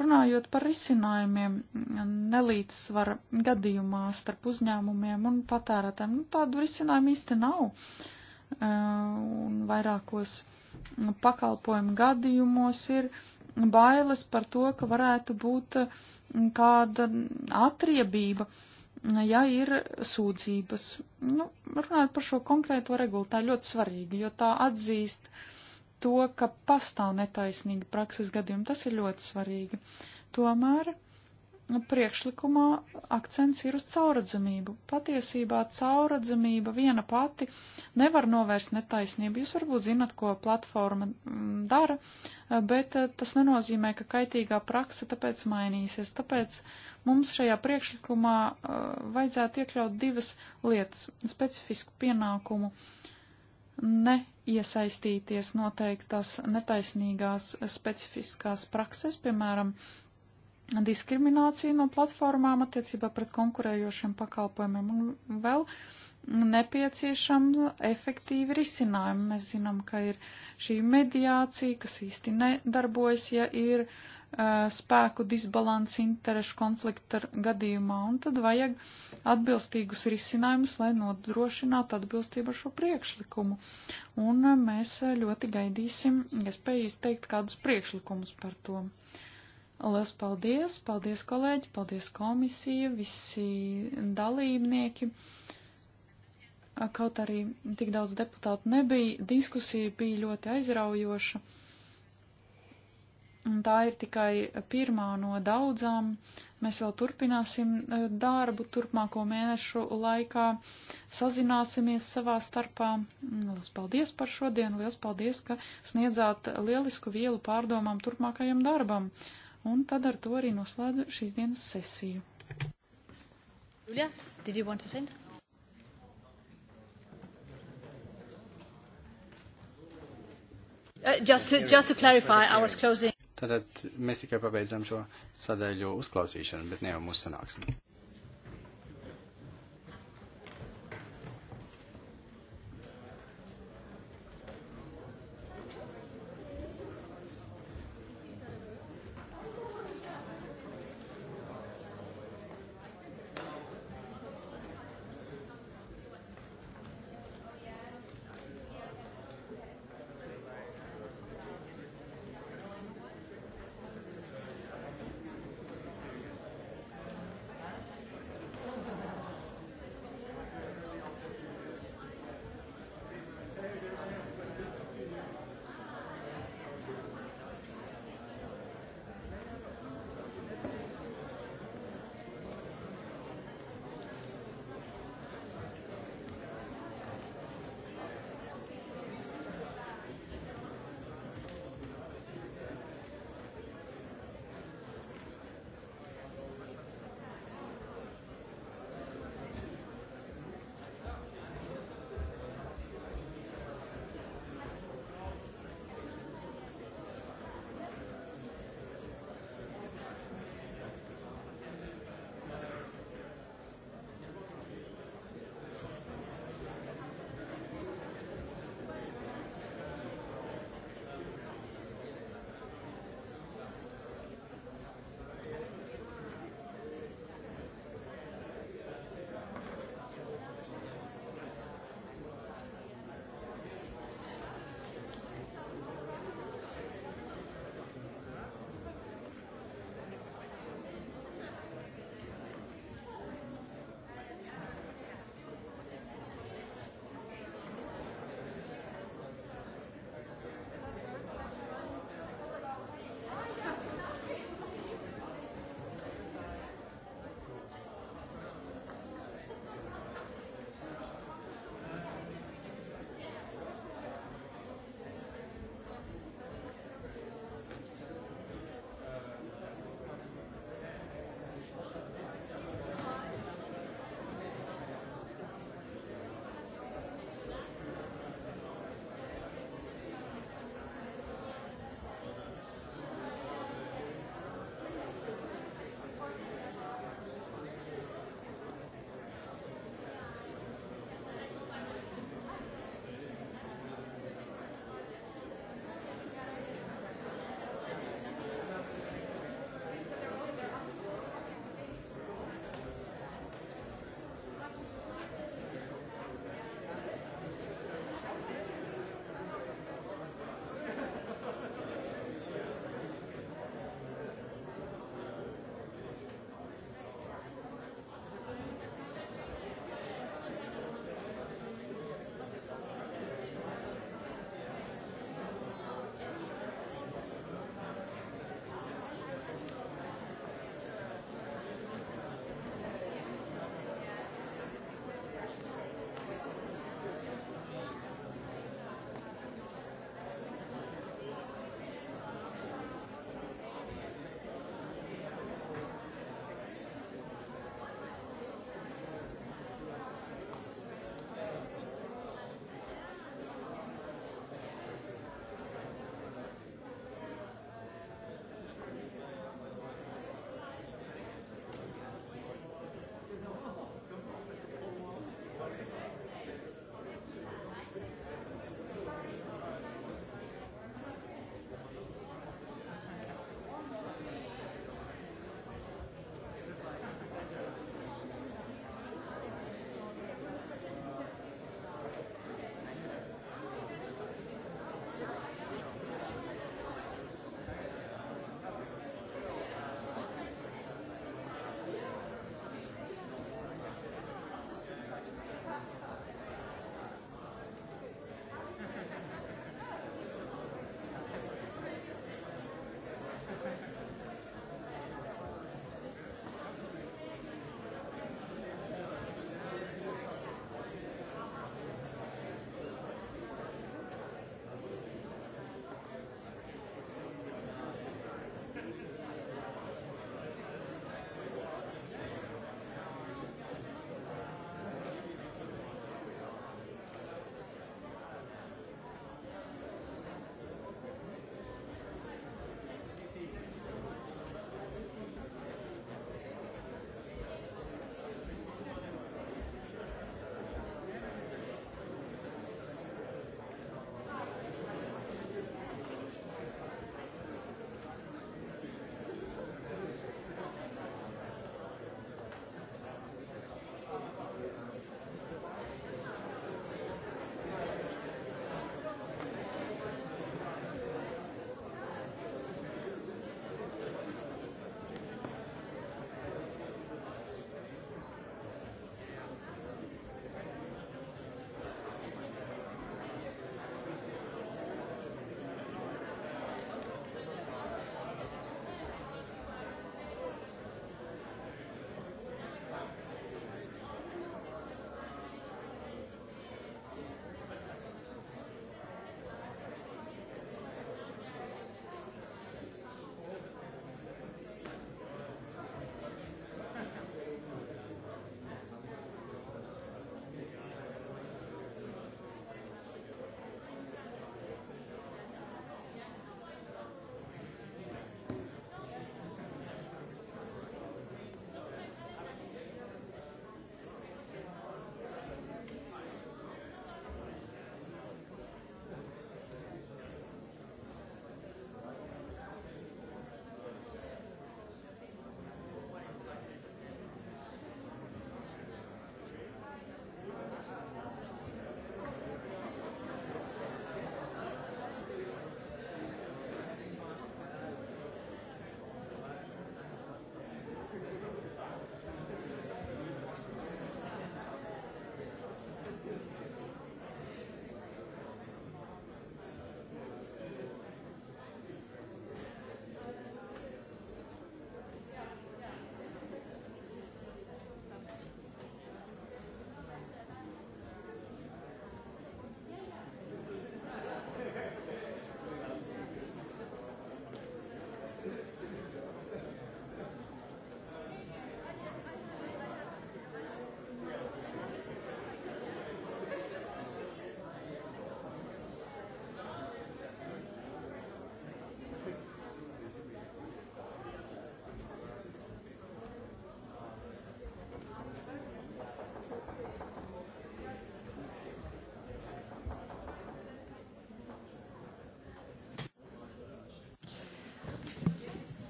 Speaker 2: Runājot par risinājumiem mm, nelīdzsvara gadījumā starp uzņēmumiem un patērētēm, nu, tādu risinājumu īsti nav. Uh, un vairākos mm, pakalpojumu gadījumos ir bailes par to, ka varētu būt mm, kāda atriebība, mm, ja ir sūdzības. Nu, runājot par šo konkrēto regulu, tā ir ļoti svarīga, jo tā atzīst to, ka pastāv netaisnīga prakses gadījuma. Tas ir ļoti svarīgi. Tomēr priekšlikumā akcents ir uz cauradzamību. Patiesībā cauradzamība viena pati nevar novērst netaisnību. Jūs varbūt zinat, ko platforma mm, dara, bet eh, tas nenozīmē, ka kaitīgā praksa tāpēc mainīsies. Tāpēc mums šajā priekšlikumā eh, vajadzētu iekļaut divas lietas - specifisku pienākumu neiesaistīties noteiktās netaisnīgās specifiskās prakses, piemēram, uh, diskrimināciju no platformām attiecībā pret konkurējošiem pakalpojumiem un vēl nepieciešami efektīvi risinājumi. Mēs zinām, ka ir šī mediācija, kas īsti nedarbojas, ja ir uh, spēku disbalans interešu konflikta gadījumā, un tad vajag atbilstīgus risinājumus, lai nodrošinātu atbilstību ar šo priekšlikumu. Un uh, mēs ļoti gaidīsim iespēju ja izteikt kādus priekšlikumus par to. Uh, Lielas paldies, paldies kolēģi, paldies komisija, visi dalībnieki. Kaut arī tik daudz deputātu nebija, diskusija bija ļoti aizraujoša. Un tā ir tikai pirmā no daudzām. Mēs vēl turpināsim e, darbu turpmāko mēnešu laikā, sazināsimies savā starpā. Lielas paldies par šodienu, lielas paldies, ka sniedzāt lielisku vielu pārdomām turpmākajam darbam. Un tad ar to arī noslēdzu šīs dienas sesiju. Julia, did you want to send? Uh, just, to, just to clarify, I was closing.
Speaker 3: Tātad mēs tikai pabeidzam šo sadaļu uzklausīšanu, bet ne jau mūsu sanāksmi.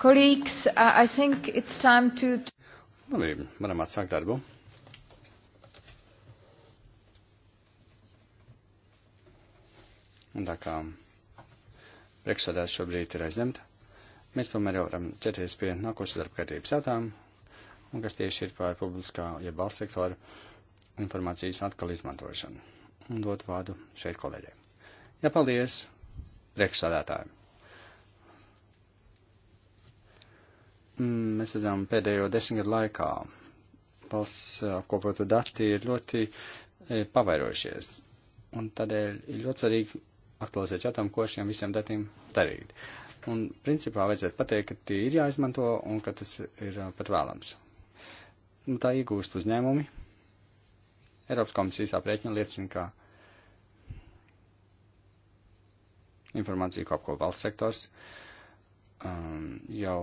Speaker 2: Colleagues, uh, I think it's time to...
Speaker 3: Labi, varam atsākt darbu. Un tā kā priekšsādās šobrīd ir aizņemta, mēs tomēr jau varam ķerties pie nākošas darba kārtības jautājumu, un kas tieši ir par publiskā, ja balss sektora informācijas atkal izmantošanu. Un dot vārdu šeit kolēģiem. Ja paldies, priekšsādātājiem! mēs redzam pēdējo desmit gadu laikā. Valsts apkopotu dati ir ļoti e, pavairojušies. Un tādēļ ir ļoti svarīgi aktualizēt jautājumu, ko šiem visiem datiem darīt. Un principā vajadzētu pateikt, ka tie ir jāizmanto un ka tas ir e, pat vēlams. Un nu, tā iegūst uzņēmumi. Eiropas komisijas aprēķina liecina, ka informāciju apkopo valsts sektors um, jau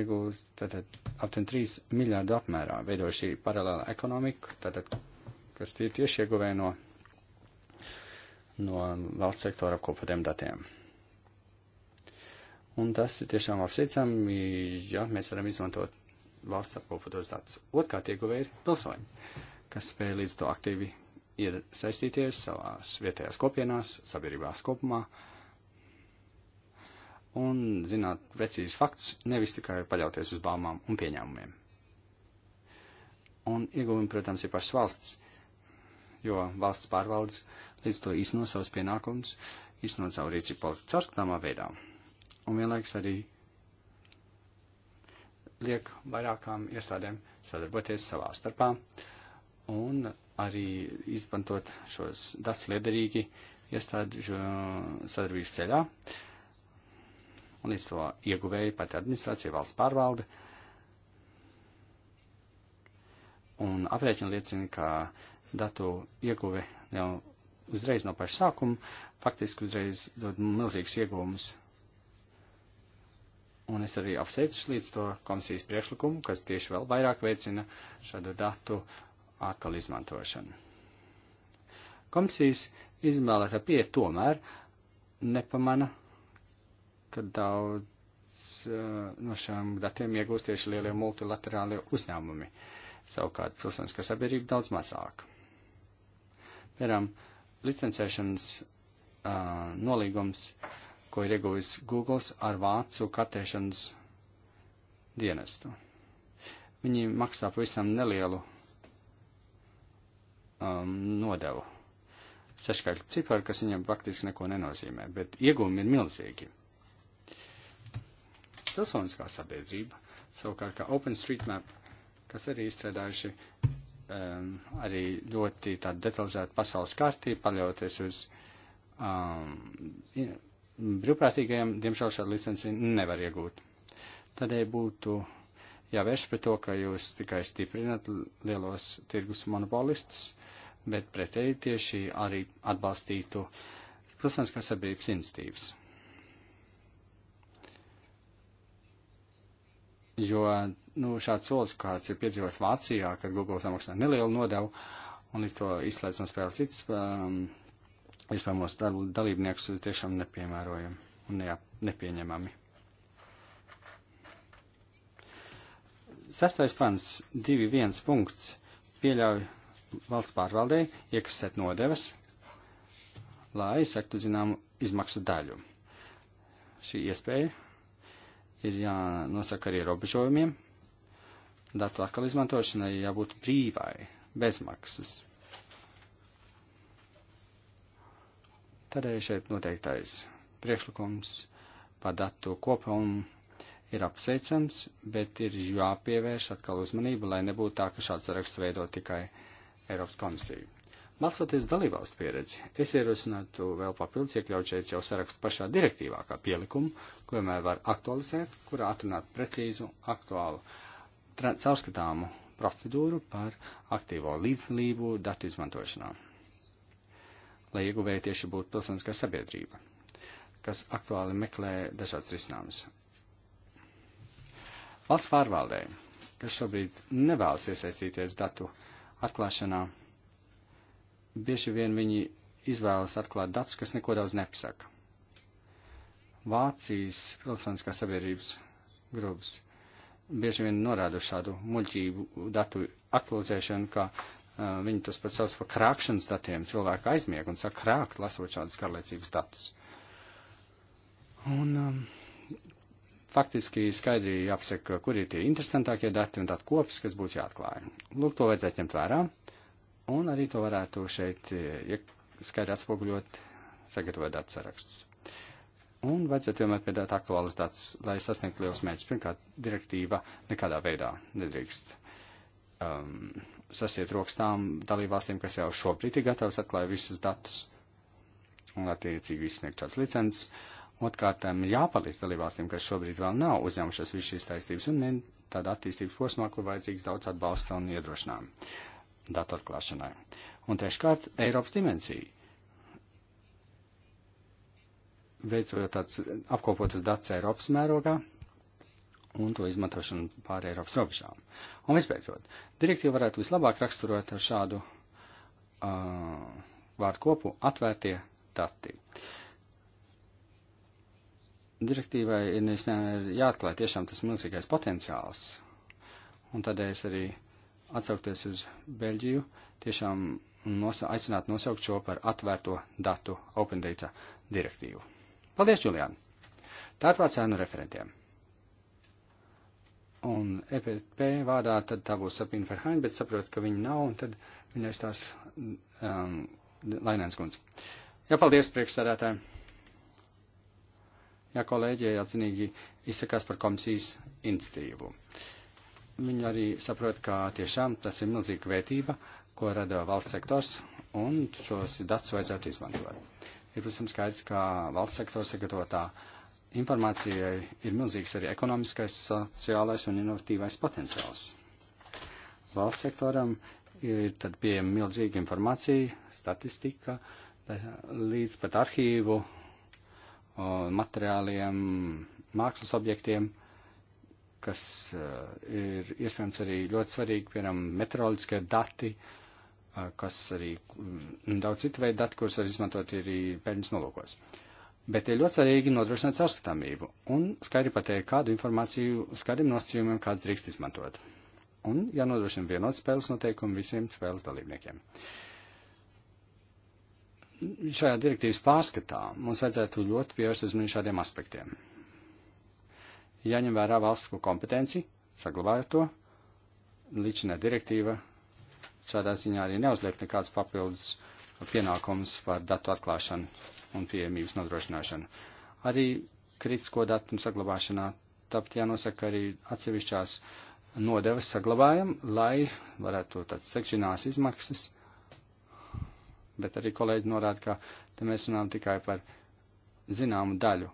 Speaker 3: iegūst, tātad aptuveni 3 miljārdu apmērā veido šī paralēla ekonomika, tātad, kas ir tieši ieguvēja no, no valsts sektora apkopotiem datiem. Un tas ir tiešām apsveicami, ja mēs varam izmantot valsts apkopotos datus. Otkārt ieguvēja ir pilsoņi, kas spēja līdz to aktīvi iesaistīties savās vietējās kopienās, sabiedrībās kopumā, uh, un zināt precīzi faktus, nevis tikai paļauties uz baumām un pieņēmumiem. Un ieguvumi, protams, ir pašas valsts, jo valsts pārvaldes līdz to īstenot savus pienākumus, īstenot savu rīcību politiku caurskatāmā veidā. Un vienlaiks arī liek vairākām iestādēm sadarboties savā starpā un arī izmantot šos datus liederīgi iestāžu sadarbības ceļā. Uh, un līdz to ieguvēja pati administrācija, valsts pārvalde. Un aprēķina liecina, ka datu ieguve jau uzreiz no paša sākuma faktiski uzreiz dod milzīgus ieguvumus. Un es arī apsveicu līdz to komisijas priekšlikumu, kas tieši vēl vairāk veicina šādu datu atkal izmantošanu. Komisijas izvēlēta pieeja tomēr nepamana ka daudz uh, no šiem datiem iegūst tieši lielie multilaterālie uzņēmumi. Savukārt pilsoniskā sabiedrība daudz mazāk. Piemēram, licencēšanas uh, nolīgums, ko ir ieguvis Google ar vācu kartēšanas dienestu. Viņi maksā pavisam nelielu um, nodevu. Seškārt cipari, kas viņam praktiski neko nenozīmē, bet iegūmi ir milzīgi. Pilsoniskā sabiedrība, savukārt kā OpenStreetMap, kas arī izstrādājuši um, arī ļoti tādu detalizētu pasaules karti, paļauties uz um, brīvprātīgajiem, diemžēl šādu licenci nevar iegūt. Tādēļ būtu jāvērš pret to, ka jūs tikai stiprinat lielos tirgus monopolistus, bet pretēji tieši arī atbalstītu pilsoniskās sabiedrības institīvas. jo nu, šāds solis, kāds ir piedzīvots Vācijā, kad Google samaksā nelielu nodevu un līdz to izslēdz no spēles citus um, iespējamos dalībniekus, tas tiešām nepiemērojami un ne, nepieņemami. Sastais pants, 2.1 punkts, pieļauj valsts pārvaldei iekasēt nodevas, lai sektu zināmu izmaksu daļu. Šī iespēja ir jānosaka arī robežojumiem. Datu atkal izmantošanai jābūt brīvai, bezmaksas. Tādēļ šeit noteiktais priekšlikums par datu kopumu ir apsveicams, bet ir jāpievērš atkal uzmanība, lai nebūtu tā, ka šāds saraksts veido tikai Eiropas komisija. Balsoties dalībvalstu pieredzi, es ierosinātu vēl papildus iekļaut šeit jau sarakstu pašā direktīvā kā pielikumu, ko vienmēr var aktualizēt, kurā atrunāt precīzu, aktuālu, caurskatāmu procedūru par aktīvo līdzdalību datu izmantošanā, lai ieguvēja tieši būtu pilsoniskā sabiedrība, kas aktuāli meklē dažādas risinājumus. Valsts pārvaldē, kas šobrīd nevēlas iesaistīties datu atklāšanā, bieži vien viņi izvēlas atklāt datus, kas neko daudz nepasaka. Vācijas pilsoniskās sabiedrības grupas bieži vien norāda šādu muļķību datu aktualizēšanu, ka uh, viņi tos pat sauc par krāpšanas datiem. Cilvēki aizmieg un sāk krākt, lasot šādus karliecības datus. Un um, faktiski skaidri jāpasaka, kur ir tie interesantākie dati un datu kopas, kas būtu jāatklāja. Lūk, to vajadzētu ņemt vērā. Uh, Un arī to varētu šeit ja skaidri atspoguļot, sagatavot datu sarakstus. Un vajadzētu vienmēr piedāt aktuālus datus, lai sasniegtu liels mērķus. Pirmkārt, direktīva nekādā veidā nedrīkst um, sasiet rokstām dalībvalstīm, kas jau šobrīd ir gatavas atklāt visus datus un attiecīgi izsniegt šāds licences. Otkārt, jāpalīdz dalībvalstīm, kas šobrīd vēl nav uzņēmušas visu šīs taistības un ne tādā attīstības posmā, kur vajadzīgs daudz atbalsta un iedrošinājuma datu atklāšanai. Un treškārt, Eiropas dimensija. Veicot tāds apkopotas dats Eiropas mērogā un to izmantošanu pāri Eiropas robežām. Un visbeidzot, direktīva varētu vislabāk raksturot ar šādu uh, vārdu kopu atvērtie dati. Direktīvai ir jāatklāj tiešām tas milzīgais potenciāls. Un tādēļ es arī uh, atsaukties uz Beļģiju, tiešām nosa aicināt nosaukt šo par atvērto datu Open Data direktīvu. Paldies, Julian! Tātad vārds ēnu referentiem. Un EPP vārdā tad tā būs Sapina Ferhaņa, bet saprot, ka viņa nav, un tad viņa aizstās um, Lainēns kundze. Jā, paldies, priekšsādātāji! Jā, kolēģi atzinīgi izsakās par komisijas institīvu. Uh, viņi arī saprot, ka tiešām tas ir milzīga vērtība, ko rada valsts sektors, un šos datus vajadzētu izmantot. Ir, protams, skaidrs, ka valsts sektora sagatavotā informācijai ir milzīgs arī ekonomiskais, sociālais un inovatīvais potenciāls. Valsts sektoram ir tad pieejama milzīga informācija, statistika, līdz pat arhīvu materiāliem, mākslas objektiem kas eh, ir iespējams arī ļoti svarīgi, piemēram, meteoroloģiskie dati, eh, kas arī mm, daudz citu veidu dati, kurus var izmantot arī pēļņas nolūkos. Bet ir ļoti svarīgi nodrošināt caurskatāmību un skaidri pateikt, kādu informāciju, skaidriem nosacījumiem kāds drīkst izmantot. Un jānodrošina vienot spēles noteikumi visiem spēles dalībniekiem. Šajā direktīvas pārskatā mums vajadzētu ļoti pievērst uzmanību šādiem aspektiem jāņem vērā valsts kompetenci, saglabājot to. Līdzinā direktīva šādā ziņā arī neuzliek nekādas papildus pienākumus par datu atklāšanu un pieejamības nodrošināšanu. Arī kritisko datu saglabāšanā tāpat jānosaka arī atsevišķās nodevas saglabājam, lai varētu tāds sekšanās izmaksas, bet arī kolēģi norāda, ka te mēs runājam tikai par zināmu daļu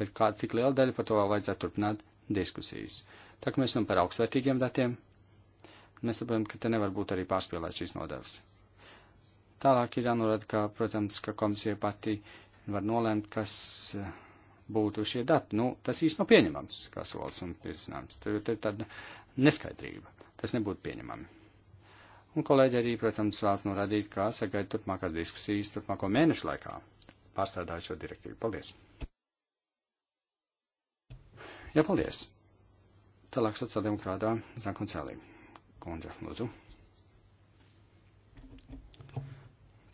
Speaker 3: bet kā, cik liela daļa par to vēl vajadzētu turpināt diskusijas. Tā kā mēs runājam par augstvērtīgiem datiem, mēs saprotam, ka te nevar būt arī pārspīlēt šīs nodevas. Tālāk ir jānorāda, ka, protams, ka komisija pati var nolēmt, kas eh, būtu šie dati. Nu, tas īsti nav pieņemams, kā solis un pirsinājums. Tur ir tāda neskaidrība. Tas nebūtu pieņemami. Un kolēģi arī, protams, vēlas norādīt, kā sagaida turpmākās diskusijas turpmāko mēnešu laikā, pārstrādājot šo direktīvu. Paldies! Jā, paldies. Tālāk sociāldemokrātā Zankoncēlī. Kundze, lūdzu.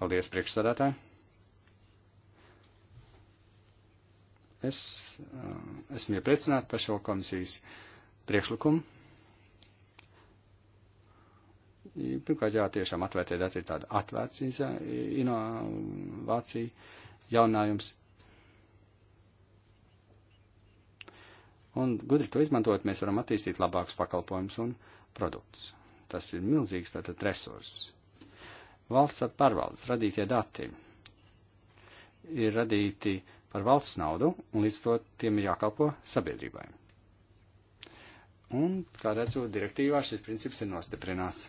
Speaker 3: Paldies, priekšsādātāji. Es uh, esmu iepriecināta par šo komisijas priekšlikumu. Pirmkārt, jā, tiešām atvērtie dati ir tāda atvērts inovācija, jaunājums. Un gudri to izmantojot, mēs varam attīstīt labākus pakalpojumus un produktus. Tas ir milzīgs tātad resurss. Valsts pārvaldes radītie dati ir radīti par valsts naudu, un līdz to tiem ir jākalpo sabiedrībai. Un, kā redzu, direktīvā šis princips ir nostiprināts.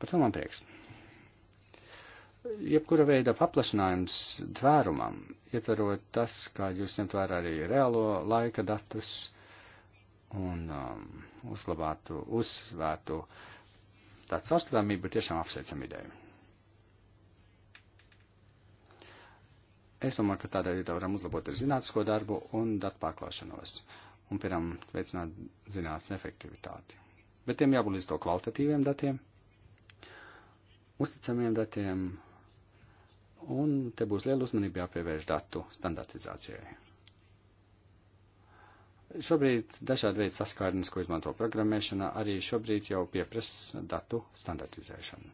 Speaker 3: Par to man prieks. Jebkura veida paplašinājums tvērumam ietverot tas, kā jūs ņemt vērā arī reālo laika datus un um, uzglabātu, uzsvērtu tāds atskatāmību ir tiešām apsveicama ideja. Es domāju, ka tādā veidā varam uzlabot arī zinātnisko darbu un datu pārklāšanos un, piemēram, veicināt zinātnes efektivitāti. Bet tiem jābūt līdz to kvalitatīviem datiem, uzticamiem datiem Un te būs liela uzmanība jāpievērš datu standartizācijai. Šobrīd dažādi veidi saskārnes, ko izmanto programmēšanā, arī šobrīd jau pieprasa datu standartizēšanu.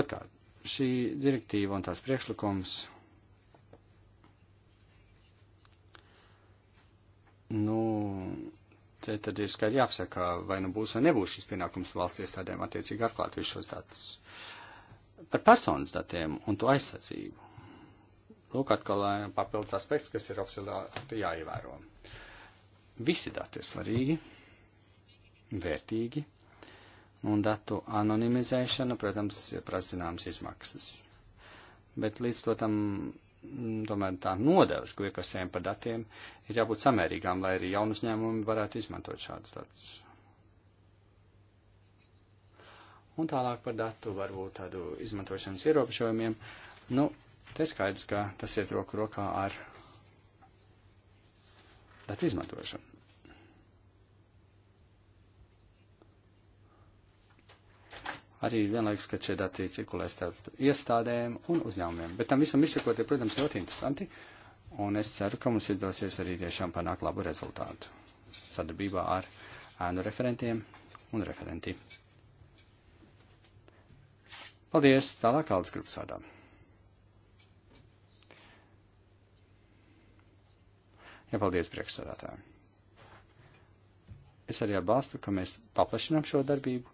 Speaker 3: Otkārt, šī direktīva un tās priekšlikums nu, te tad ir skaidri jāapsaka, vai nu būs vai nebūs šis pienākums valsts iestādēm attiecīgi atklāt visus šos datus par personas datiem un to aizsardzību. Lūk, atkal eh, papildus aspekts, kas ir obligāti jāievēro. Visi dati ir svarīgi, vērtīgi, un datu anonimizēšana, protams, prasa zināmas izmaksas. Bet līdz to tam, mm, tomēr tā nodevas, ko iekasējam par datiem, ir jābūt samērīgām, lai arī jaunu uzņēmumu varētu izmantot šādus datus. Un tālāk par datu varbūt tādu izmantošanas ierobežojumiem. Nu, te skaidrs, ka tas iet roku rokā ar datu izmantošanu. Arī vienlaikus, ka šie dati cirkulē starp iestādēm un uzņēmumiem. Bet tam visam izsakot ir, protams, ļoti interesanti. Un es ceru, ka mums izdosies arī tiešām panākt labu rezultātu sadarbībā ar ēnu referentiem un referentiem. Paldies, tālāk Aldis grupas vārdā. Jā, paldies priekšsādātājiem. Es arī atbalstu, ka mēs paplašinām šo darbību,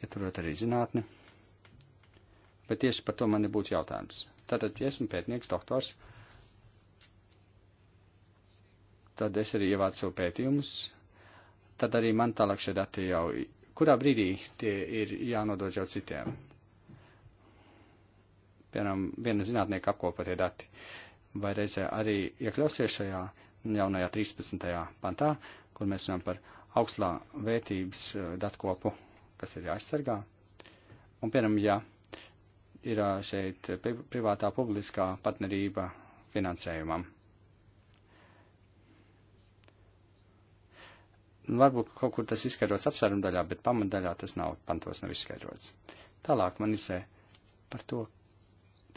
Speaker 3: ieturot arī zinātni. Bet tieši par to man nebūtu jautājums. Tātad, ja esmu pētnieks, doktors, tad es arī ievācu sev pētījumus, tad arī man tālāk šie dati jau, kurā brīdī tie ir jānodod jau citiem piemēram, viena zinātnieka apkopotie dati. Vai reizē arī iekļausies šajā jaunajā 13. pantā, kur mēs runājam par augstā vērtības eh, datkopu, kas ir jāaizsargā. Un, piemēram, ja ir eh, šeit privātā publiskā partnerība finansējumam. Nu, varbūt kaut kur tas izskaidrots apsvērumu daļā, bet pamatdaļā tas nav pantos nav izskaidrots. Tālāk man izsē par to,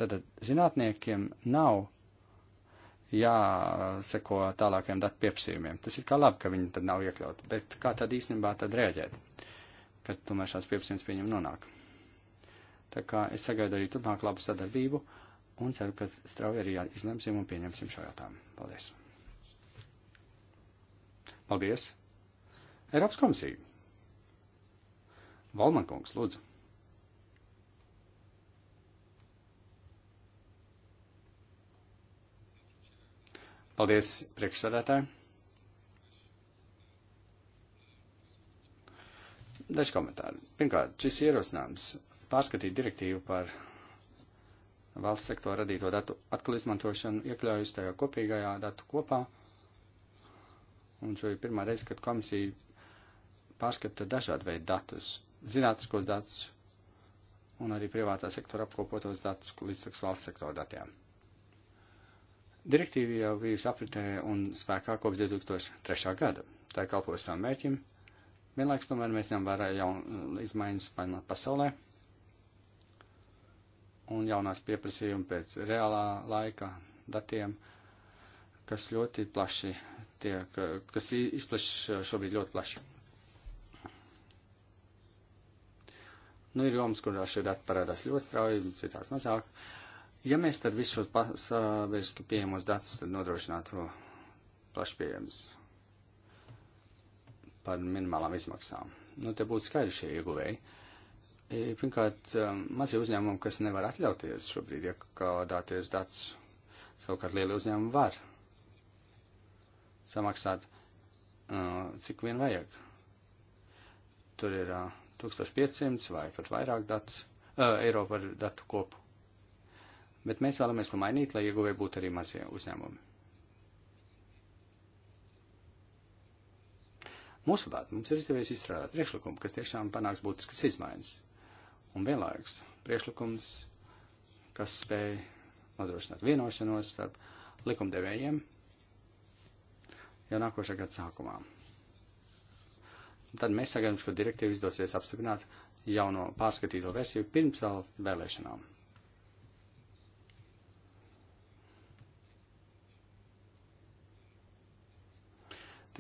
Speaker 3: Tātad zinātniekiem nav jāseko tālākiem datu pieprasījumiem. Tas ir kā labi, ka viņi tad nav iekļauti, bet kā tad īstenībā tad rēģēt, kad tomēr šāds pieprasījums pie viņiem nonāk. Tā kā es sagaidu arī turpmāk labu sadarbību un ceru, ka strauji arī izlemsim un pieņemsim šo jautājumu. Paldies! Paldies! Eiropas komisija! Valmankungs, lūdzu! Paldies, priekšsēdētāji. Daži komentāri. Pirmkārt, šis ierosinājums pārskatīt direktīvu par valsts sektora radīto datu atkal izmantošanu iekļaujas tajā kopīgajā datu kopā. Un šo ir pirmā reize, kad komisija pārskata dažādu veidu datus, zinātniskos datus un arī privātā sektora apkopotos datus līdz valsts sektora datiem. Direktīva jau bijusi apritē un spēkā kopš 2003. gada. Tā kalpo savam mērķim. Vienlaiks tomēr mēs ņem vērā jaunu uh, izmaiņas pasaulē un jaunās pieprasījumi pēc reālā laika datiem, kas ļoti plaši tiek, uh, kas izpleš uh, šobrīd ļoti plaši. Nu, ir jomas, kurās šie dati parādās ļoti strauji, citās mazāk. Uh, Ja mēs tad visus šos pasabiedriski pieejamos datus tad nodrošinātu plašpieejams par minimālām izmaksām, nu te būtu skaidri šie ieguvēji. E, pirmkārt, um, mazie uzņēmumi, kas nevar atļauties šobrīd iekādāties datus, savukārt lieli uzņēmumi var samaksāt, uh, cik vien vajag. Tur ir 1500 uh, vai pat vairāk datus, uh, eiro par datu kopu bet mēs vēlamies to mainīt, lai ieguvēji būtu arī mazie uzņēmumi. Mūsuprāt, mums ir izdevies izstrādāt priekšlikumu, kas tiešām panāks būtiskas izmaiņas. Un vienlaikus priekšlikums, kas spēj nodrošināt vienošanos starp likumdevējiem jau nākošā gada sākumā. Tad mēs sagaidām, ka direktīva izdosies apstiprināt jauno pārskatīto versiju pirms vēl vēlēšanām.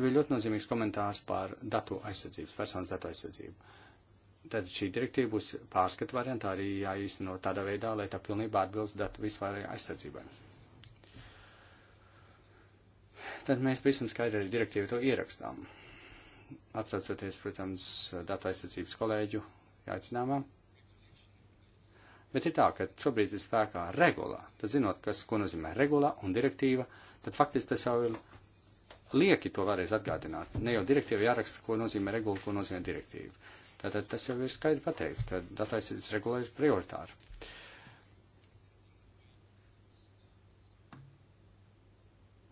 Speaker 3: Tev ir ļoti nozīmīgs komentārs par datu aizsardzības, personas datu aizsardzību. Tad šī direktīva būs pārskata variantā arī jāīsteno tādā veidā, lai tā pilnībā atbilst datu vispārējai aizsardzībai. Tad mēs pavisam skaidri arī direktīvu to ierakstām. Atcaucoties, protams, datu aizsardzības kolēģu aicinājumā. Bet ir tā, ka šobrīd ir spēkā regulā. Tad zinot, kas, ko nozīmē regulā un direktīva, tad faktiski tas jau ir lieki to vēlreiz atgādināt. Ne jau direktīva jāraksta, ko nozīmē regula, ko nozīmē direktīva. Tātad tas jau ir skaidri pateikts, ka datu aizsardzības regula ir prioritāra.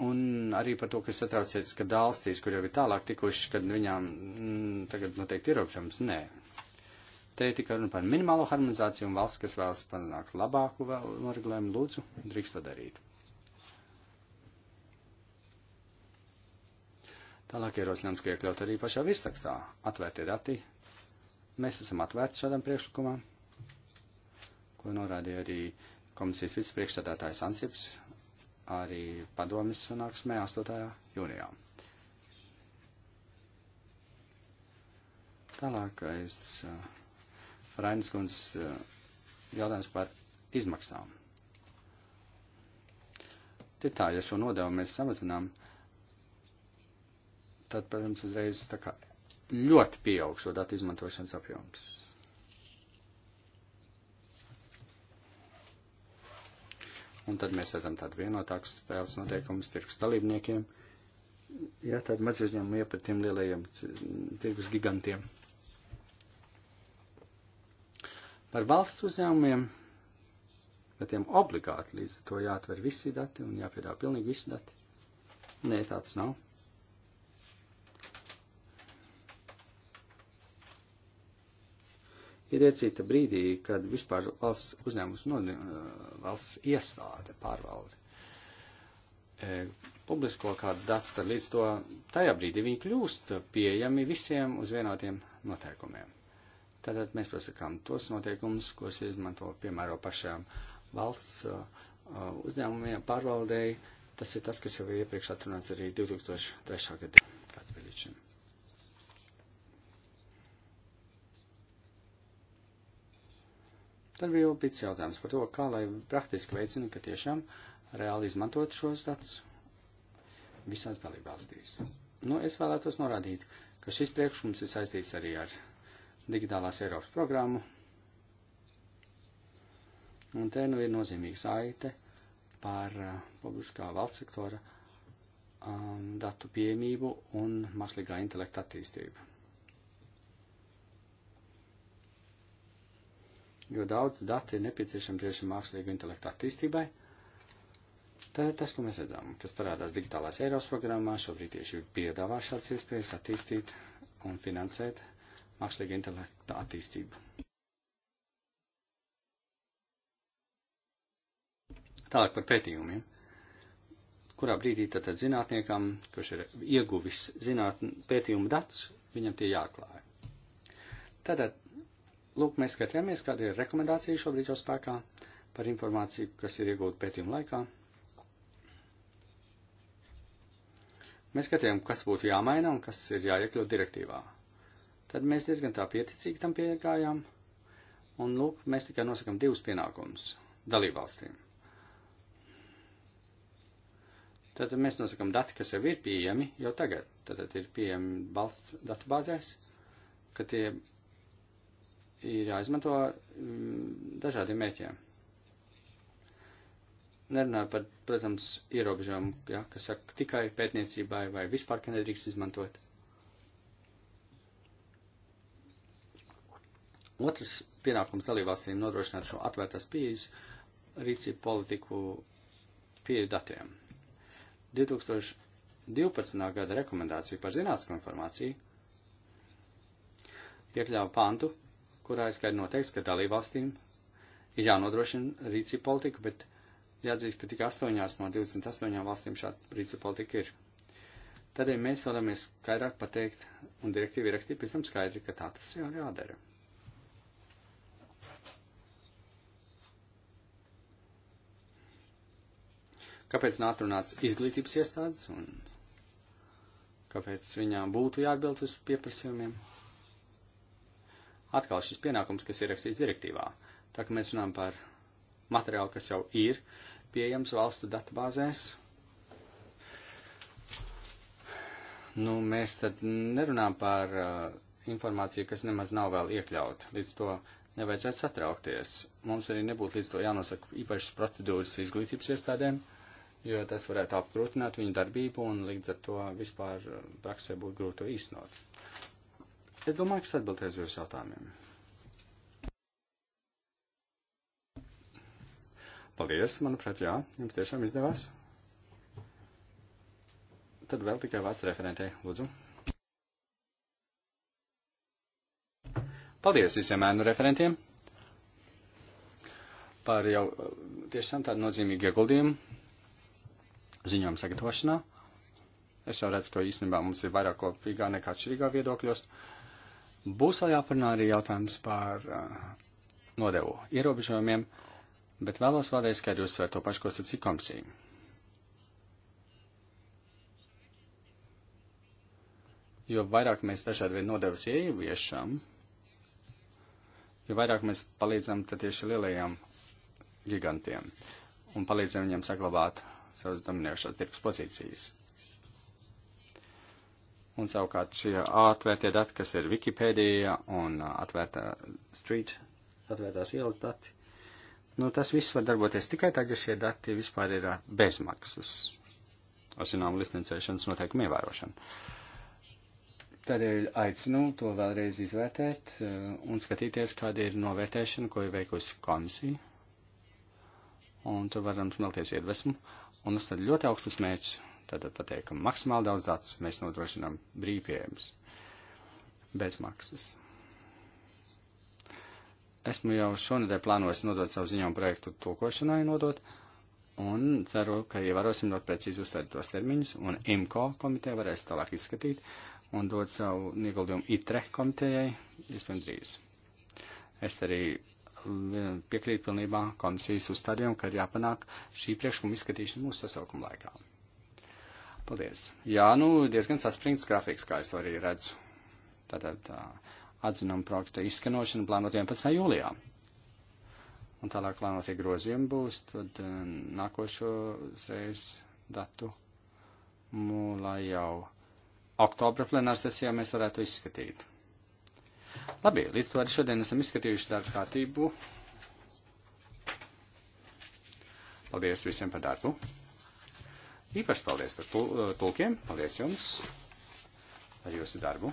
Speaker 3: Un arī par to, ka satraucieties, ka dālstīs, kur jau ir tālāk tikuši, kad viņām mm, tagad noteikti ierobežams, nē. Te ir tikai runa par minimālo harmonizāciju un valsts, kas vēlas panākt labāku vēl noregulējumu, lūdzu, drīkst to darīt. Tālāk ierosinājums, ka iekļaut arī pašā virsrakstā atvērtie dati. Mēs esam atvērti šādam priekšlikumam, ko norādīja arī komisijas vicepriekšsādātājs Ansips arī padomjas sanāksmē 8. jūnijā. Tālākais uh, Rainis Kunds uh, jautājums par izmaksām. Tad tā, ja šo nodevu mēs samazinām, uh, tad, protams, uzreiz tā kā ļoti pieaug šo datu izmantošanas apjoms. Un tad mēs redzam tādu vienotāku spēles noteikumus tirgus dalībniekiem. Jā, tad maz uzņēmumu iepret tiem lielajiem tirgus gigantiem. Par valsts uzņēmumiem, bet tiem obligāti līdz ar to jāatver visi dati un jāpiedāvā pilnīgi visi dati. Nē, tāds nav. ir iecīta brīdī, kad vispār valsts uzņēmums, no, eh, valsts iestāde pārvalde e, publisko kāds dats, tad līdz to tajā brīdī viņi kļūst pieejami visiem uz vienotiem noteikumiem. Tātad mēs pasakām tos noteikumus, kurus izmanto piemēro pašām valsts uh, uzņēmumiem pārvaldēji. Tas ir tas, kas jau iepriekš atrunāts arī 2003. gadā, kāds bija līdz šim. Tad bija jau pits jautājums par to, kā lai praktiski veicina, ka tiešām reāli izmantot šos datus visās dalībvalstīs. Nu, es vēlētos norādīt, ka šis priekšums ir saistīts arī ar digitālās Eiropas programmu. Un te nu ir nozīmīga saite par uh, publiskā valsts sektora um, datu pieejamību un mākslīgā intelekta attīstību. jo daudz dati ir nepieciešami tieši mākslīgu intelektu attīstībai. Tā ir tas, ko mēs redzam, kas parādās digitālās Eiropas programmā, šobrīd tieši piedāvā šāds iespējas attīstīt un finansēt mākslīgu intelektu attīstību. Tālāk par pētījumiem. Kurā brīdī tad, tad zinātniekam, kurš ir ieguvis zinātn pētījumu dats, viņam tie jāklāja. Tātad Lūk, mēs skatāmies, kāda ir rekomendācija šobrīd jau spēkā par informāciju, kas ir iegūta pētījuma laikā. Mēs skatījām, kas būtu jāmaina un kas ir jāiekļūt direktīvā. Tad mēs diezgan tā pieticīgi tam piegājām, un lūk, mēs tikai nosakam divus pienākumus dalībvalstīm. Tad mēs nosakām dati, kas jau ir pieejami jau tagad. Tad ir pieejami valsts datubāzēs, ka tie ir jāizmanto mm, dažādiem mēķiem. Nerunāju par, protams, ierobežojumu, ja, kas saka tikai pētniecībai vai vispār, ka nedrīkst izmantot. Otrs pienākums dalībvalstīm nodrošināt šo atvērtās pieejas rīcību politiku pieeju datiem. 2012. gada rekomendācija par zinātnisku informāciju iekļāva pantu, kurā es gaidu noteikts, ka dalībvalstīm ir jānodrošina rīcība politika, bet jāatzīst, ka tik astoņās no 28 valstīm šāda rīcība politika ir. Tādēļ mēs vēlamies skaidrāk pateikt, un direktīva ir rakstīta pēc tam skaidri, ka tā tas jau jādara. Kāpēc nav atrunāts izglītības iestādes un kāpēc viņām būtu jāatbild uz pieprasījumiem? Atkal šis pienākums, kas ir rakstīts direktīvā. Tā kā mēs runājam par materiālu, kas jau ir pieejams valstu datubāzēs, nu, mēs tad nerunājam par uh, informāciju, kas nemaz nav vēl iekļauta. Līdz to nevajadzētu satraukties. Mums arī nebūtu līdz to jānosaka īpašas procedūras izglītības iestādēm, jo tas varētu apgrūtināt viņu darbību un līdz ar to vispār uh, praksē būtu grūti to īstenot. Es domāju, ka es atbildēju uz jūsu jautājumiem. Paldies, manuprāt, jā, jums tiešām izdevās. Tad vēl tikai vārds referentei, lūdzu. Paldies visiem ēnu referentiem par jau tiešām tādu nozīmīgu ieguldījumu ziņojumu sagatavošanā. Es jau redzu, ka īstenībā mums ir vairāk kopīgā nekā atšķirīgā viedokļos. Uh, Būs vēl jāparunā arī jautājums par uh, nodevu ierobežojumiem, bet vēlos vēlreiz skaidri uzsvērt to pašu, ko sacīja komisija. Jo vairāk mēs dažādi vien nodevas ieviešam, jo vairāk mēs palīdzam tieši lielajiem gigantiem un palīdzam viņiem saglabāt savas dominējošās tirpus pozīcijas. Un savukārt šie atvērtie dati, kas ir Wikipēdija un uh, atvērtā street, atvērtās ielas dati, nu tas viss var darboties tikai tad, ja šie dati vispār ir uh, bezmaksas ar zināmu licencēšanas noteikumu ievērošanu. Tādēļ aicinu to vēlreiz izvērtēt uh, un skatīties, kāda ir novērtēšana, ko ir veikusi komisija. Un tur varam smelties iedvesmu un uzstāt ļoti augstus mērķus Tātad pateikam, maksimāli daudz datus mēs nodrošinām brīvpieejams, bez maksas. Esmu jau šonadēļ plānojis nodot savu ziņojumu projektu tulkošanai nodot, un ceru, ka ievērosim ļoti precīzi uzstādītos termiņus, un IMCO komiteja varēs tālāk izskatīt un dot savu ieguldījumu ITRE komitejai, iespējams, drīz. Es arī eh, piekrītu pilnībā komisijas uzstādījumu, ka ir jāpanāk šī priekšlikuma izskatīšana mūsu sasaukuma laikā. Paldies. Jā, nu, diezgan saspringts grafiks, kā es to arī redzu. Tātad tā, atzinuma projekta izskanošana plānot 11. jūlijā. Un tālāk plānotie grozījumi būs, tad eh, nākošo reiz datu mūlā jau oktobra plenārs sesijā mēs varētu izskatīt. Labi, līdz to arī šodien esam izskatījuši darba kārtību. Paldies visiem par darbu! Īpaši paldies par eh, tulkiem, paldies jums par jūsu darbu.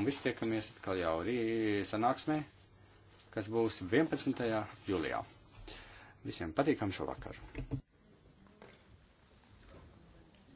Speaker 3: Un viss tiekamies atkal jau arī sanāksmē, kas būs 11. jūlijā. Visiem patīkam šovakar!